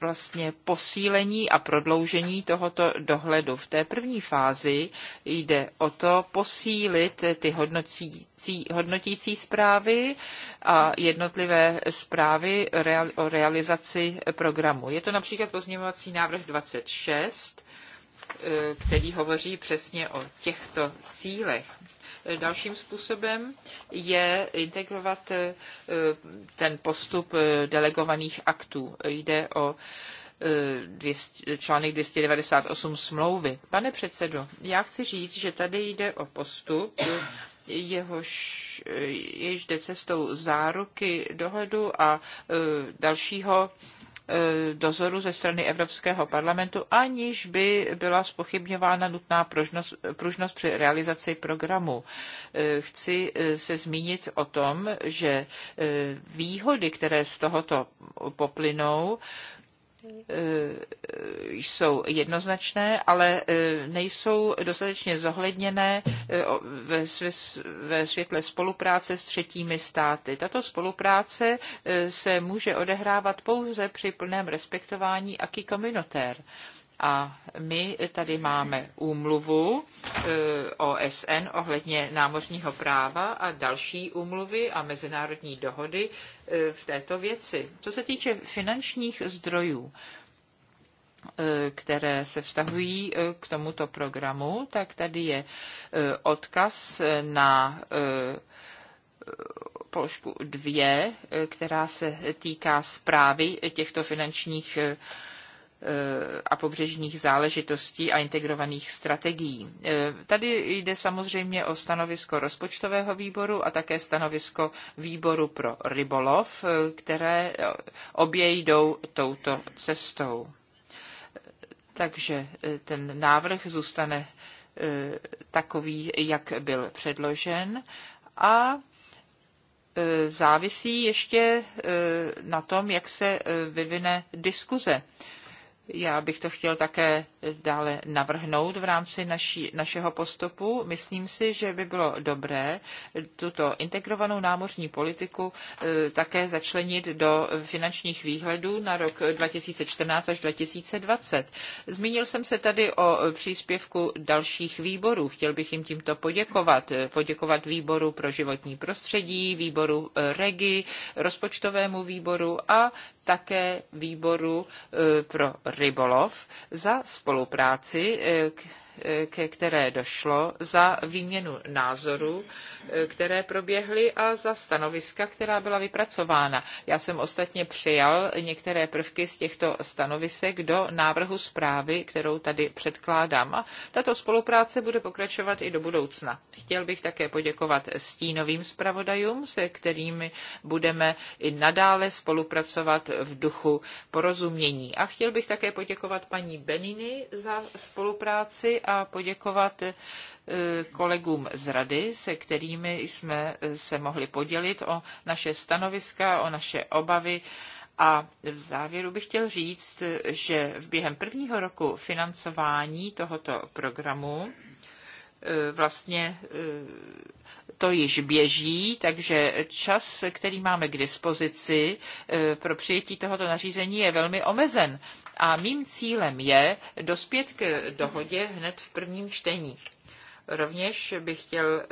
vlastně posílení a prodloužení tohoto dohledu. V té první fázi jde o to posílit ty hodnotící hodnotící, hodnotící zprávy a jednotlivé zprávy real, o realizaci programu. Je to například pozměňovací návrh 26, e, který hovoří přesně o těchto cílech. E, dalším způsobem je integrovat e, ten postup delegovaných aktů. Jde o článek 298 smlouvy. Pane předsedo, já chci říct, že tady jde o postup, jehož, eh, jež jde cestou záruky dohledu a eh, dalšího eh, dozoru ze strany Evropského parlamentu, aniž by byla spochybňována nutná pružnost, pružnost při realizaci programu. Chci se zmínit o tom, že výhody, které z tohoto poplynou, Eh, jsou jednoznačné, ale eh, nejsou dostatečně zohledněné eh, ve světle spolupráce s třetími státy. Tato spolupráce se může odehrávat pouze při plném respektování aký komunitér. A my tady máme úmluvu e, OSN ohledně námořního práva a další úmluvy a mezinárodní dohody e, v této věci. Co se týče finančních zdrojů, e, které se vztahují k tomuto programu, tak tady je odkaz na položku 2, která se týká zprávy těchto finančních zdrojů a pobřežních záležitostí a integrovaných strategií. E, tady jde samozřejmě o stanovisko rozpočtového výboru a také stanovisko výboru pro rybolov, e, které e, obě jdou touto cestou. Takže ten návrh zůstane takový, jak byl předložen a závisí ještě na tom, jak se vyvine diskuze já bych to chtěl také dále navrhnout v rámci naší, našeho postupu. Myslím si, že by bylo dobré tuto integrovanou námořní politiku eh, také začlenit do finančních výhledů na rok 2014 až 2020. Zmínil jsem se tady o příspěvku dalších výborů. Chtěl bych jim tímto poděkovat. Poděkovat výboru pro životní prostředí, výboru eh, REGI, rozpočtovému výboru a také výboru eh, pro rybolov za spolupráci spolupráci, eh, ke které došlo, za výměnu názorů, eh, které proběhly a za stanoviska, která byla vypracována. Já jsem ostatně přijal některé prvky z těchto stanovisek do návrhu zprávy, kterou tady předkládám. A tato spolupráce bude pokračovat i do budoucna. Chtěl bych také poděkovat stínovým zpravodajům, se kterými budeme i nadále spolupracovat v duchu porozumění. A chtěl bych také poděkovat paní Beniny za spolupráci a poděkovat e, kolegům z Rady, se kterými jsme e, se mohli podělit o naše stanoviska, o naše obavy. A v závěru bych chtěl říct, že v během prvního roku financování tohoto programu e, vlastně to již běží, takže čas, který máme k dispozici eh, pro přijetí tohoto nařízení, je velmi omezen. A mým cílem je dospět k dohodě hned v prvním čtení. Rovněž bych chtěl eh,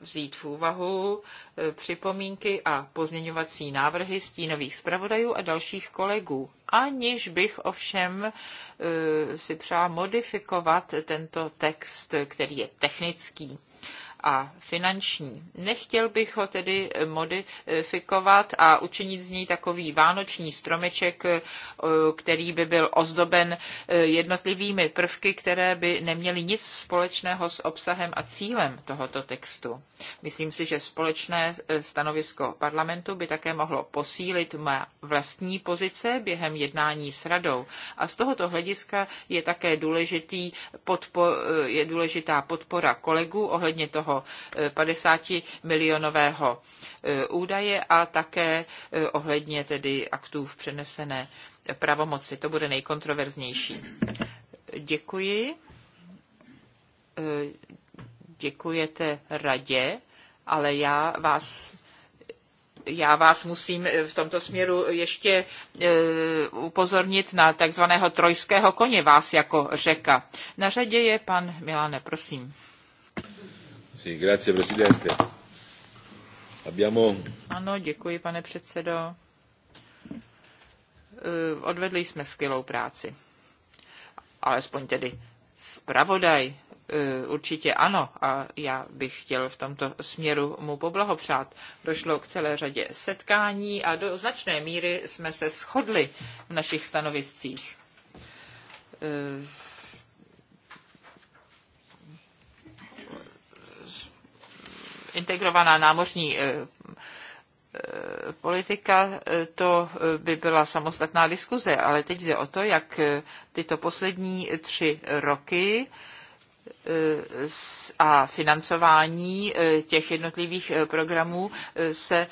vzít v úvahu eh, připomínky a pozměňovací návrhy stínových zpravodajů a dalších kolegů, aniž bych ovšem si přál modifikovat tento text, který je technický a finanční. Nechtěl bych ho tedy modifikovat a učinit z něj takový vánoční stromeček, eh, který by byl ozdoben eh, jednotlivými prvky, které by neměly nic společného s obsahem a cílem tohoto textu. Myslím si, že společné eh, stanovisko parlamentu by také mohlo posílit má vlastní pozice během jednání s radou. A z tohoto hlediska je také důležitý podpo, je důležitá podpora kolegů ohledně toho, 50 eh, milionového eh, údaje a také eh, ohledně tedy aktů v přenesené pravomoci. To bude nejkontroverznější. Děkuji. Děkujete radě, ale já vás já vás musím v tomto směru ještě upozornit na takzvaného trojského koně vás jako řeka. Na řadě je pan Milane, prosím. Ano, děkuji, pane předsedo. Eh, odvedli jsme skvělou práci. Alespoň tedy zpravodaj eh, určitě ano a já bych chtěl v tomto směru mu poblahopřát. Došlo k celé řadě setkání a do značné míry jsme se shodli v našich stanoviscích. Eh, integrovaná námořní eh, eh, politika, eh, to by byla samostatná diskuze, ale teď jde o to, jak tyto poslední tři roky a financování eh, těch jednotlivých eh, programů eh, se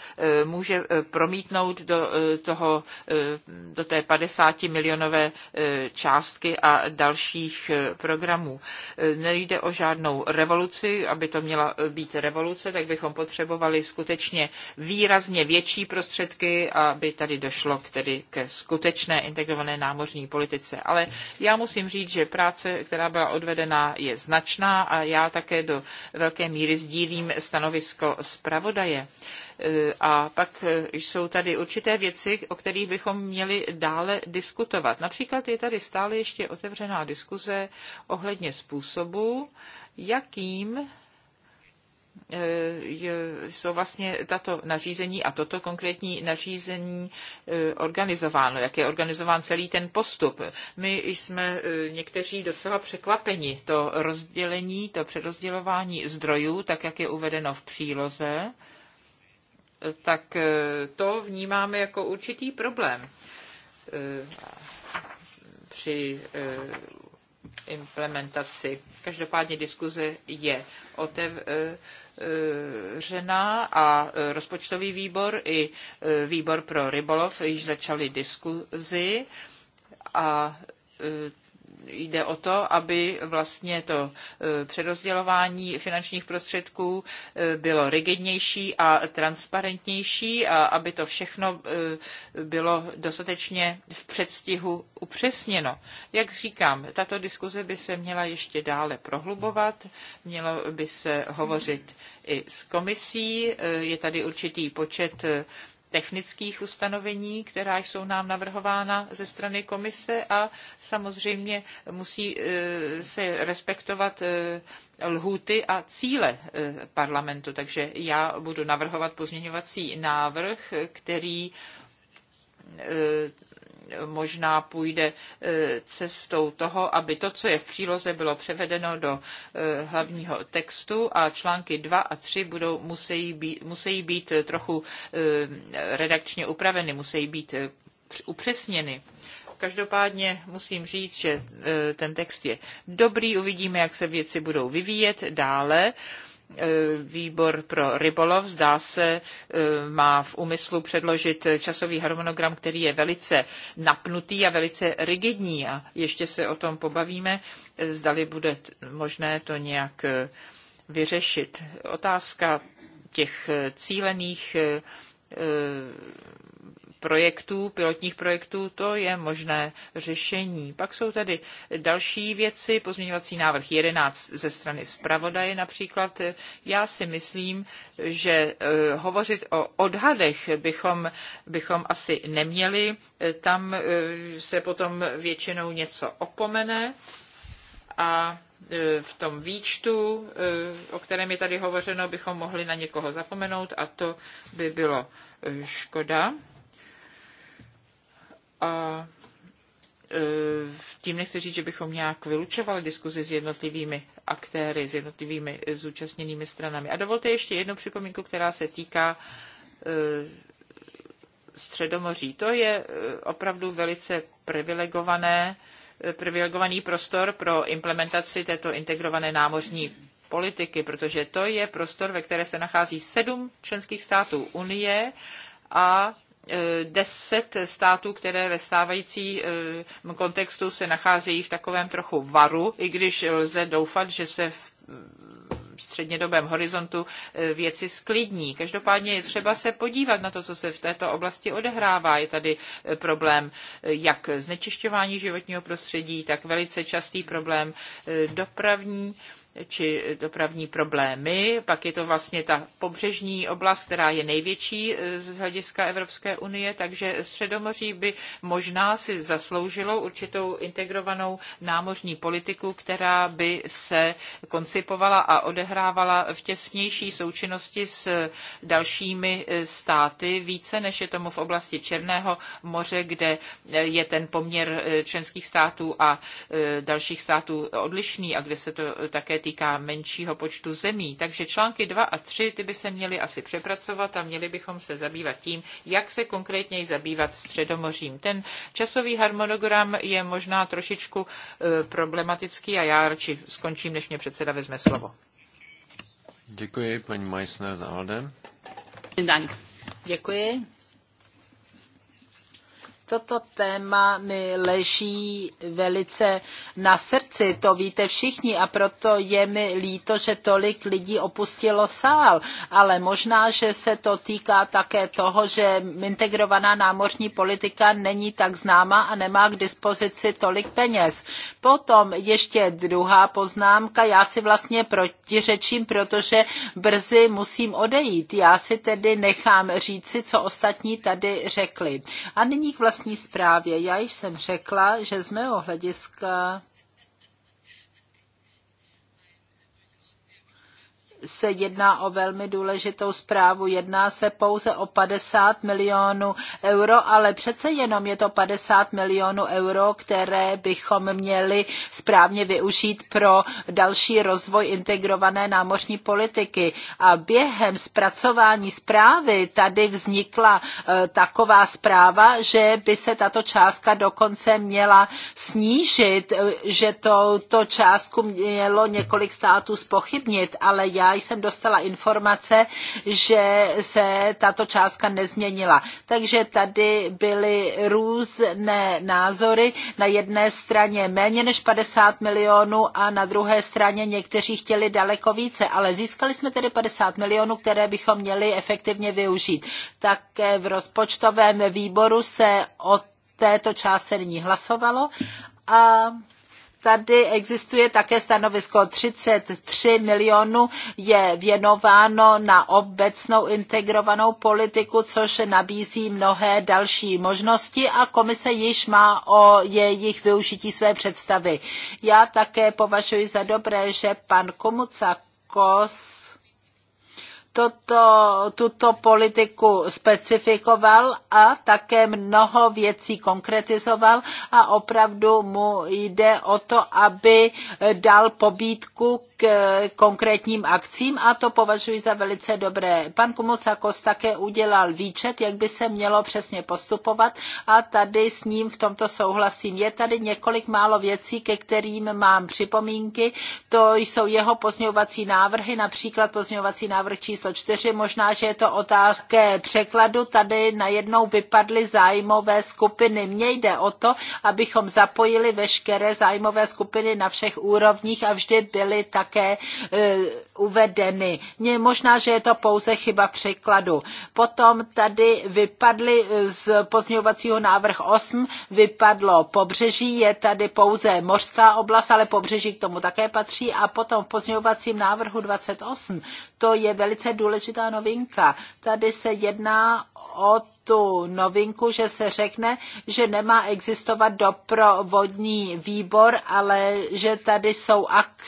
může promítnout do, toho, do té 50 milionové částky a dalších programů. Nejde o žádnou revoluci, aby to měla být revoluce, tak bychom potřebovali skutečně výrazně větší prostředky, aby tady došlo k, tedy ke skutečné integrované námořní politice. Ale já musím říct, že práce, která byla odvedena, je značná a já také do velké míry sdílím stanovisko zpravodaje. E, a pak e, jsou tady určité věci, o kterých bychom měli dále diskutovat. Například je tady stále ještě otevřená diskuze ohledně způsobu, jakým Eh, jsou vlastně tato nařízení a toto konkrétní nařízení eh, organizováno, jak je organizován celý ten postup. My jsme eh, někteří docela překvapeni to rozdělení, to přerozdělování zdrojů, tak jak je uvedeno v příloze, tak to vnímáme jako určitý problém při implementaci. Každopádně diskuze je otevřená uzavřena a e, rozpočtový výbor i e, výbor pro rybolov již začali diskuzi a e, jde o to, aby vlastně to přerozdělování finančních prostředků bylo rigidnější a transparentnější a aby to všechno bylo dostatečně v předstihu upřesněno. Jak říkám, tato diskuze by se měla ještě dále prohlubovat, mělo by se hovořit i s komisí. E, je tady určitý počet e, technických ustanovení, která jsou nám navrhována ze strany komise a samozřejmě musí e, se respektovat lhůty a cíle parlamentu. Takže já budu navrhovat pozměňovací návrh, který možná půjde e, cestou toho, aby to, co je v příloze, bylo převedeno do e, hlavního textu a články 2 a 3 budou, musí, být, musí být trochu e, redakčně upraveny, musí být upřesněny. Každopádně musím říct, že ten text je dobrý, uvidíme, jak se věci budou vyvíjet dále. E, výbor pro rybolov, zdá se, e, má v úmyslu předložit časový harmonogram, který je velice napnutý a velice rigidní a ještě se o tom pobavíme, e, zdali bude možné to nějak vyřešit. Otázka těch cílených projektů, pilotních projektů, to je možné řešení. Pak jsou tady další věci, pozměňovací návrh 11 ze strany zpravodaje například. Já si myslím, že eh, hovořit o odhadech bychom, bychom asi neměli. Tam eh, se potom většinou něco opomene a eh, v tom výčtu, o kterém je tady hovořeno, bychom mohli na někoho zapomenout a to by bylo škoda a e, tím nechci říct, že bychom nějak vylučovali diskuzi s jednotlivými aktéry, s jednotlivými zúčastněnými stranami. A dovolte ještě jednu připomínku, která se týká e, Středomoří. To je e, opravdu velice privilegované, privilegovaný prostor pro implementaci této integrované námořní politiky, protože to je prostor, ve které se nachází sedm členských států Unie a Eh, deset států, které ve stávajícím eh, kontextu se nacházejí v takovém trochu varu, i když lze doufat, že se v střednědobém horizontu eh, věci sklidní. Každopádně je třeba se podívat na to, co se v této oblasti odehrává. Je tady problém jak znečišťování životního prostředí, tak velice častý problém dopravní či dopravní problémy. Pak je to vlastně ta pobřežní oblast, která je největší eh, z hlediska Evropské unie, takže Středomoří by možná si zasloužilo určitou integrovanou námořní politiku, která by se koncipovala a odehrávala v těsnější součinnosti s dalšími eh, státy, více než je tomu v oblasti Černého moře, kde eh, je ten poměr členských států a dalších států odlišný a kde se to také týká menšího počtu zemí. Takže články 2 a 3 ty by se měly asi přepracovat a měli bychom se zabývat tím, jak se konkrétně zabývat středomořím. Ten časový harmonogram je možná trošičku e, problematický a já radši skončím, než mě předseda vezme slovo. Děkuji, paní Meissner za Dank. Děkuji. Toto téma mi leží velice na srdci, to víte všichni a proto je mi líto, že tolik lidí opustilo sál, ale možná, že se to týká také toho, že integrovaná námořní politika není tak známa a nemá k dispozici tolik peněz. Potom ještě druhá poznámka, já si vlastně protiřečím, protože brzy musím odejít. Já si tedy nechám říci, co ostatní tady řekli. A nyní k vlastně vlastní zprávě. Já již jsem řekla, že z mého hlediska se jedná o velmi důležitou zprávu. Jedná se pouze o 50 milionů euro, ale přece jenom je to 50 milionů euro, které bychom měli správně využít pro další rozvoj integrované námořní politiky. A během zpracování zprávy tady vznikla e, taková zpráva, že by se tato částka dokonce měla snížit, e, že to, to částku mělo několik států spochybnit, ale já jsem dostala informace, že se tato částka nezměnila. Takže tady byly různé názory. Na jedné straně méně než 50 milionů a na druhé straně někteří chtěli daleko více, ale získali jsme tedy 50 milionů, které bychom měli efektivně využít. Také v rozpočtovém výboru se o této částce nyní hlasovalo a tady existuje také stanovisko 33 milionů je věnováno na obecnou integrovanou politiku, což nabízí mnohé další možnosti a komise již má o jejich využití své představy. Já také považuji za dobré, že pan Komucakos toto, tuto politiku specifikoval a také mnoho věcí konkretizoval a opravdu mu jde o to, aby dal pobídku k konkrétním akcím a to považuji za velice dobré. Pan Kumocakos také udělal výčet, jak by se mělo přesně postupovat a tady s ním v tomto souhlasím. Je tady několik málo věcí, ke kterým mám připomínky. To jsou jeho pozměňovací návrhy, například pozměňovací návrh číslo čtyři. Možná, že je to otázka překladu. Tady najednou vypadly zájmové skupiny. Mně jde o to, abychom zapojili veškeré zájmové skupiny na všech úrovních a vždy byly tak také e, uvedeny. Možná, že je to pouze chyba překladu. Potom tady vypadly e, z pozměňovacího návrh 8, vypadlo pobřeží, je tady pouze mořská oblast, ale pobřeží k tomu také patří a potom v pozměňovacím návrhu 28, to je velice důležitá novinka. Tady se jedná o tu novinku, že se řekne, že nemá existovat doprovodní výbor, ale že tady jsou akt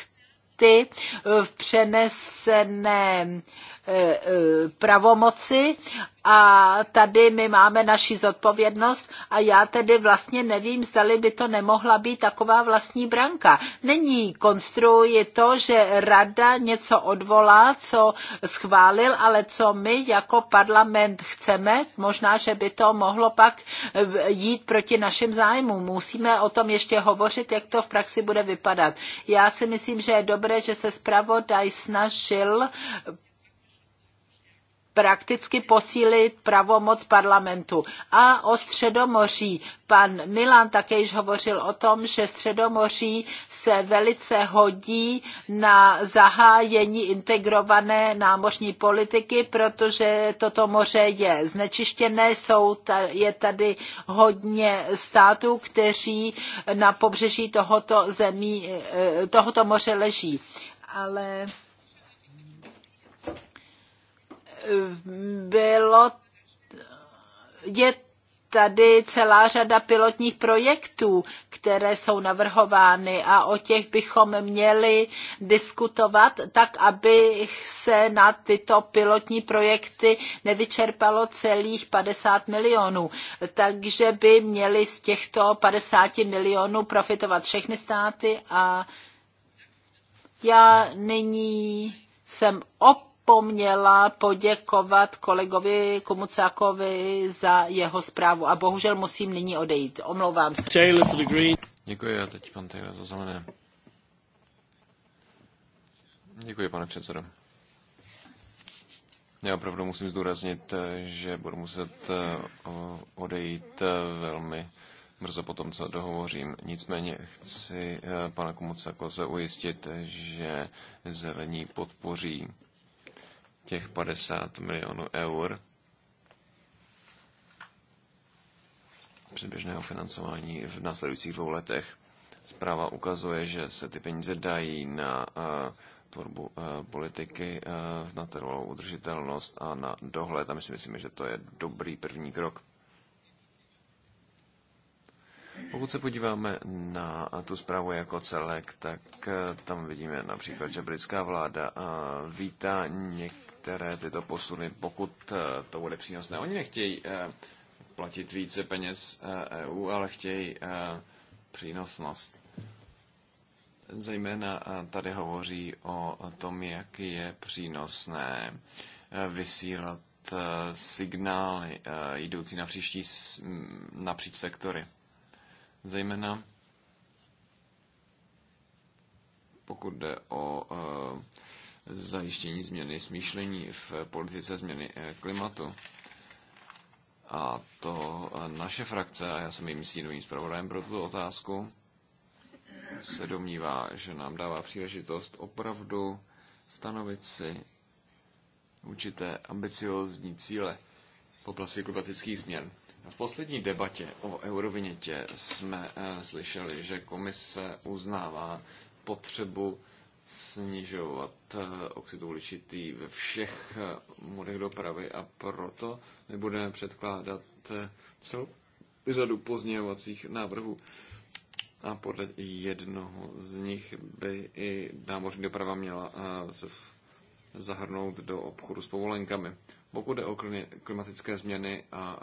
v přeneseném Eh, eh, pravomoci a tady my máme naši zodpovědnost a já tedy vlastně nevím, zdali by to nemohla být taková vlastní branka. Není konstruji to, že rada něco odvolá, co schválil, ale co my jako parlament chceme, možná, že by to mohlo pak eh, jít proti našim zájmům. Musíme o tom ještě hovořit, jak to v praxi bude vypadat. Já si myslím, že je dobré, že se zpravodaj snažil prakticky posílit pravomoc parlamentu. A o Středomoří. Pan Milan také již hovořil o tom, že Středomoří se velice hodí na zahájení integrované námořní politiky, protože toto moře je znečištěné, jsou, je tady hodně států, kteří na pobřeží tohoto, zemí, eh, tohoto moře leží. Ale bylo, je tady celá řada pilotních projektů, které jsou navrhovány a o těch bychom měli diskutovat, tak aby se na tyto pilotní projekty nevyčerpalo celých 50 milionů. Takže by měly z těchto 50 milionů profitovat všechny státy a já nyní jsem opět zapomněla poděkovat kolegovi Komucákovi za jeho zprávu a bohužel musím nyní odejít. Omlouvám se. Děkuji a teď pan Taylor to znamená. Děkuji, pane předsedo. Já opravdu musím zdůraznit, že budu muset eh, odejít eh, velmi brzo po tom, co dohovořím. Nicméně chci eh, pana Komucako ujistit, že zelení podpoří těch 50 milionů eur předběžného financování v následujících dvou letech. Zpráva ukazuje, že se ty peníze dají na eh, tvorbu eh, politiky, eh, na trvalou udržitelnost a na dohled. A my si myslíme, že to je dobrý první krok. Pokud se podíváme na tu zprávu jako celek, tak tam vidíme například, že britská vláda vítá něk- které tyto posuny, pokud eh, to bude přínosné. Oni nechtějí eh, platit více peněz EU, eh, e ale chtějí přínosnost. Zejména tady hovoří o tom, jak je přínosné vysílat signály jdoucí na příští, napříč sektory. Zejména pokud jde o zajištění změny smýšlení v politice změny eh, klimatu. A to eh, naše frakce, a já jsem jim stínovým zpravodajem pro tuto otázku, se domnívá, že nám dává příležitost opravdu stanovit si určité ambiciozní cíle v oblasti klimatických změn. V poslední debatě o eurovinětě jsme eh, slyšeli, že komise uznává potřebu snižovat eh, oxid uhličitý ve všech eh, modech dopravy a proto my budeme předkládat eh, celou řadu pozměňovacích návrhů. A podle jednoho z nich by i námořní doprava měla se zahrnout do obchodu s povolenkami. Pokud jde o klimatické změny a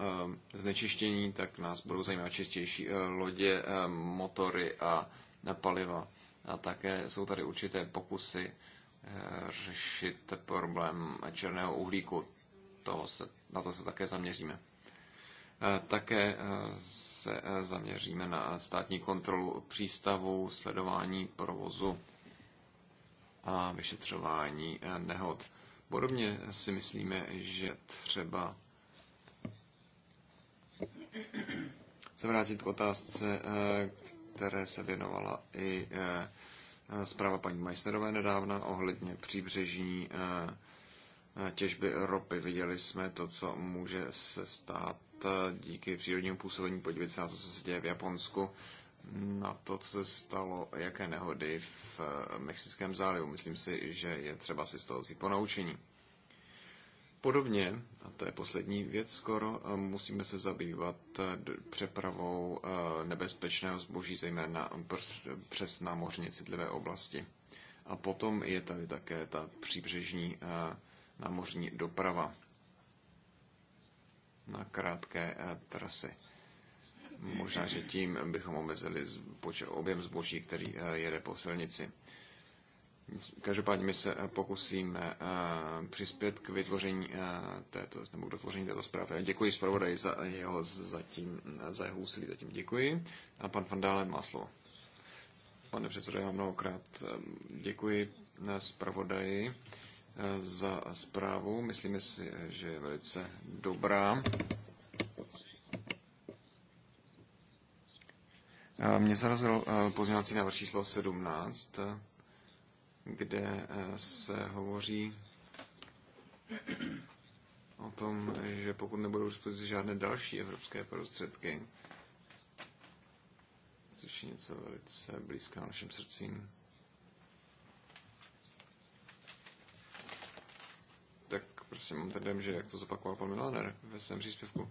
znečištění, tak nás budou zajímat čistější lodě, motory a paliva a také jsou tady určité pokusy eh, řešit problém černého uhlíku. Toho se, na to se také zaměříme. Eh, také eh, se zaměříme na státní kontrolu přístavu, sledování provozu a vyšetřování nehod. Podobně si myslíme, že třeba se vrátit k otázce, které se věnovala i eh, eh, zpráva paní Majsterové nedávna ohledně příbřežní eh, těžby ropy. Viděli jsme to, co může se stát díky přírodnímu působení. Podívejte se na to, co se děje v Japonsku, na to, co se stalo, jaké nehody v Mexickém zálivu. Myslím si, že je třeba si z toho vzít ponaučení. Podobně to je poslední věc skoro, musíme se zabývat eh, přepravou eh, nebezpečného zboží, zejména přes námořně citlivé oblasti. A potom je tady také ta příbřežní eh, námořní doprava na krátké trasy. Možná, že tím bychom omezili objem zboží, který jede po silnici. Každopádně my se eh, pokusíme eh, přispět k vytvoření eh, této, nebo k dotvoření této zprávy. Děkuji zpravodaji za jeho, zatím, za jeho úsilí, zatím děkuji. A pan Van Dálen má slovo. Pane předsedo, já mnohokrát děkuji zpravodaji za zprávu. Myslíme si, že je velice dobrá. Mě zarazil pozměňovací návrh číslo 17 kde eh, se hovoří o tom, že pokud nebudou dispozici žádné další evropské prostředky, což je něco velice blízká našim srdcím, tak prostě mám tady, že jak to zopakoval pan Milaner ve svém příspěvku,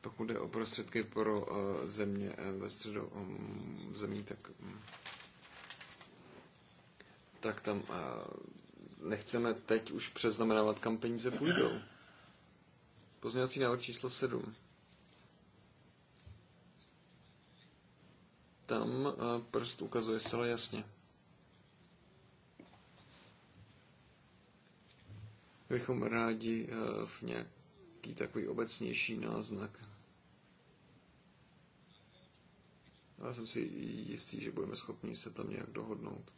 pokud jde o prostředky pro eh, země eh, ve středu mm, zemí, tak mm, tak tam nechceme teď už přeznamenávat, kam peníze půjdou. Pozměňovací návrh číslo 7. Tam prst ukazuje zcela jasně. Bychom rádi v nějaký takový obecnější náznak. Já jsem si jistý, že budeme schopni se tam nějak dohodnout.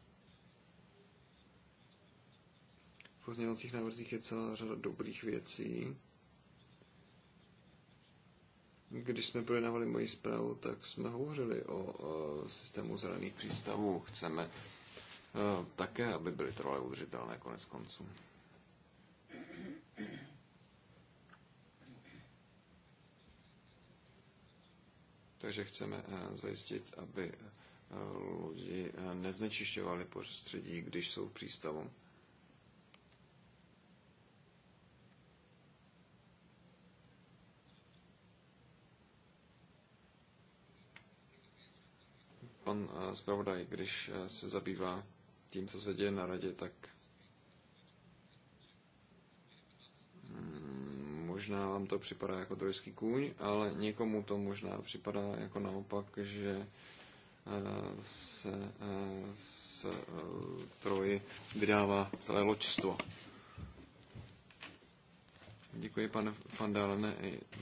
pozměňovacích návrzích je celá řada dobrých věcí. Když jsme projednávali moji zprávu, tak jsme hovořili o, systému zelených přístavů. Chceme e, také, aby byly trvalé udržitelné konec konců. Takže chceme e, zajistit, aby e, lodi neznečišťovali prostředí, když jsou v přístavu. pan eh, zpravodaj, když eh, se zabývá tím, co se děje na radě, tak mm, možná vám to připadá jako trojský kůň, ale někomu to možná připadá jako naopak, že eh, se s troji vydává celé ločstvo. Děkuji, pane Fandálene.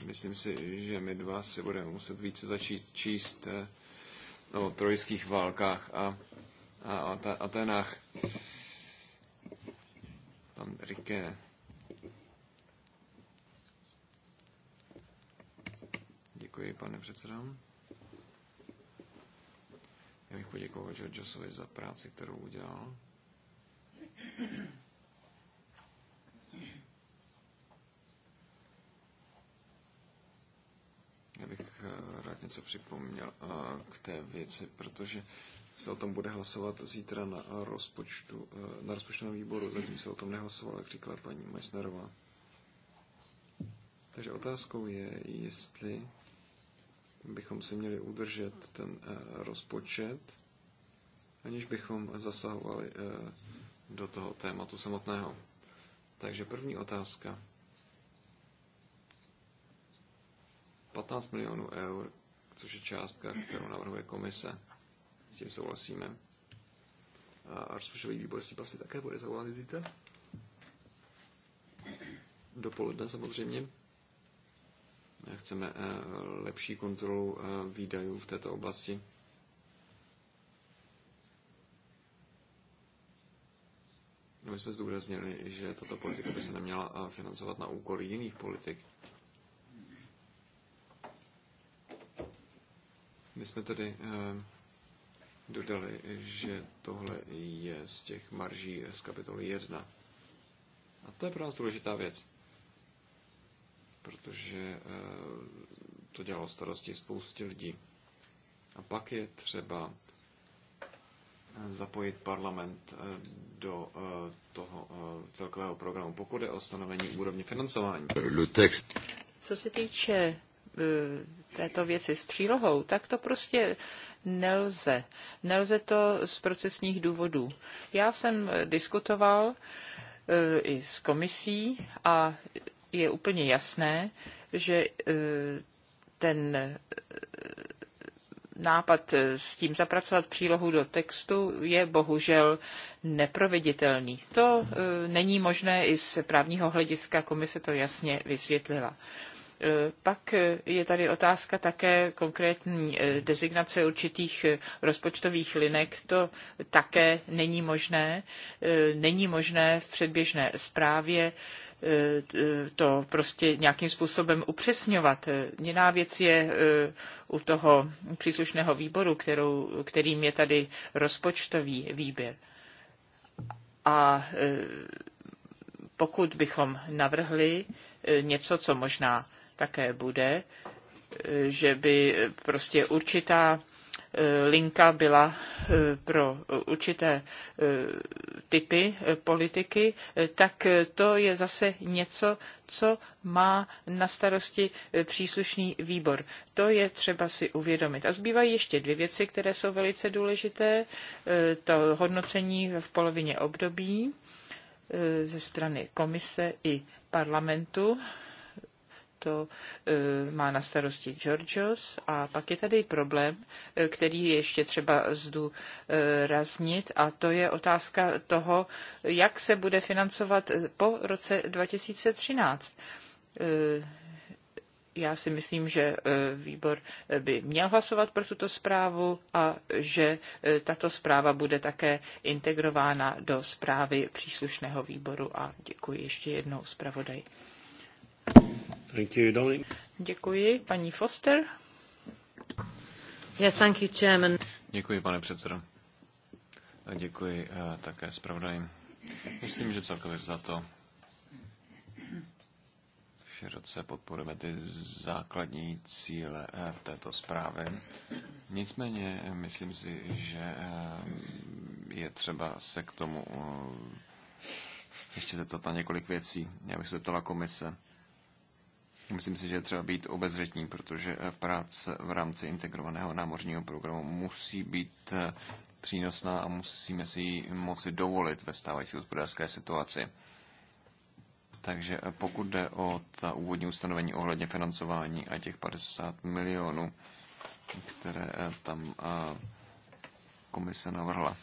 Myslím si, že my dva si budeme muset více začít číst o trojských válkách a, a, a Atenách. Pan Rike. Děkuji, pane předsedo. Já bych poděkoval Georgesovi za práci, kterou udělal. něco připomněl k té věci, protože se o tom bude hlasovat zítra na, rozpočtu, e, na rozpočtovém výboru. Zatím se o tom nehlasovalo, jak říkala paní Meissnerová. Takže otázkou je, jestli bychom si měli udržet ten e, rozpočet, aniž bychom zasahovali e, do toho tématu samotného. Takže první otázka. 15 milionů eur což je částka, kterou navrhuje komise. S tím souhlasíme. A rozpočtový výbor s tím asi také bude souhlasit zítra. Dopoledne samozřejmě. Chceme eh, lepší kontrolu eh, výdajů v této oblasti. My jsme zdůraznili, že tato politika by se neměla eh, financovat na úkor jiných politik. My jsme tedy eh, dodali, že tohle je z těch marží z kapitoly 1. A to je pro nás důležitá věc, protože eh, to dělalo starosti spoustě lidí. A pak je třeba eh, zapojit parlament do toho celkového programu, pokud je o stanovení úrovně financování. Co se týče Eh, této věci s přílohou, tak to prostě nelze. Nelze to z procesních důvodů. Já jsem diskutoval eh, i s komisí a je úplně jasné, že eh, ten nápad s tím zapracovat přílohu do textu je bohužel neproveditelný. To není možné i z právního hlediska, komise to jasně vysvětlila. Pak je tady otázka také konkrétní eh, designace určitých eh, rozpočtových linek. To také není možné. Eh, není možné v předběžné zprávě to prostě nějakým způsobem upřesňovat. Jiná věc je u toho příslušného výboru, kterou, kterým je tady rozpočtový výběr. A pokud bychom navrhli něco, co možná také bude, e, že by prostě určitá e, linka byla e, pro určité typy politiky, tak to je zase něco, co má na starosti příslušný výbor. To je třeba si uvědomit. A zbývají ještě dvě věci, které jsou velice důležité. To hodnocení v polovině období ze strany komise i parlamentu to e, má na starosti Georgios. A pak je tady problém, e, který je ještě třeba raznit, a to je otázka toho, jak se bude financovat po roce 2013. E, já si myslím, že výbor by měl hlasovat pro tuto zprávu a že tato zpráva bude také integrována do zprávy příslušného výboru a děkuji ještě jednou zpravodaji. Thank you, Dominic. Děkuji. Paní Foster. Yes, thank you, Chairman. Děkuji, pane předsedo. A děkuji uh, také zpravodajím. Myslím, že celkově za to široce podporujeme ty základní cíle eh, této zprávy. Nicméně eh, myslím si, že je třeba se k tomu ještě zeptat na několik věcí. Já bych se zeptala komise. Myslím si, že je třeba být obezřetní, protože eh, práce v rámci integrovaného námořního programu musí být eh, přínosná a musíme si ji moci dovolit ve stávající hospodářské situaci. Takže eh, pokud jde o ta úvodní ustanovení ohledně financování a těch 50 milionů, které tam komise navrhla.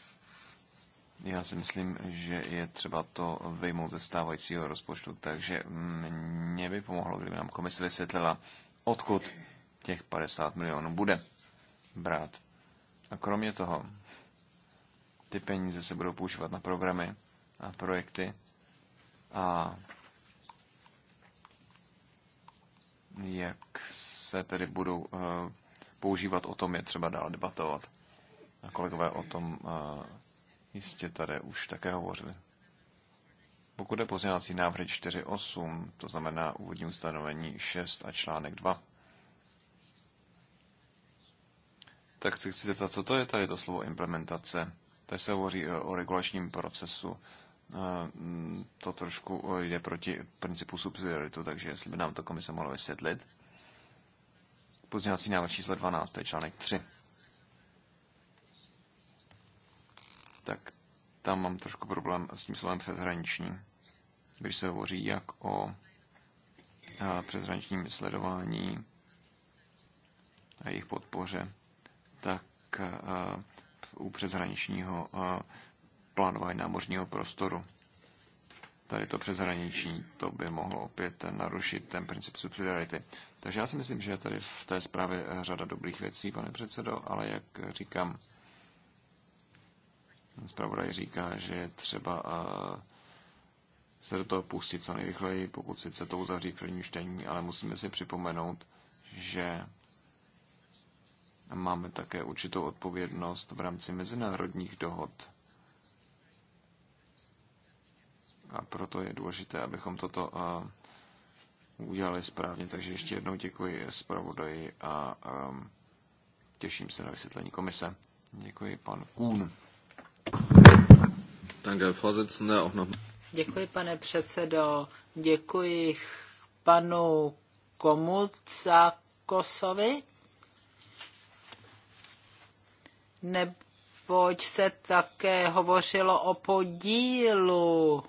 Já si myslím, že je třeba to vyjmout ze stávajícího rozpočtu, takže mě by pomohlo, kdyby nám komise vysvětlila, odkud těch 50 milionů bude brát. A kromě toho, ty peníze se budou používat na programy a projekty a jak se tedy budou eh, používat, o tom je třeba dál debatovat. A kolegové o tom eh, jistě tady už také hovořili. Pokud je pozměňovací návrh 4.8, to znamená úvodní ustanovení 6 a článek 2, tak se chci zeptat, co to je tady to slovo implementace. Tady se hovoří o regulačním procesu. E, to trošku e, jde proti principu subsidiaritu, takže jestli by nám to komise mohla vysvětlit. Pozměňovací návrh číslo 12, to je článek 3. tak tam mám trošku problém s tím slovem přeshraniční. Když se hovoří jak o přeshraničním sledování a jejich podpoře, tak u přeshraničního plánování námořního prostoru. Tady to přeshraniční, to by mohlo opět narušit ten princip subsidiarity. Takže já si myslím, že je tady v té zprávě řada dobrých věcí, pane předsedo, ale jak říkám, Zpravodaj říká, že je třeba se do toho pustit co nejrychleji, pokud si se to uzavří v prvním čtení, ale musíme si připomenout, že máme také určitou odpovědnost v rámci mezinárodních dohod. A proto je důležité, abychom toto udělali správně. Takže ještě jednou děkuji zpravodaji a těším se na vysvětlení komise. Děkuji, pan Kuhn. Děkuji, pane předsedo. Děkuji panu Komucakosovi, neboť se také hovořilo o podílu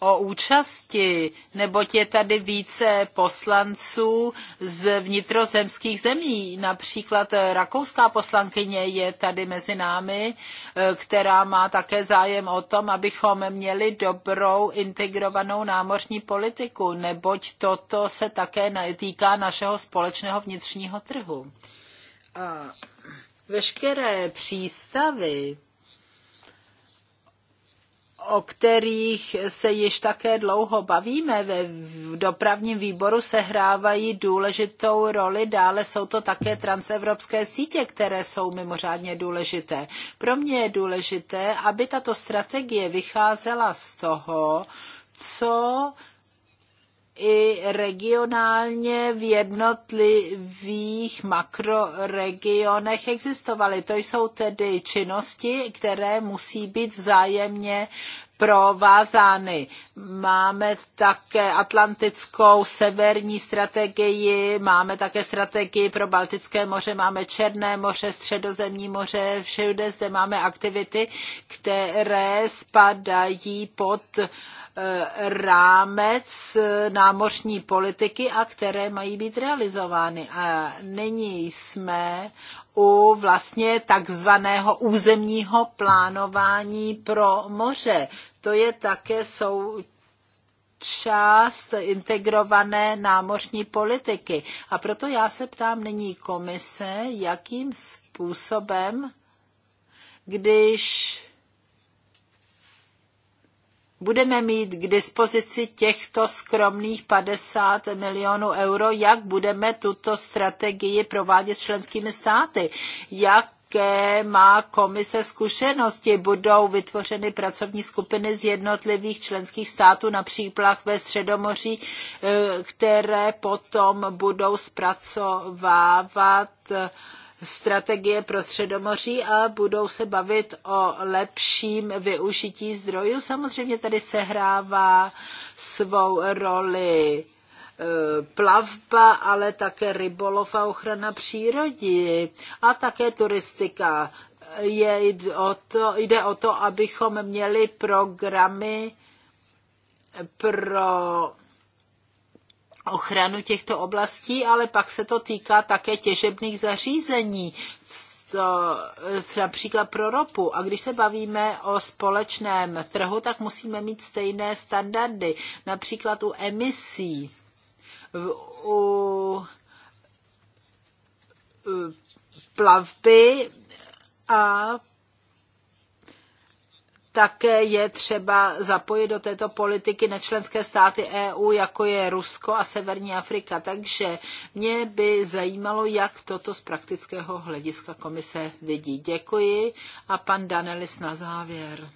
o účasti, neboť je tady více poslanců z vnitrozemských zemí. Například rakouská poslankyně je tady mezi námi, eh, která má také zájem o tom, abychom měli dobrou integrovanou námořní politiku, neboť toto se také týká našeho společného vnitřního trhu. A veškeré přístavy, o kterých se již také dlouho bavíme ve dopravním výboru, sehrávají důležitou roli. Dále jsou to také transevropské sítě, které jsou mimořádně důležité. Pro mě je důležité, aby tato strategie vycházela z toho, co i regionálně v jednotlivých makroregionech existovaly. To jsou tedy činnosti, které musí být vzájemně provázány. Máme také atlantickou severní strategii, máme také strategii pro Baltické moře, máme Černé moře, Středozemní moře, všude zde máme aktivity, které spadají pod uh, rámec námořní politiky a které mají být realizovány. A nyní jsme u vlastně takzvaného územního plánování pro moře. To je také sou, část integrované námořní politiky. A proto já se ptám nyní komise, jakým způsobem, když budeme mít k dispozici těchto skromných 50 milionů euro, jak budeme tuto strategii provádět s členskými státy, jak jaké má komise zkušenosti. Budou vytvořeny pracovní skupiny z jednotlivých členských států, například ve Středomoří, eh, které potom budou zpracovávat eh, strategie pro Středomoří a budou se bavit o lepším využití zdrojů. Samozřejmě tady sehrává svou roli e, plavba, ale také rybolov a ochrana přírody a také turistika. Je, o to, jde o to, abychom měli programy pro ochranu těchto oblastí, ale pak se to týká také těžebných zařízení, to, například pro ropu. A když se bavíme o společném trhu, tak musíme mít stejné standardy, například u emisí, u plavby a také je třeba zapojit do této politiky nečlenské státy EU, jako je Rusko a Severní Afrika. Takže mě by zajímalo, jak toto z praktického hlediska komise vidí. Děkuji a pan Danelis na závěr.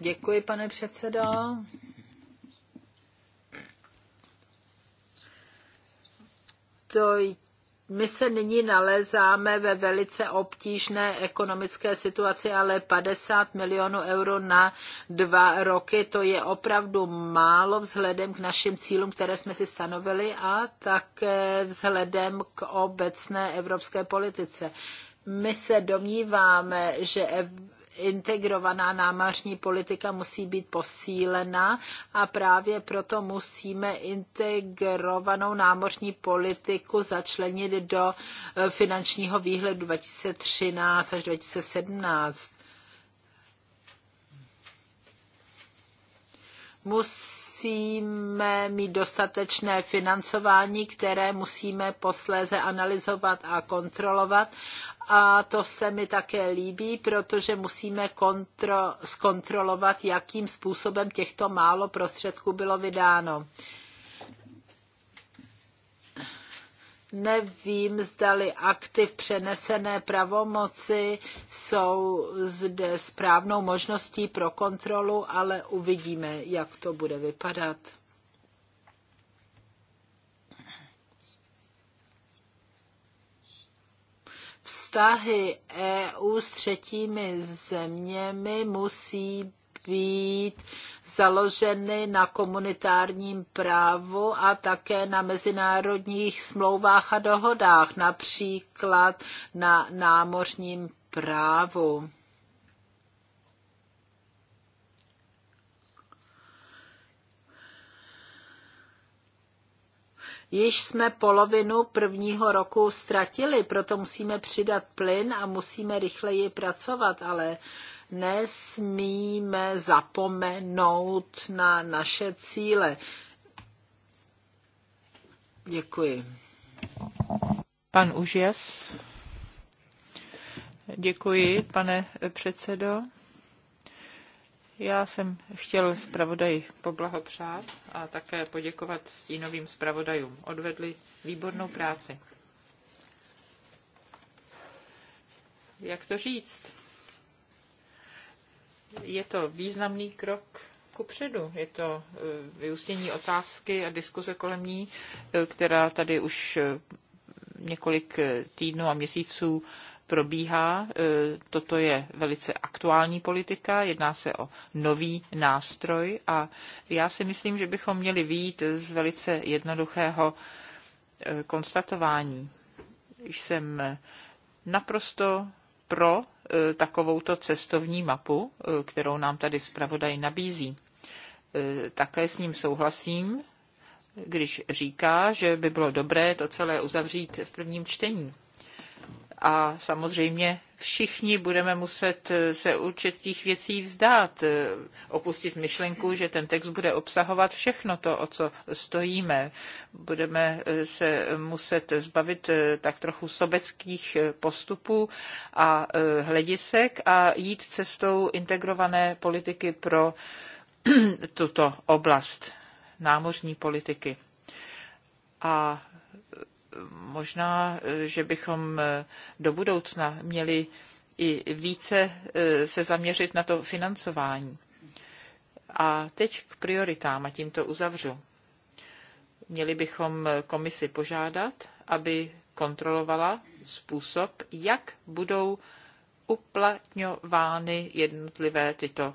Děkuji, pane předsedo. To my se nyní nalézáme ve velice obtížné ekonomické situaci, ale 50 milionů euro na dva roky, to je opravdu málo vzhledem k našim cílům, které jsme si stanovili a také vzhledem k obecné evropské politice. My se domníváme, že ev integrovaná námořní politika musí být posílena a právě proto musíme integrovanou námořní politiku začlenit do e, finančního výhledu 2013 až 2017. Musíme mít dostatečné financování, které musíme posléze analyzovat a kontrolovat a to se mi také líbí, protože musíme kontro, zkontrolovat, jakým způsobem těchto málo prostředků bylo vydáno. Nevím, zdali aktiv přenesené pravomoci jsou zde správnou možností pro kontrolu, ale uvidíme, jak to bude vypadat. Vztahy EU s třetími zeměmi musí být založeny na komunitárním právu a také na mezinárodních smlouvách a dohodách, například na námořním právu. Již jsme polovinu prvního roku ztratili, proto musíme přidat plyn a musíme rychleji pracovat, ale nesmíme zapomenout na naše cíle. Děkuji. Pan Užjas. Děkuji, pane předsedo. Já jsem chtěl zpravodaji poblahopřát a také poděkovat stínovým zpravodajům. Odvedli výbornou práci. Jak to říct? Je to významný krok kupředu. Je to eh, vyústění otázky a diskuze kolem ní, eh, která tady už eh, několik týdnů a měsíců probíhá. E, toto je velice aktuální politika, jedná se o nový nástroj a já si myslím, že bychom měli výjít z velice jednoduchého e, konstatování. Jsem naprosto pro e, takovouto cestovní mapu, kterou nám tady zpravodaj nabízí. Také s ním souhlasím, když říká, že by bylo dobré to celé uzavřít v prvním čtení. A samozřejmě všichni budeme muset se určitých věcí vzdát, eh, opustit myšlenku, že ten text bude obsahovat všechno to, o co stojíme. Budeme eh, se muset zbavit eh, tak trochu sobeckých postupů a hledisek a jít cestou integrované politiky pro tuto oblast námořní politiky. A Možná, eh, že bychom eh, do budoucna měli i více eh, se zaměřit na to financování. A teď k prioritám a tím to uzavřu. Měli bychom komisi požádat, aby kontrolovala způsob, jak budou uplatňovány jednotlivé tyto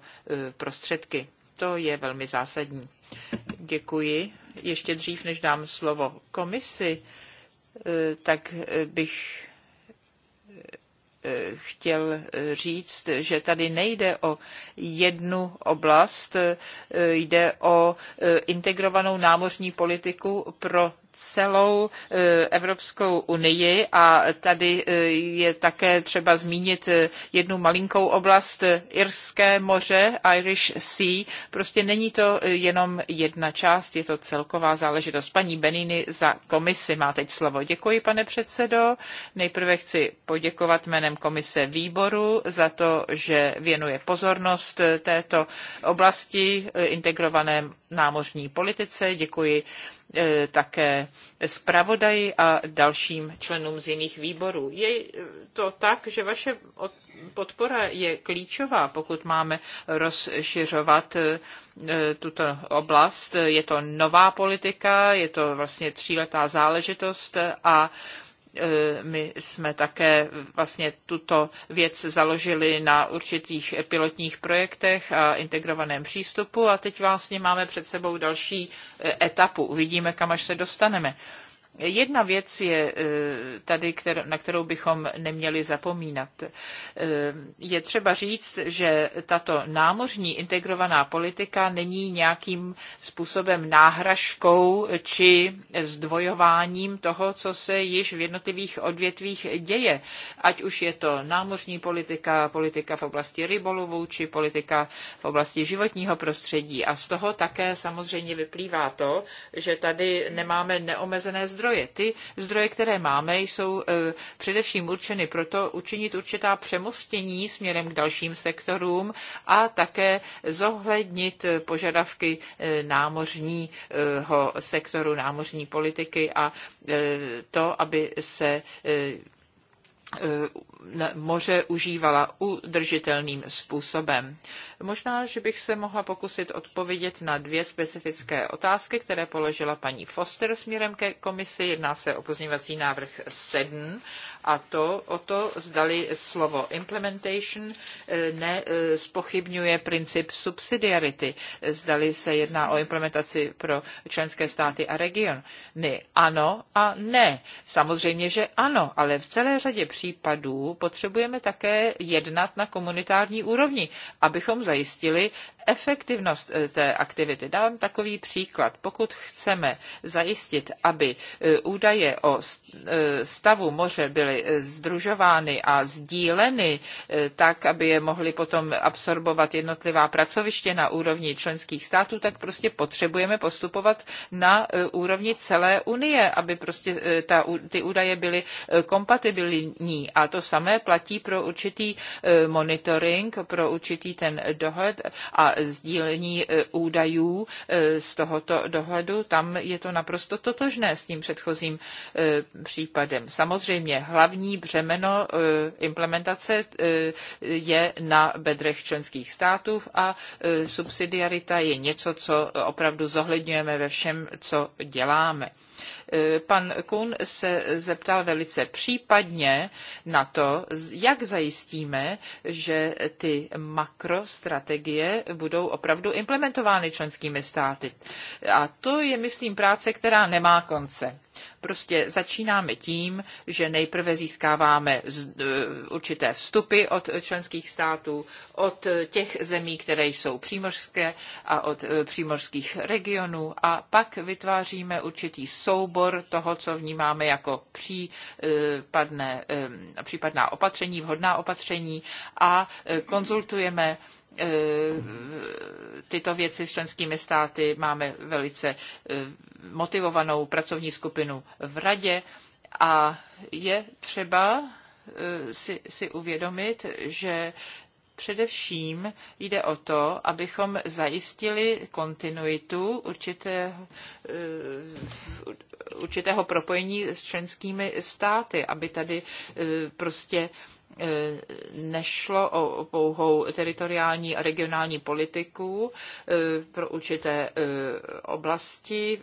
prostředky. To je velmi zásadní. Děkuji. Ještě dřív, než dám slovo komisi, Eh, tak eh, bych eh, chtěl říct, že tady nejde o jednu oblast, jde o integrovanou námořní politiku pro celou e, Evropskou unii a tady e, je také třeba zmínit e, jednu malinkou oblast Irské moře, Irish Sea. Prostě není to jenom jedna část, je to celková záležitost. Paní Beniny za komisi má teď slovo. Děkuji, pane předsedo. Nejprve chci poděkovat jménem komise výboru za to, že věnuje pozornost této oblasti integrované námořní politice. Děkuji E, také zpravodaji a dalším členům z jiných výborů. Je to tak, že vaše podpora je klíčová, pokud máme rozšiřovat e, tuto oblast. Je to nová politika, je to vlastně tříletá záležitost a E, my jsme také vlastně tuto věc založili na určitých pilotních projektech a integrovaném přístupu a teď vlastně máme před sebou další e, etapu. Uvidíme, kam až se dostaneme. Jedna věc je eh, tady, na kterou bychom neměli zapomínat. Eh, je třeba říct, že tato námořní integrovaná politika není nějakým způsobem náhražkou či zdvojováním toho, co se již v jednotlivých odvětvích děje. Ať už je to námořní politika, politika v oblasti rybolovu či politika v oblasti životního prostředí. A z toho také samozřejmě vyplývá to, že tady nemáme neomezené zdroje zdroje. Ty zdroje, které máme, jsou e, především určeny proto učinit určitá přemostění směrem k dalším sektorům a také zohlednit e, požadavky e, námořního sektoru, námořní politiky a to, aby se moře užívala udržitelným způsobem. Možná, že bych se mohla pokusit odpovědět na dvě specifické otázky, které položila paní Foster směrem ke komisi. Jedná se o pozměňovací návrh 7 a to o to, zdali slovo implementation eh, ne eh, princip subsidiarity. Zdali se jedná o implementaci pro členské státy a region. Ne, ano a ne. Samozřejmě, že ano, ale v celé řadě případů potřebujeme také jednat na komunitární úrovni, abychom zajistili efektivnost eh, té aktivity. Dám takový příklad. Pokud chceme zajistit, aby eh, údaje o eh, stavu moře byly združovány a sdíleny tak, aby je mohly potom absorbovat jednotlivá pracoviště na úrovni členských států, tak prostě potřebujeme postupovat na úrovni celé Unie, aby prostě ta, ty údaje byly kompatibilní. A to samé platí pro určitý monitoring, pro určitý ten dohled a sdílení e, údajů e, z tohoto dohledu, tam je to naprosto totožné s tím předchozím e, případem. Samozřejmě hlavní břemeno implementace je na bedrech členských států a subsidiarita je něco, co opravdu zohledňujeme ve všem, co děláme. Pan Kun se zeptal velice případně na to, jak zajistíme, že ty makrostrategie budou opravdu implementovány členskými státy. A to je, myslím, práce, která nemá konce. Prostě začínáme tím, že nejprve získáváme e, určité vstupy od členských států, od těch zemí, které jsou přímořské a od e, přímořských regionů a pak vytváříme určitý soubor toho, co vnímáme jako případné, e, případná opatření, vhodná opatření a konzultujeme Eh, tyto věci s členskými státy. Máme velice eh, motivovanou pracovní skupinu v radě a je třeba eh, si, si uvědomit, že Především jde o to, abychom zajistili kontinuitu určitého, určitého propojení s členskými státy, aby tady prostě Eh, nešlo o pouhou teritoriální a regionální politiku eh, pro určité eh, oblasti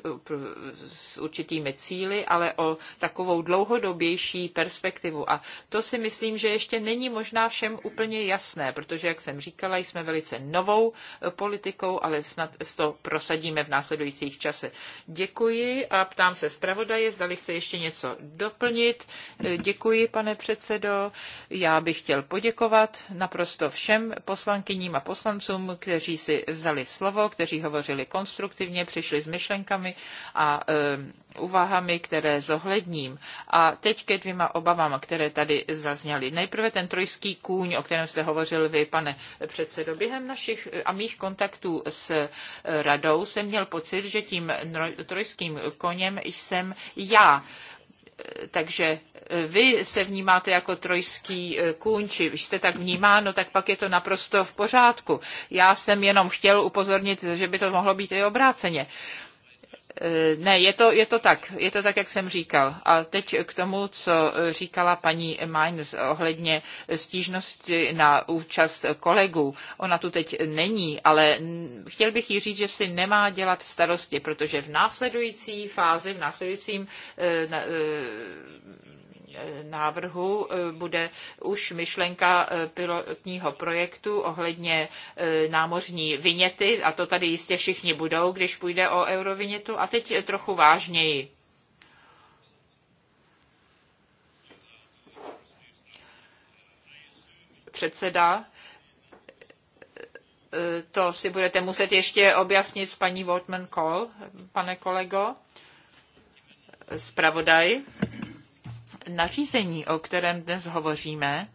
s určitými cíly, ale o takovou dlouhodobější perspektivu. A to si myslím, že ještě není možná všem úplně jasné, protože, jak jsem říkala, jsme velice novou politikou, ale snad to prosadíme v následujících čase. Děkuji a ptám se zpravodaje, zdali chce ještě něco doplnit. Děkuji, pane předsedo. Já bych chtěl poděkovat naprosto všem poslankyním a poslancům, kteří si vzali slovo, kteří hovořili konstruktivně, přišli s myšlenkami a e, úvahami, které zohledním. A teď ke dvěma obavám, které tady zazněly. Nejprve ten trojský kůň, o kterém jste hovořil vy, pane předsedo. Během našich a mých kontaktů s eh, radou jsem měl pocit, že tím trojským koněm jsem já takže eh, vy se vnímáte jako trojský eh, kůň, či vy jste tak vnímáno, tak pak je to naprosto v pořádku. Já jsem jenom chtěl upozornit, že by to mohlo být i obráceně. Uh, Eh, ne, je to, je to tak, je to tak, jak jsem říkal. A teď k tomu, co eh, říkala paní Mainz ohledně stížnosti na účast kolegů. Ona tu teď není, ale chtěl bych jí říct, že si nemá dělat starosti, protože v následující fázi, v následujícím eh, návrhu eh, bude už myšlenka eh, pilotního projektu ohledně eh, námořní viněty a to tady jistě všichni budou, když půjde o eurovinětu. A teď trochu vážněji. Předseda to si budete muset ještě objasnit s paní Wortman Call, pane kolego. Spravodaj nařízení, o kterém dnes hovoříme,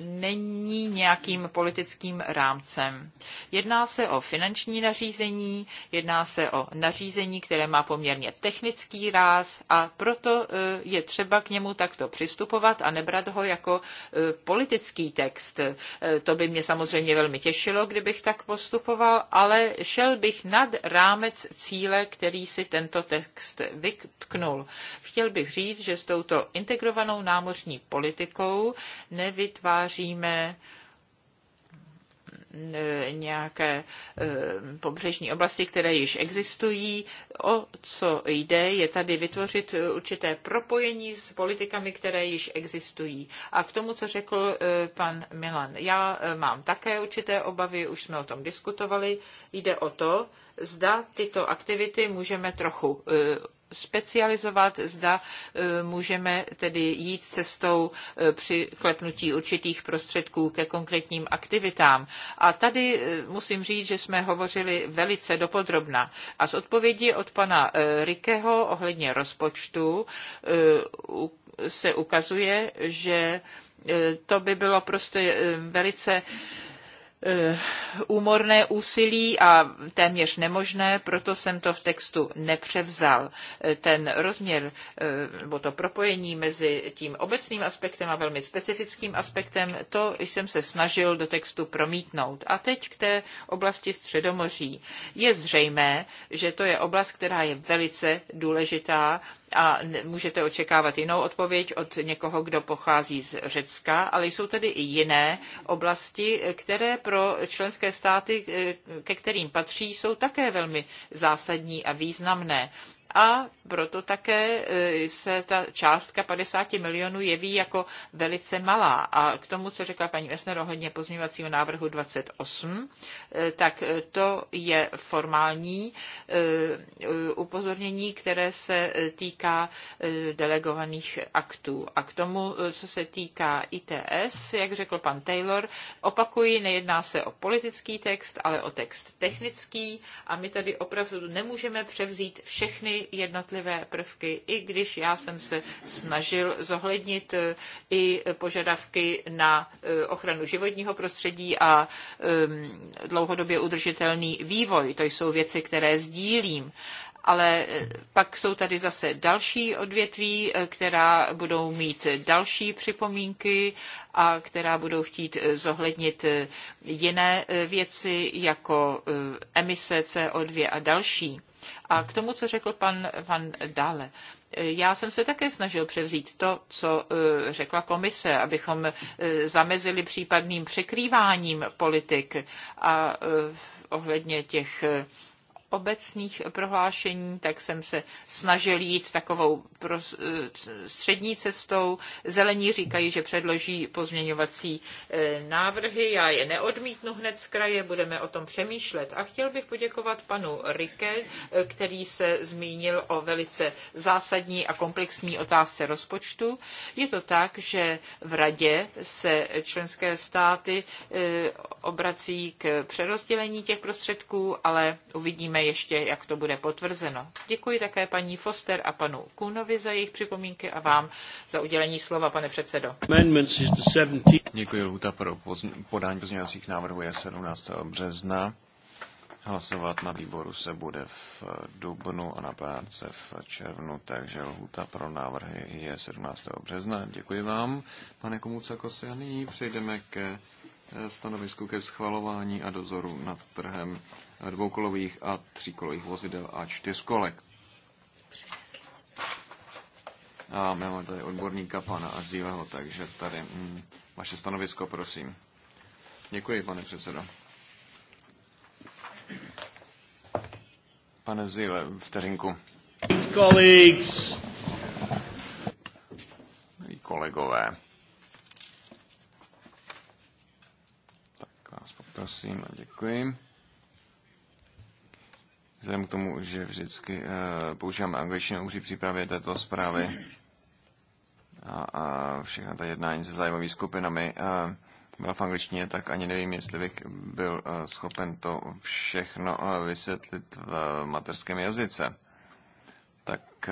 není nějakým politickým rámcem. Jedná se o finanční nařízení, jedná se o nařízení, které má poměrně technický ráz a proto e, je třeba k němu takto přistupovat a nebrat ho jako e, politický text. E, to by mě samozřejmě velmi těšilo, kdybych tak postupoval, ale šel bych nad rámec cíle, který si tento text vytknul. Chtěl bych říct, že s touto integrovanou námořní politikou nevytváří vytváříme eh, nějaké eh, pobřežní oblasti, které již existují. O co jde, je tady vytvořit eh, určité propojení s politikami, které již existují. A k tomu, co řekl pan Milan, já mám také určité obavy, už jsme o tom diskutovali. Jde o to, zda tyto aktivity můžeme trochu specializovat, zda e, můžeme tedy jít cestou e, přiklepnutí určitých prostředků ke konkrétním aktivitám. A tady e, musím říct, že jsme hovořili velice dopodrobna. A z odpovědi od pana Rikeho ohledně rozpočtu se ukazuje, že to by bylo prostě velice Eh, úmorné úsilí a téměř nemožné, proto jsem to v textu nepřevzal. Eh, ten rozměr eh, nebo to propojení mezi tím obecným aspektem a velmi specifickým aspektem, to jsem se snažil do textu promítnout. A teď k té oblasti Středomoří. Je zřejmé, že to je oblast, která je velice důležitá a můžete očekávat jinou odpověď od někoho, kdo pochází z Řecka, ale jsou tedy i jiné oblasti, které pro členské státy, eh, ke kterým patří, jsou také velmi zásadní a významné a proto také e, se ta částka 50 milionů jeví jako velice malá. A k tomu, co řekla paní Vesner ohledně pozměňovacího návrhu 28, e, tak e, to je formální upozornění, které se týká delegovaných aktů. A k tomu, co se týká ITS, jak řekl pan Taylor, opakuji, nejedná se o politický text, ale o text technický a my tady opravdu nemůžeme převzít všechny jednotlivé prvky, i když já jsem se snažil zohlednit e, i požadavky na e, ochranu životního prostředí a e, dlouhodobě udržitelný vývoj. To jsou věci, které sdílím ale eh, pak jsou tady zase další odvětví, eh, která budou mít další připomínky a která budou chtít eh, zohlednit jiné věci jako emise CO2 a další. A k tomu, co řekl pan Van Dále. Já jsem se také snažil převzít to, co řekla komise, abychom zamezili případným překrýváním politik a ohledně těch obecných prohlášení, tak jsem se snažil jít takovou střední cestou. Zelení říkají, že předloží pozměňovací e, návrhy, já je neodmítnu hned z kraje, budeme o tom přemýšlet. A chtěl bych poděkovat panu Rike, e, který se zmínil o velice zásadní a komplexní otázce rozpočtu. Je to tak, že v radě se členské státy e, obrací k přerozdělení těch prostředků, ale uvidíme, ještě, jak to bude potvrzeno. Děkuji také paní Foster a panu Kunovi za jejich připomínky a vám za udělení slova, pane předsedo. Děkuji, Lhuta, pro podání pozměňovacích návrhů je 17. března. Hlasovat na výboru se bude v dubnu a na plánce v červnu, takže lhůta pro návrhy je 17. března. Děkuji vám, pane Komucakos. A nyní přejdeme ke stanovisku ke schvalování a dozoru nad trhem dvoukolových a tříkolových vozidel a čtyřkolek. A my máme tady odborníka pana Azíleho, takže tady mm, vaše stanovisko, prosím. Děkuji, pane předsedo. Pane Zíle, vteřinku. Milí kolegové. Tak vás poprosím a děkuji. Vzhledem k tomu, že vždycky eh, používáme angličtinu při přípravě této zprávy a, a všechna ta jednání se zájmovými skupinami eh, byla v angličtině, tak ani nevím, jestli bych byl eh, schopen to všechno vysvětlit v materském jazyce. Tak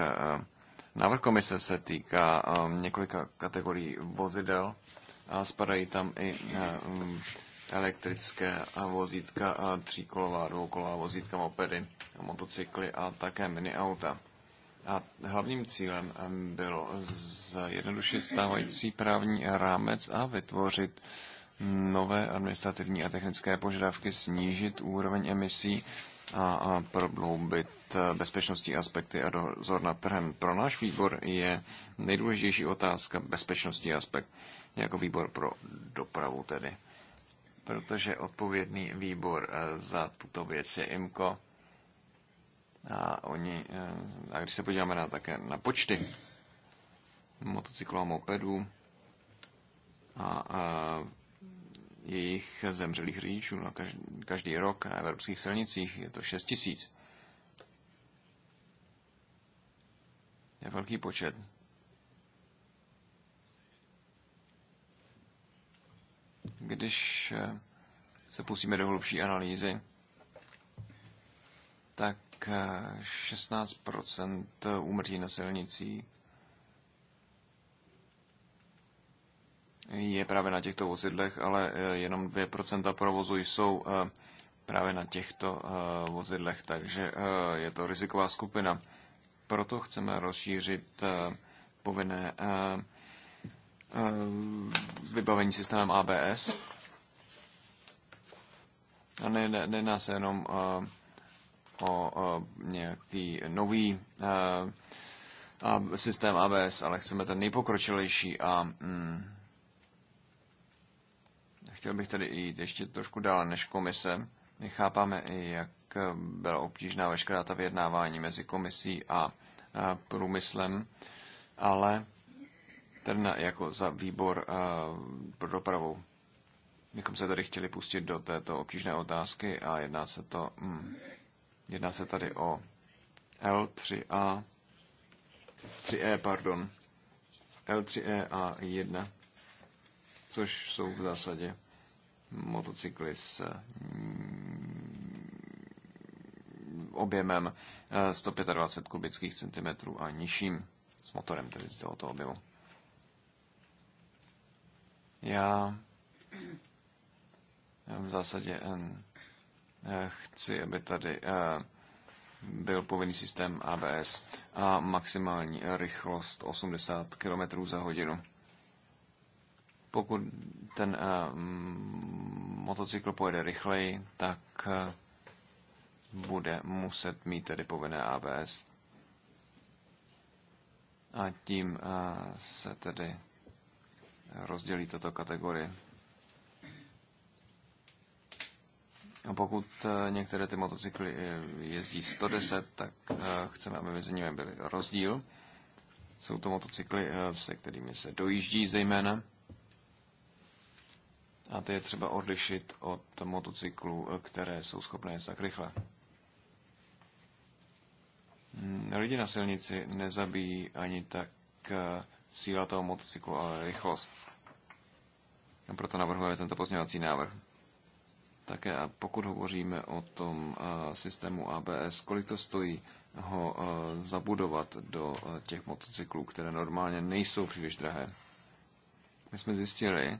návrh komise se týká několika kategorií vozidel a spadají tam i elektrické vozítka, tříkolová, dvoukolová vozítka, mopedy, motocykly a také miniauta. A hlavním cílem bylo zjednodušit stávající právní rámec a vytvořit nové administrativní a technické požadavky, snížit úroveň emisí a probloubit eh, bezpečnostní aspekty a dozor nad trhem. Pro náš výbor je nejdůležitější otázka bezpečnostní aspekt, jako výbor pro dopravu tedy protože odpovědný výbor eh, za tuto věc je IMCO. A, oni, eh, a když se podíváme na, také na počty motocyklů a mopedů a, a jejich zemřelých řidičů na každý, každý rok na evropských silnicích je to 6 tisíc. Je velký počet. Když eh, se pustíme do hlubší analýzy, tak 16% eh, úmrtí na silnicí je právě na těchto vozidlech, ale eh, jenom 2% provozu jsou právě na těchto vozidlech, takže je to riziková skupina. Proto chceme rozšířit povinné Ehm, vybavení systémem ABS. A ne, ne, nejedná se jenom uh, o uh, nějaký nový uh, a systém ABS, ale chceme ten nejpokročilejší a mm, chtěl bych tady jít ještě trošku dál než komise. My chápáme i, jak byla obtížná veškerá ta vyjednávání mezi komisí a průmyslem, ale Trna jako za výbor eh, pro dopravu. Bychom se tady chtěli pustit do této obtížné otázky a jedná se to, hmm, jedná se tady o L3A, 3E, pardon, L3E a 1, což jsou v zásadě motocykly s hm, objemem 125 eh, kubických centimetrů a nižším s motorem, tedy z tohoto objemu. Já v zásadě eh, chci, aby tady eh, byl povinný systém ABS a maximální rychlost 80 km za hodinu. Pokud ten eh, motocykl pojede rychleji, tak bude muset mít tedy povinné ABS. A tím se tedy rozdělí tato kategorie. A pokud eh, některé ty motocykly eh, jezdí 110, tak eh, chceme, aby mezi nimi byl rozdíl. Jsou to motocykly, se kterými se dojíždí zejména. A ty je třeba odlišit od motocyklů, které jsou schopné jezdit tak rychle. Hmm, lidi na silnici nezabíjí ani tak síla toho motocyklu, ale rychlost. A proto navrhujeme tento pozměňovací návrh. Také a pokud hovoříme o tom eh, systému ABS, kolik to stojí ho eh, zabudovat do eh, těch motocyklů, které normálně nejsou příliš drahé. My jsme zjistili,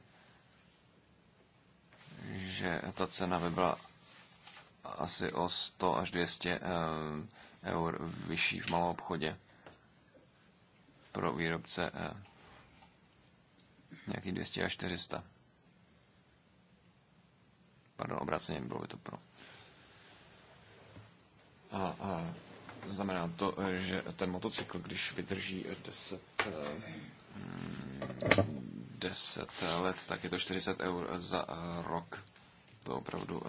že ta cena by byla asi o 100 až 200 eur vyšší v malou obchodě pro výrobce eh, nějaký 200 až 400. Pardon, obráceně bylo by to pro. A, a znamená to, eh, že ten motocykl, když vydrží 10, 10 eh, mm, let, tak je to 40 eur za rok. To opravdu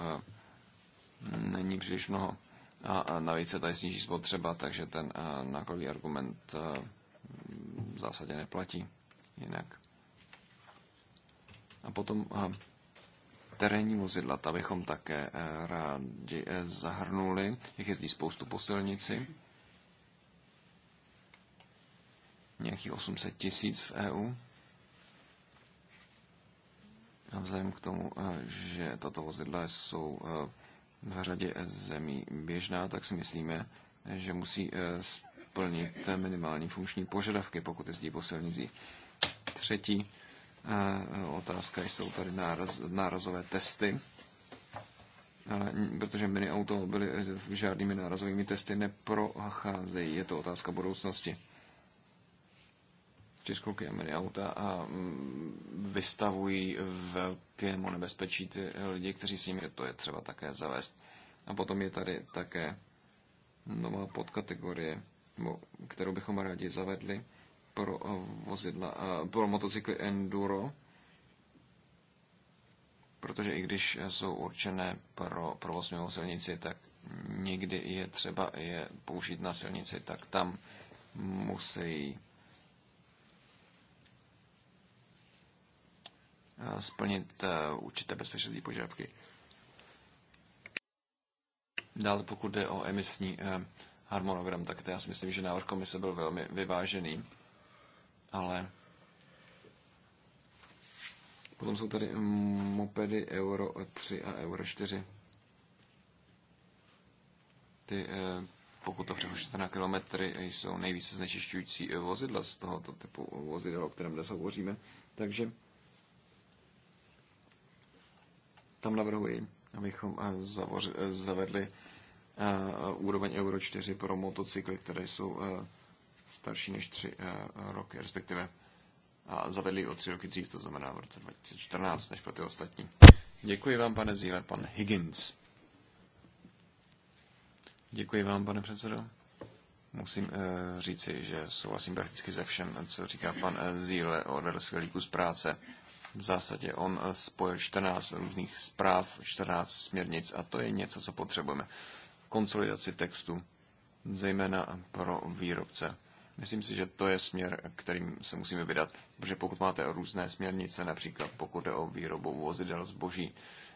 není příliš mnoho. A navíc se tady sníží spotřeba, takže ten nákladový argument v zásadě neplatí jinak. A potom aha, eh, terénní vozidla, ta bychom také eh, rádi eh, zahrnuli. Jich jezdí spoustu po silnici. Nějakých 800 tisíc v EU. A vzhledem k tomu, že tato vozidla jsou v řadě zemí běžná, tak si myslíme, že musí plnit minimální funkční požadavky, pokud jezdí po silnici. Třetí eh, otázka jsou tady náraz, nárazové testy. Ale protože mini automobily eh, žádnými nárazovými testy neprocházejí, je to otázka budoucnosti. Českolky a mini auta a mm, vystavují velkému nebezpečí ty lidi, kteří s nimi to je třeba také zavést. A potom je tady také nová podkategorie kterou bychom rádi zavedli pro eh, vozidla, eh, pro motocykly enduro, protože i když jsou určené pro provoz mimo silnici, tak někdy je třeba je použít na silnici, tak tam musí eh, splnit určité bezpečnostní požadavky. Dále pokud jde o emisní harmonogram, tak to já si myslím, že návrh komise byl velmi vyvážený. Ale potom jsou tady mopedy Euro 3 a Euro 4. Ty, eh, pokud to přehočíte na kilometry, jsou nejvíce znečišťující vozidla z tohoto typu vozidel, o kterém dnes hovoříme. Takže tam navrhuji, abychom eh, zavodli, eh, zavedli Eh, úroveň Euro 4 pro motocykly, které jsou eh, starší než 3 eh, roky, respektive a zavedli o tři roky dřív, to znamená v roce 2014, než pro ty ostatní. Děkuji vám, pane Zíle, pan Higgins. Děkuji vám, pane předsedo. Musím e, říci, že souhlasím prakticky ze všem, co říká pan Zíle, odvedl skvělý kus práce. V zásadě on spojil 14 různých zpráv, 14 směrnic a to je něco, co potřebujeme konsolidaci textu, zejména pro výrobce. Myslím si, že to je směr, kterým se musíme vydat, protože pokud máte různé směrnice, například pokud jde o výrobu vozidel zboží,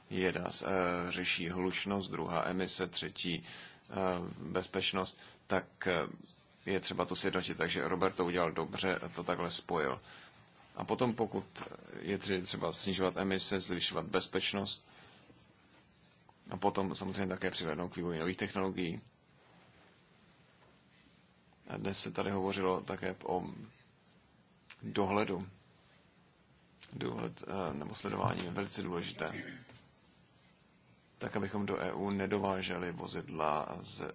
jedna z, e, řeší hlučnost, druhá emise, třetí e, bezpečnost, tak eh, je třeba to sjednotit. Takže Robert to udělal dobře, to takhle spojil. A potom, pokud je třeba snižovat emise, zvyšovat bezpečnost, a potom samozřejmě také přivednou k vývoji nových technologií. A dnes se tady hovořilo také o dohledu. Dohled eh, nebo sledování je velice důležité. Tak, abychom do EU nedováželi vozidla z eh,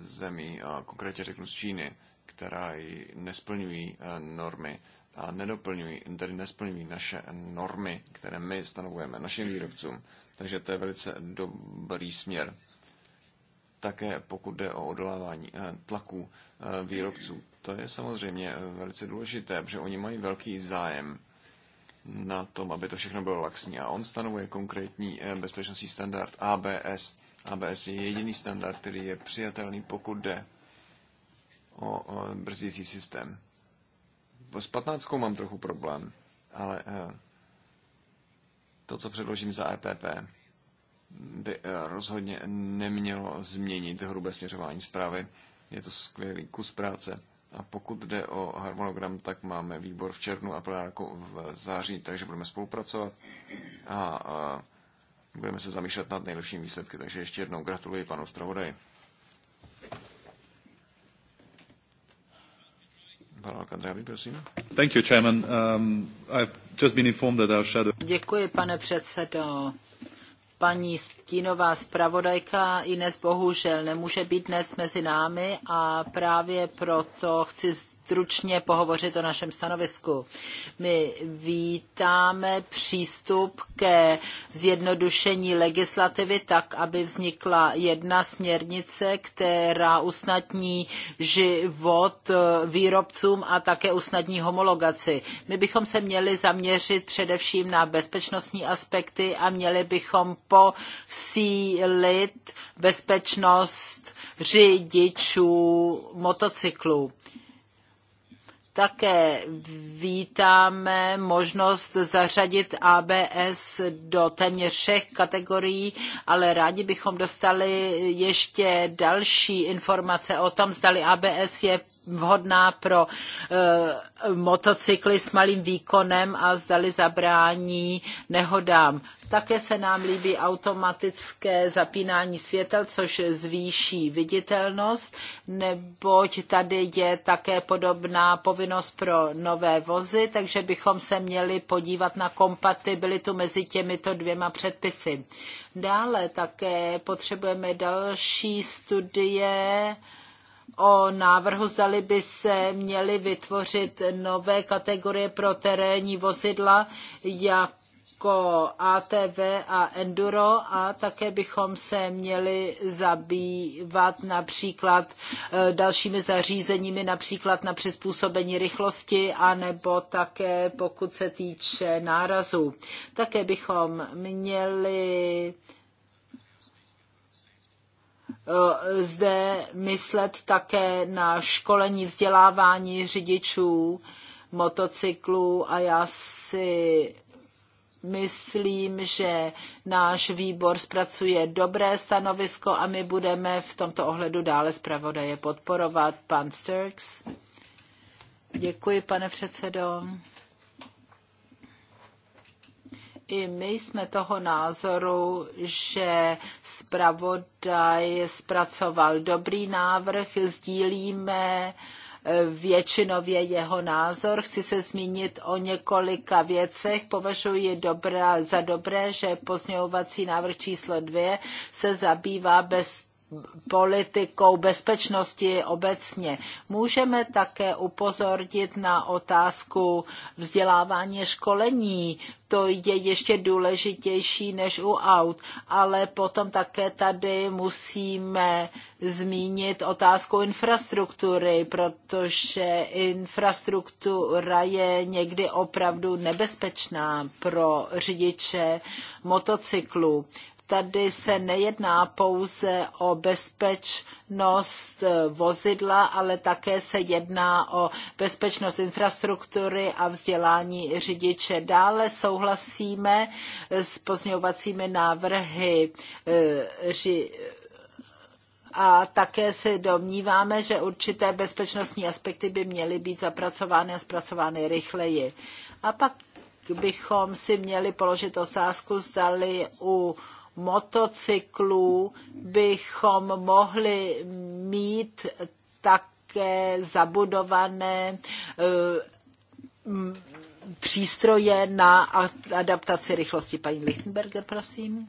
zemí, a konkrétně řeknu z Číny, která nesplňují eh, normy a nedoplňují, tedy nesplňují naše normy, které my stanovujeme našim výrobcům. Takže to je velice dobrý směr. Také pokud jde o odolávání eh, tlaků eh, výrobců, to je samozřejmě eh, velice důležité, protože oni mají velký zájem na tom, aby to všechno bylo laxní. A on stanovuje konkrétní bezpečnostní standard ABS. ABS je jediný standard, který je přijatelný, pokud jde o brzdící systém. S patnáctkou mám trochu problém, ale to, co předložím za EPP, by eh, rozhodně nemělo změnit hrubé směřování zprávy. Je to skvělý kus práce. A pokud jde o harmonogram, tak máme výbor v červnu a plenárku v září, takže budeme spolupracovat a, a budeme se zamýšlet nad nejlepšími výsledky. Takže ještě jednou gratuluji panu zpravodaji. prosím. Thank you, Chairman. Um, I've just been informed that our shadow... Děkuji, pane předsedo. Paní stínová zpravodajka Ines bohužel nemůže být dnes mezi námi a právě proto chci stručně pohovořit o našem stanovisku. My vítáme přístup ke zjednodušení legislativy tak, aby vznikla jedna směrnice, která usnadní život výrobcům a také usnadní homologaci. My bychom se měli zaměřit především na bezpečnostní aspekty a měli bychom posílit bezpečnost řidičů motocyklů. Také vítáme možnost zařadit ABS do téměř všech kategorií, ale rádi bychom dostali ještě další informace o tom, zdali ABS je vhodná pro e, motocykly s malým výkonem a zdali zabrání nehodám. Také se nám líbí automatické zapínání světel, což zvýší viditelnost, neboť tady je také podobná povinnost pro nové vozy, takže bychom se měli podívat na kompatibilitu mezi těmito dvěma předpisy. Dále také potřebujeme další studie, o návrhu, zdali by se měly vytvořit nové kategorie pro terénní vozidla, jak jako ATV a enduro a také bychom se měli zabývat například eh, dalšími zařízeními, například na přizpůsobení rychlosti a nebo také pokud se týče nárazů. Také bychom měli eh, zde myslet také na školení, vzdělávání řidičů motocyklů a já si myslím, že náš výbor zpracuje dobré stanovisko a my budeme v tomto ohledu dále zpravodaje podporovat. Pan Sturks. Děkuji, pane předsedo. I my jsme toho názoru, že zpravodaj zpracoval dobrý návrh, sdílíme většinově jeho názor. Chci se zmínit o několika věcech. Považuji dobré za dobré, že pozměňovací návrh číslo dvě se zabývá bez politikou bezpečnosti obecně. Můžeme také upozornit na otázku vzdělávání školení. To je ještě důležitější než u aut, ale potom také tady musíme zmínit otázku infrastruktury, protože infrastruktura je někdy opravdu nebezpečná pro řidiče motocyklu tady se nejedná pouze o bezpečnost vozidla, ale také se jedná o bezpečnost infrastruktury a vzdělání řidiče. Dále souhlasíme s pozňovacími návrhy eh, a také se domníváme, že určité bezpečnostní aspekty by měly být zapracovány a zpracovány rychleji. A pak bychom si měli položit otázku, zdali u motocyklů bychom mohli mít také zabudované eh, přístroje na adaptaci rychlosti. Paní Lichtenberger, prosím.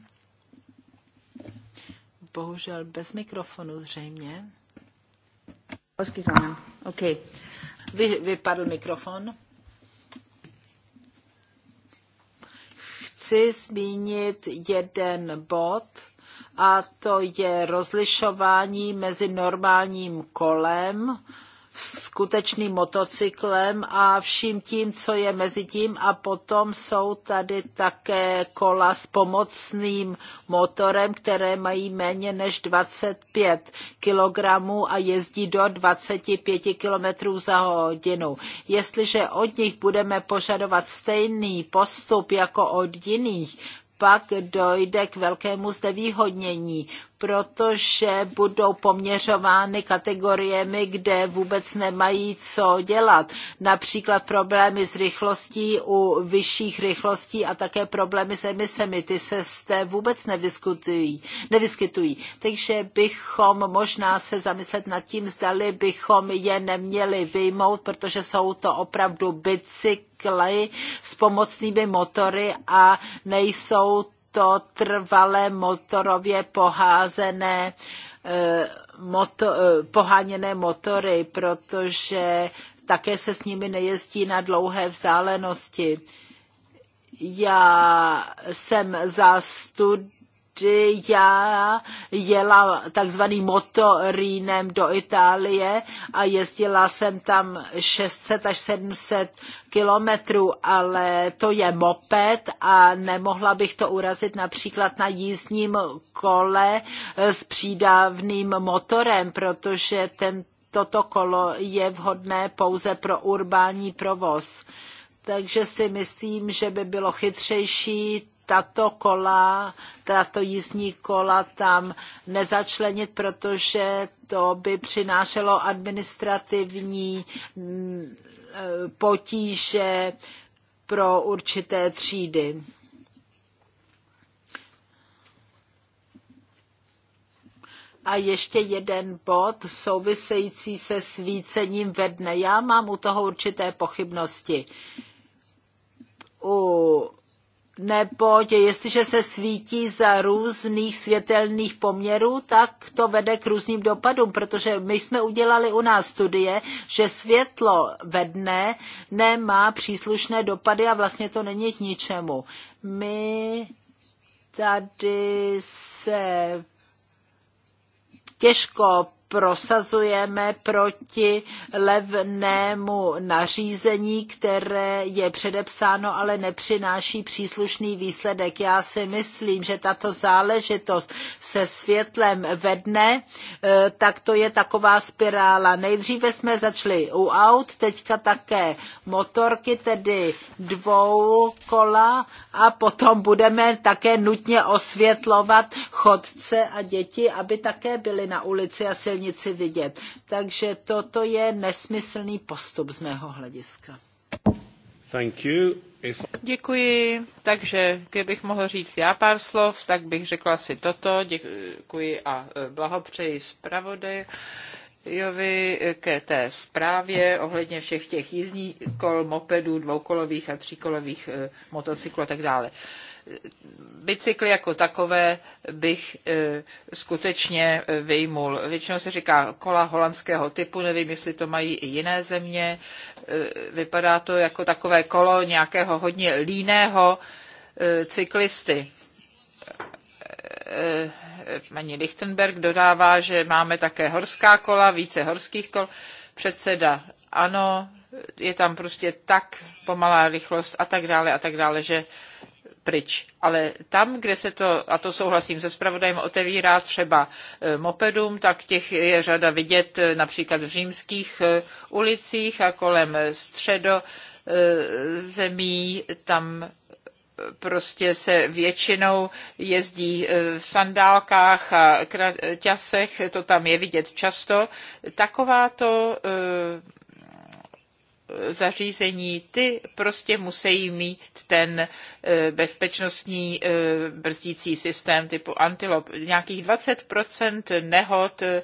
Bohužel bez mikrofonu zřejmě. Okay. Vy, vypadl mikrofon. chci zmínit jeden bod, a to je rozlišování mezi normálním kolem, skutečným motocyklem a vším tím, co je mezi tím. A potom jsou tady také kola s pomocným motorem, které mají méně než 25 kg a jezdí do 25 km za hodinu. Jestliže od nich budeme požadovat stejný postup jako od jiných, pak dojde k velkému znevýhodnění protože budou poměřovány kategoriemi, kde vůbec nemají co dělat. Například problémy s rychlostí u vyšších rychlostí a také problémy s emisemi. Ty se zde vůbec nevyskutují, nevyskytují. Takže bychom možná se zamyslet nad tím, zdali bychom je neměli vyjmout, protože jsou to opravdu bicykly s pomocnými motory a nejsou to trvalé motorově poházené eh, moto, eh, poháněné motory, protože také se s nimi nejezdí na dlouhé vzdálenosti. Já jsem za stud já jela takzvaným motorínem do Itálie a jezdila jsem tam 600 až 700 kilometrů, ale to je moped a nemohla bych to urazit například na jízdním kole s přídavným motorem, protože ten, toto kolo je vhodné pouze pro urbání provoz takže si myslím, že by bylo chytřejší tato kola, tato jízdní kola tam nezačlenit, protože to by přinášelo administrativní mm, e, potíže pro určité třídy. A ještě jeden bod související se svícením ve dne. Já mám u toho určité pochybnosti. U neboť jestliže se svítí za různých světelných poměrů, tak to vede k různým dopadům, protože my jsme udělali u nás studie, že světlo ve dne nemá příslušné dopady a vlastně to není k ničemu. My tady se těžko prosazujeme proti levnému nařízení, které je předepsáno, ale nepřináší příslušný výsledek. Já si myslím, že tato záležitost se světlem vedne, eh, tak to je taková spirála. Nejdříve jsme začali u aut, teďka také motorky, tedy dvou kola a potom budeme také nutně osvětlovat chodce a děti, aby také byli na ulici a silnici silnici vidět. Takže toto je nesmyslný postup z mého hlediska. Thank you. If... Děkuji. Takže kdybych mohl říct já pár slov, tak bych řekla si toto. Děkuji a blahopřeji zpravody, Jovi ke té zprávě ohledně všech těch jízdní kol, mopedů, dvoukolových a tříkolových eh, motocyklů a tak dále. Bicykly jako takové bych eh, skutečně eh, vyjmul. Většinou se říká kola holandského typu, nevím, jestli to mají i jiné země. Eh, vypadá to jako takové kolo nějakého hodně líného cyklisty paní Lichtenberg dodává, že máme také horská kola, více horských kol. Předseda, ano, je tam prostě tak pomalá rychlost a tak dále a tak dále, že pryč. Ale tam, kde se to, a to souhlasím se spravodajem, otevírá třeba e, mopedům, tak těch je řada vidět e, například v římských e, ulicích a kolem středo zemí, tam prostě se většinou jezdí v sandálkách a kraťasech, to tam je vidět často. Takováto zařízení, ty prostě musí mít ten e, bezpečnostní e, brzdící systém typu Antilop. Nějakých 20% nehod e,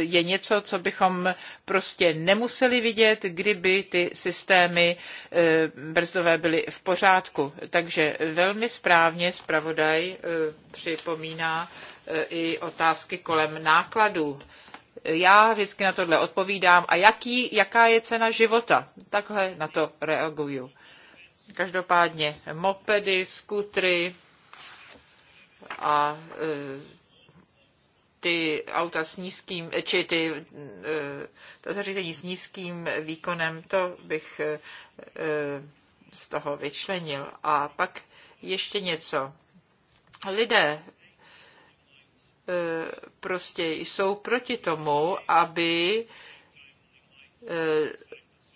je něco, co bychom prostě nemuseli vidět, kdyby ty systémy brzdové byly v pořádku. Takže velmi správně zpravodaj připomíná i otázky kolem nákladů já vždycky na tohle odpovídám a jaký, jaká je cena života. Takhle na to reaguju. Každopádně mopedy, skutry a e, ty auta s nízkým, či ty, e, to zařízení s nízkým výkonem, to bych e, z toho vyčlenil. A pak ještě něco. Lidé E, prostě jsou proti tomu, aby e,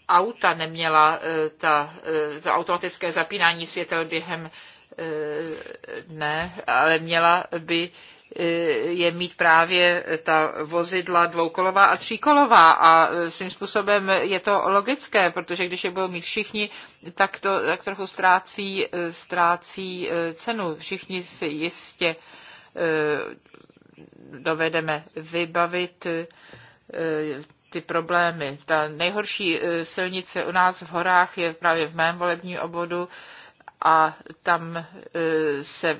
auta neměla e, ta, ta automatické zapínání světel během dne, ale měla by je mít právě ta vozidla dvoukolová a tříkolová a svým způsobem je to logické, protože když je budou mít všichni, tak to tak trochu ztrácí, ztrácí cenu. Všichni si jistě dovedeme vybavit eh, ty problémy. Ta nejhorší eh, silnice u nás v horách je právě v mém volebním obvodu a tam eh, se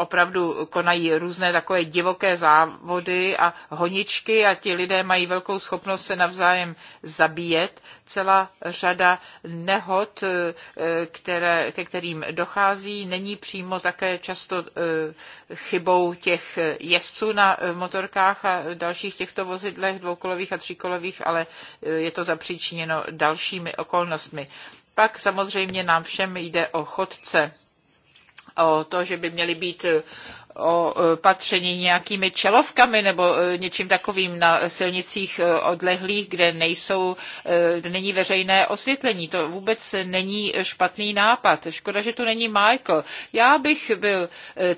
opravdu konají různé takové divoké závody a honičky a ti lidé mají velkou schopnost se navzájem zabíjet. Celá řada nehod, eh, které, ke kterým dochází, není přímo také často eh, chybou těch jezdců na eh, motorkách a dalších těchto vozidlech, dvoukolových a tříkolových, ale je to zapříčiněno dalšími okolnostmi. Pak samozřejmě nám všem jde o chodce o to, že by měly být eh, opatření eh, nějakými čelovkami nebo eh, něčím takovým na silnicích odlehlých, kde nejsou, není veřejné osvětlení. To vůbec není špatný nápad. Škoda, že tu není Michael. Já bych byl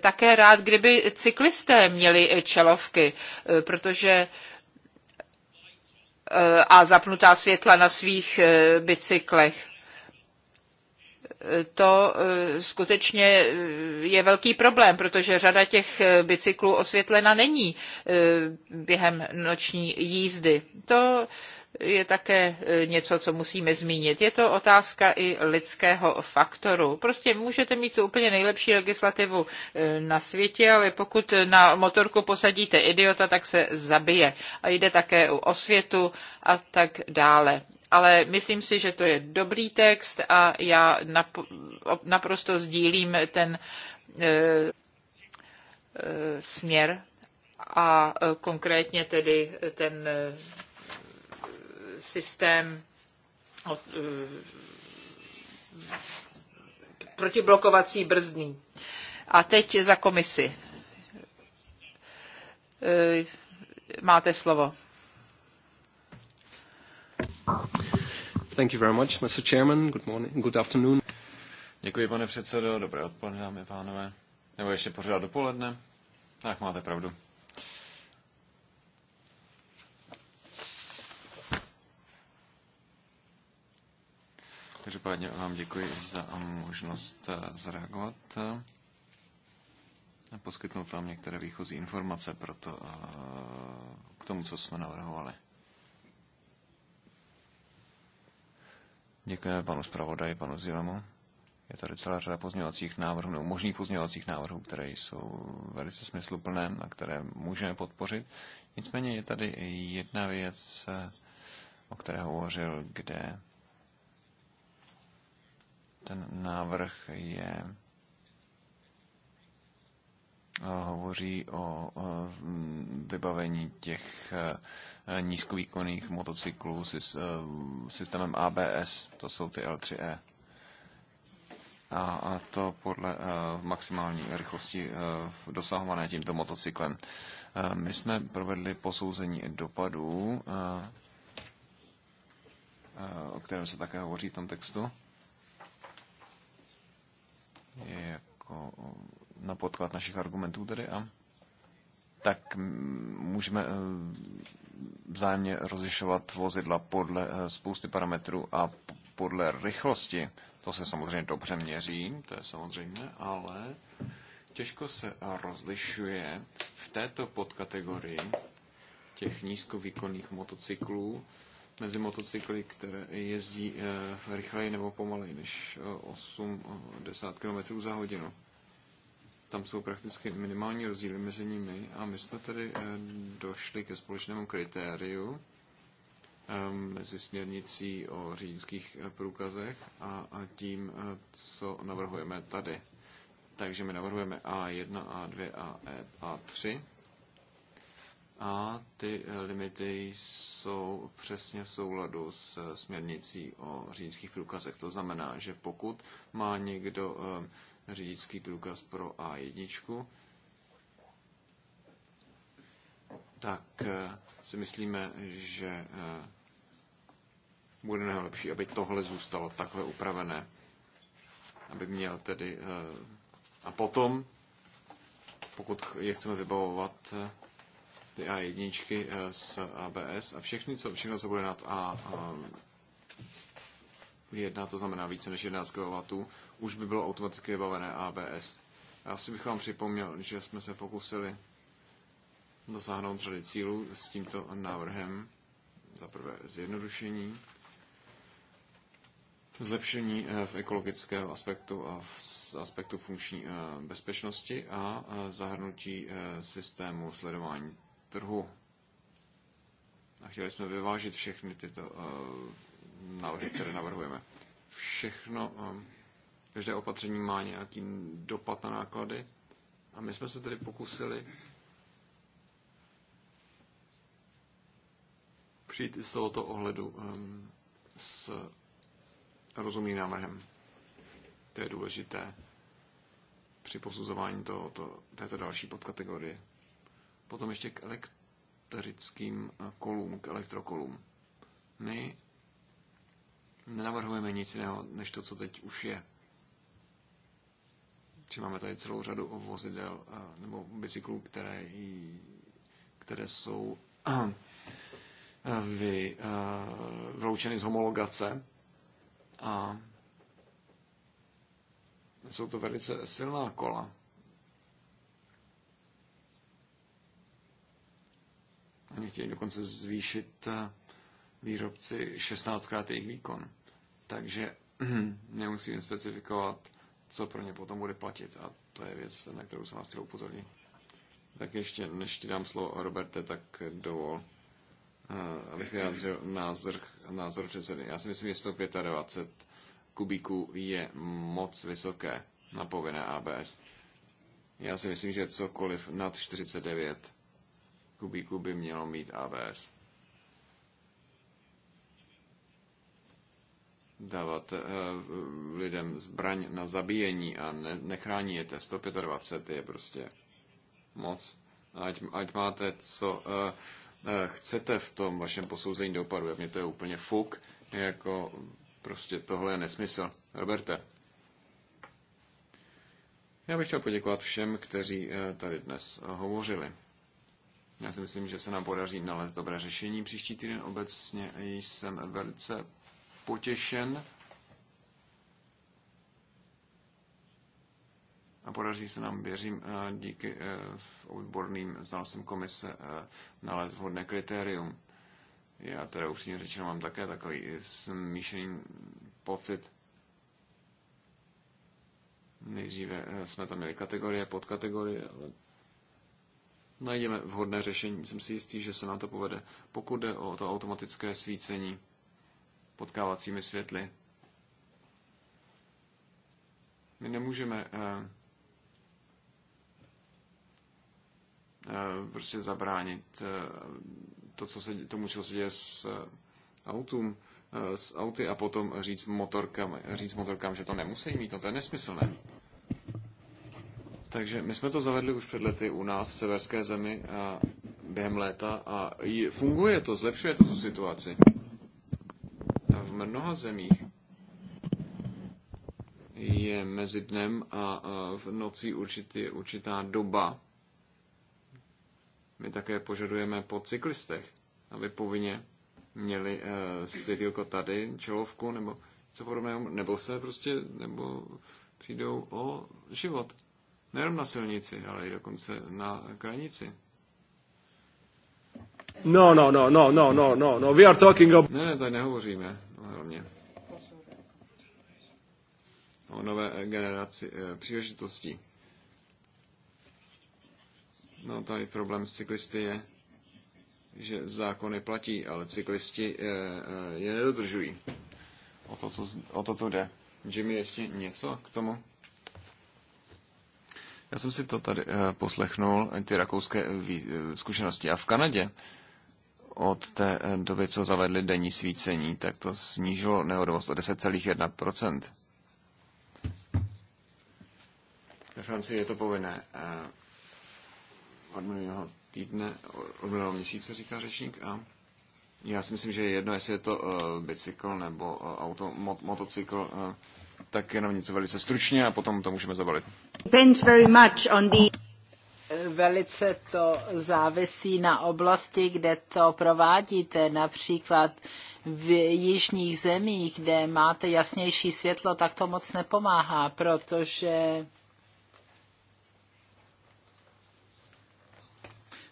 také rád, kdyby cyklisté měli čelovky, protože a zapnutá světla na svých bicyklech to eh, skutečně eh, je velký problém, protože řada těch eh, bicyklů osvětlena není během noční jízdy. To je také něco, co musíme zmínit. Je to otázka i lidského faktoru. Prostě můžete mít tu úplně nejlepší legislativu na světě, ale pokud na motorku posadíte idiota, tak se zabije. A jde také o osvětu a tak dále ale myslím si, že to je dobrý text a já naprosto sdílím ten e, e, směr a e, konkrétně tedy ten systém protiblokovací brzdní. A teď za komisi. Máte slovo. Thank you very much, Mr. Chairman. Good morning, good afternoon. Děkuji, pane předsedo. Dobré odpoledne, dámy a pánové. Nebo ještě pořád dopoledne. Tak, máte pravdu. Každopádně vám děkuji za možnost eh, zareagovat eh, a poskytnout vám některé výchozí informace pro to, eh, k tomu, co jsme navrhovali. Děkujeme panu zpravodaji, panu Zilemu. Je tady celá řada pozměňovacích návrhů, nebo možných pozměňovacích návrhů, které jsou velice smysluplné a které můžeme podpořit. Nicméně je tady jedna věc, o které hovořil, kde ten návrh je hovoří o vybavení těch e, nízkovýkonných motocyklů e, s systémem ABS, to jsou ty L3E. A to podle e, maximální rychlosti dosahované tímto motocyklem. My jsme provedli posouzení dopadů, o kterém se také hovoří v tom textu. Je jako na podklad našich argumentů tedy a tak můžeme eh, vzájemně rozlišovat vozidla podle eh, spousty parametrů a podle rychlosti. To se samozřejmě dobře měří, to je samozřejmě, ale těžko se rozlišuje v této podkategorii těch nízkovýkonných motocyklů mezi motocykly, které jezdí eh, rychleji nebo pomaleji než 8-10 km za hodinu. Tam jsou prakticky minimální rozdíly mezi nimi a my jsme tedy eh, došli ke společnému kritériu ehm, mezi směrnicí o řidičských eh, průkazech a tím, eh, co navrhujeme tady. Takže my navrhujeme A1, A2, A, A3. E, a ty limity jsou přesně v souladu s směrnicí o řidičských průkazech. To znamená, že pokud má někdo ehm, řidičský průkaz pro A1, tak eh, si myslíme, že eh, bude nejlepší, aby tohle zůstalo takhle upravené. Aby měl tedy... Eh, a potom, pokud je chceme vybavovat ty A1 s ABS a všechny, co, všechno, co bude nad a 1, to znamená více než 11 kW, už by bylo automaticky vybavené ABS. Já si bych vám připomněl, že jsme se pokusili dosáhnout řady cílů s tímto návrhem. Za prvé zjednodušení, zlepšení eh, v ekologického aspektu a v aspektu funkční eh, bezpečnosti a eh, zahrnutí systému sledování trhu. A chtěli jsme vyvážit všechny tyto návrhy, které navrhujeme. Všechno každé opatření má nějaký dopad na náklady. A my jsme se tedy pokusili přijít i z tohoto ohledu um, s rozumným návrhem. To je důležité při posuzování tohoto, této další podkategorie. Potom ještě k elektrickým eh, kolům, k elektrokolům. My nenavrhujeme nic jiného, než to, co teď už je. Či máme tady celou řadu vozidel eh, nebo bicyklů, které, které jsou eh, vy, eh, vyloučeny z homologace. A jsou to velice silná kola. Oni chtějí dokonce zvýšit výrobci 16krát jejich výkon. Takže nemusíme specifikovat co pro ně potom bude platit. A to je věc, na kterou jsem vás chtěl upozornit. Tak ještě, než ti dám slovo, Roberte, tak dovol, eh, abych vyjádřil názor, názor předsedy. Já si myslím, že 125 kubíků je moc vysoké na povinné ABS. Já si myslím, že cokoliv nad 49 kubíků by mělo mít ABS. dávat eh, lidem zbraň na zabíjení a ne, nechrání je. 125 je prostě moc. Ať, ať máte, co eh, eh, chcete v tom vašem posouzení dopadu, jak mě to je úplně fuk, jako prostě tohle je nesmysl. Roberte. Já bych chtěl poděkovat všem, kteří tady dnes hovořili. Já si myslím, že se nám podaří nalézt dobré řešení. Příští týden obecně jsem velice potěšen a podaří se nám, věřím, eh, díky eh, odborným znalostem komise eh, nalézt vhodné kritérium. Já teda upřímně řečeno mám také takový smíšený pocit. Nejdříve jsme tam měli kategorie, podkategorie, ale najdeme vhodné řešení. Jsem si jistý, že se nám to povede. Pokud jde o to automatické svícení, potkávacími světly. My nemůžeme eh, eh, prostě zabránit eh, to, co se, tomu, co se děje s autům, s auty a potom říct motorkám, říct motorkám, že to nemusí mít, no to je nesmyslné. Takže my jsme to zavedli už před lety u nás v severské zemi a během léta a funguje to, zlepšuje to tu situaci v mnoha zemích je mezi dnem a v nocí určitý, určitá doba. My také požadujeme po cyklistech, aby povinně měli uh, e, světilko tady, čelovku nebo co podobného, nebo se prostě, nebo přijdou o život. Nejenom na silnici, ale i dokonce na krajnici. No, no, no, no, no, no, no, no, we are talking about... Ne, ne, tady nehovoříme hlavně. O nové eh, generaci eh, příležitostí. No tady problém s cyklisty je, že zákony platí, ale cyklisti eh, je nedodržují. O to, to, o to tu jde. Jimmy, ještě něco k tomu? Já jsem si to tady poslechnul, ty rakouské zkušenosti. A v Kanadě od té eh, doby, co zavedli denní svícení, tak to snížilo nehodovost o 10,1%. Ve Francii je to povinné eh, od minulého týdne, od minulého měsíce, říká řečník. A já si myslím, že je jedno, jestli je to eh, bicykl nebo auto, mot, motocykl, tak jenom něco velice stručně a potom to můžeme zabalit. Depends very much on the velice to závisí na oblasti, kde to provádíte, například v jižních zemích, kde máte jasnější světlo, tak to moc nepomáhá, protože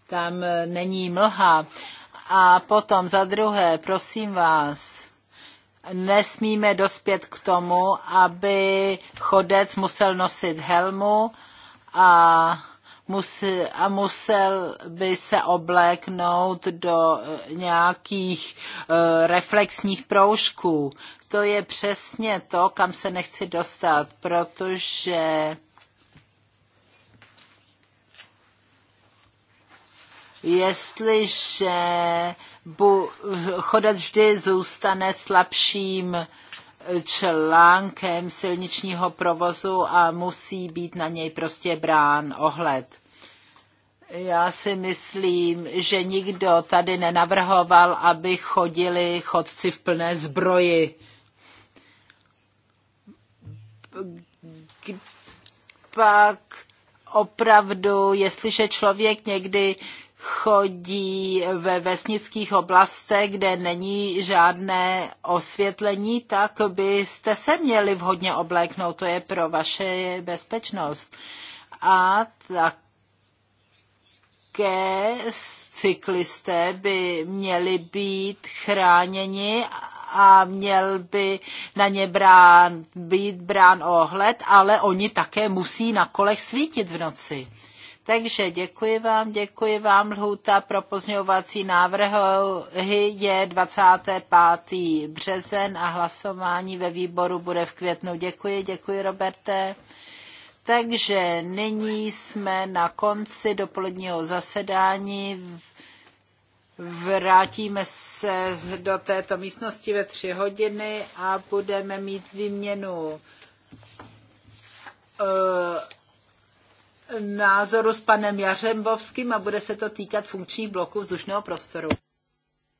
tam není mlha. A potom za druhé, prosím vás, nesmíme dospět k tomu, aby chodec musel nosit helmu a musel, a musel by se obléknout do eh, nějakých eh, reflexních proužků. To je přesně to, kam se nechci dostat, protože jestliže bu, chodec vždy zůstane slabším eh, článkem silničního provozu a musí být na něj prostě brán ohled. Já si myslím, že nikdo tady nenavrhoval, aby chodili chodci v plné zbroji. Pak opravdu, jestliže člověk někdy chodí ve vesnických oblastech, kde není žádné osvětlení, tak byste se měli vhodně obléknout. To je pro vaše bezpečnost. A tak také cyklisté by měli být chráněni a měl by na ně brán, být brán ohled, ale oni také musí na kolech svítit v noci. Takže děkuji vám, děkuji vám. Lhůta pro pozňovací návrhy je 25. březen a hlasování ve výboru bude v květnu. Děkuji, děkuji Roberte. Takže nyní jsme na konci dopoledního zasedání. Vrátíme se do této místnosti ve tři hodiny a budeme mít výměnu eh, názoru s panem Jařembovským a bude se to týkat funkčních bloků vzdušného prostoru.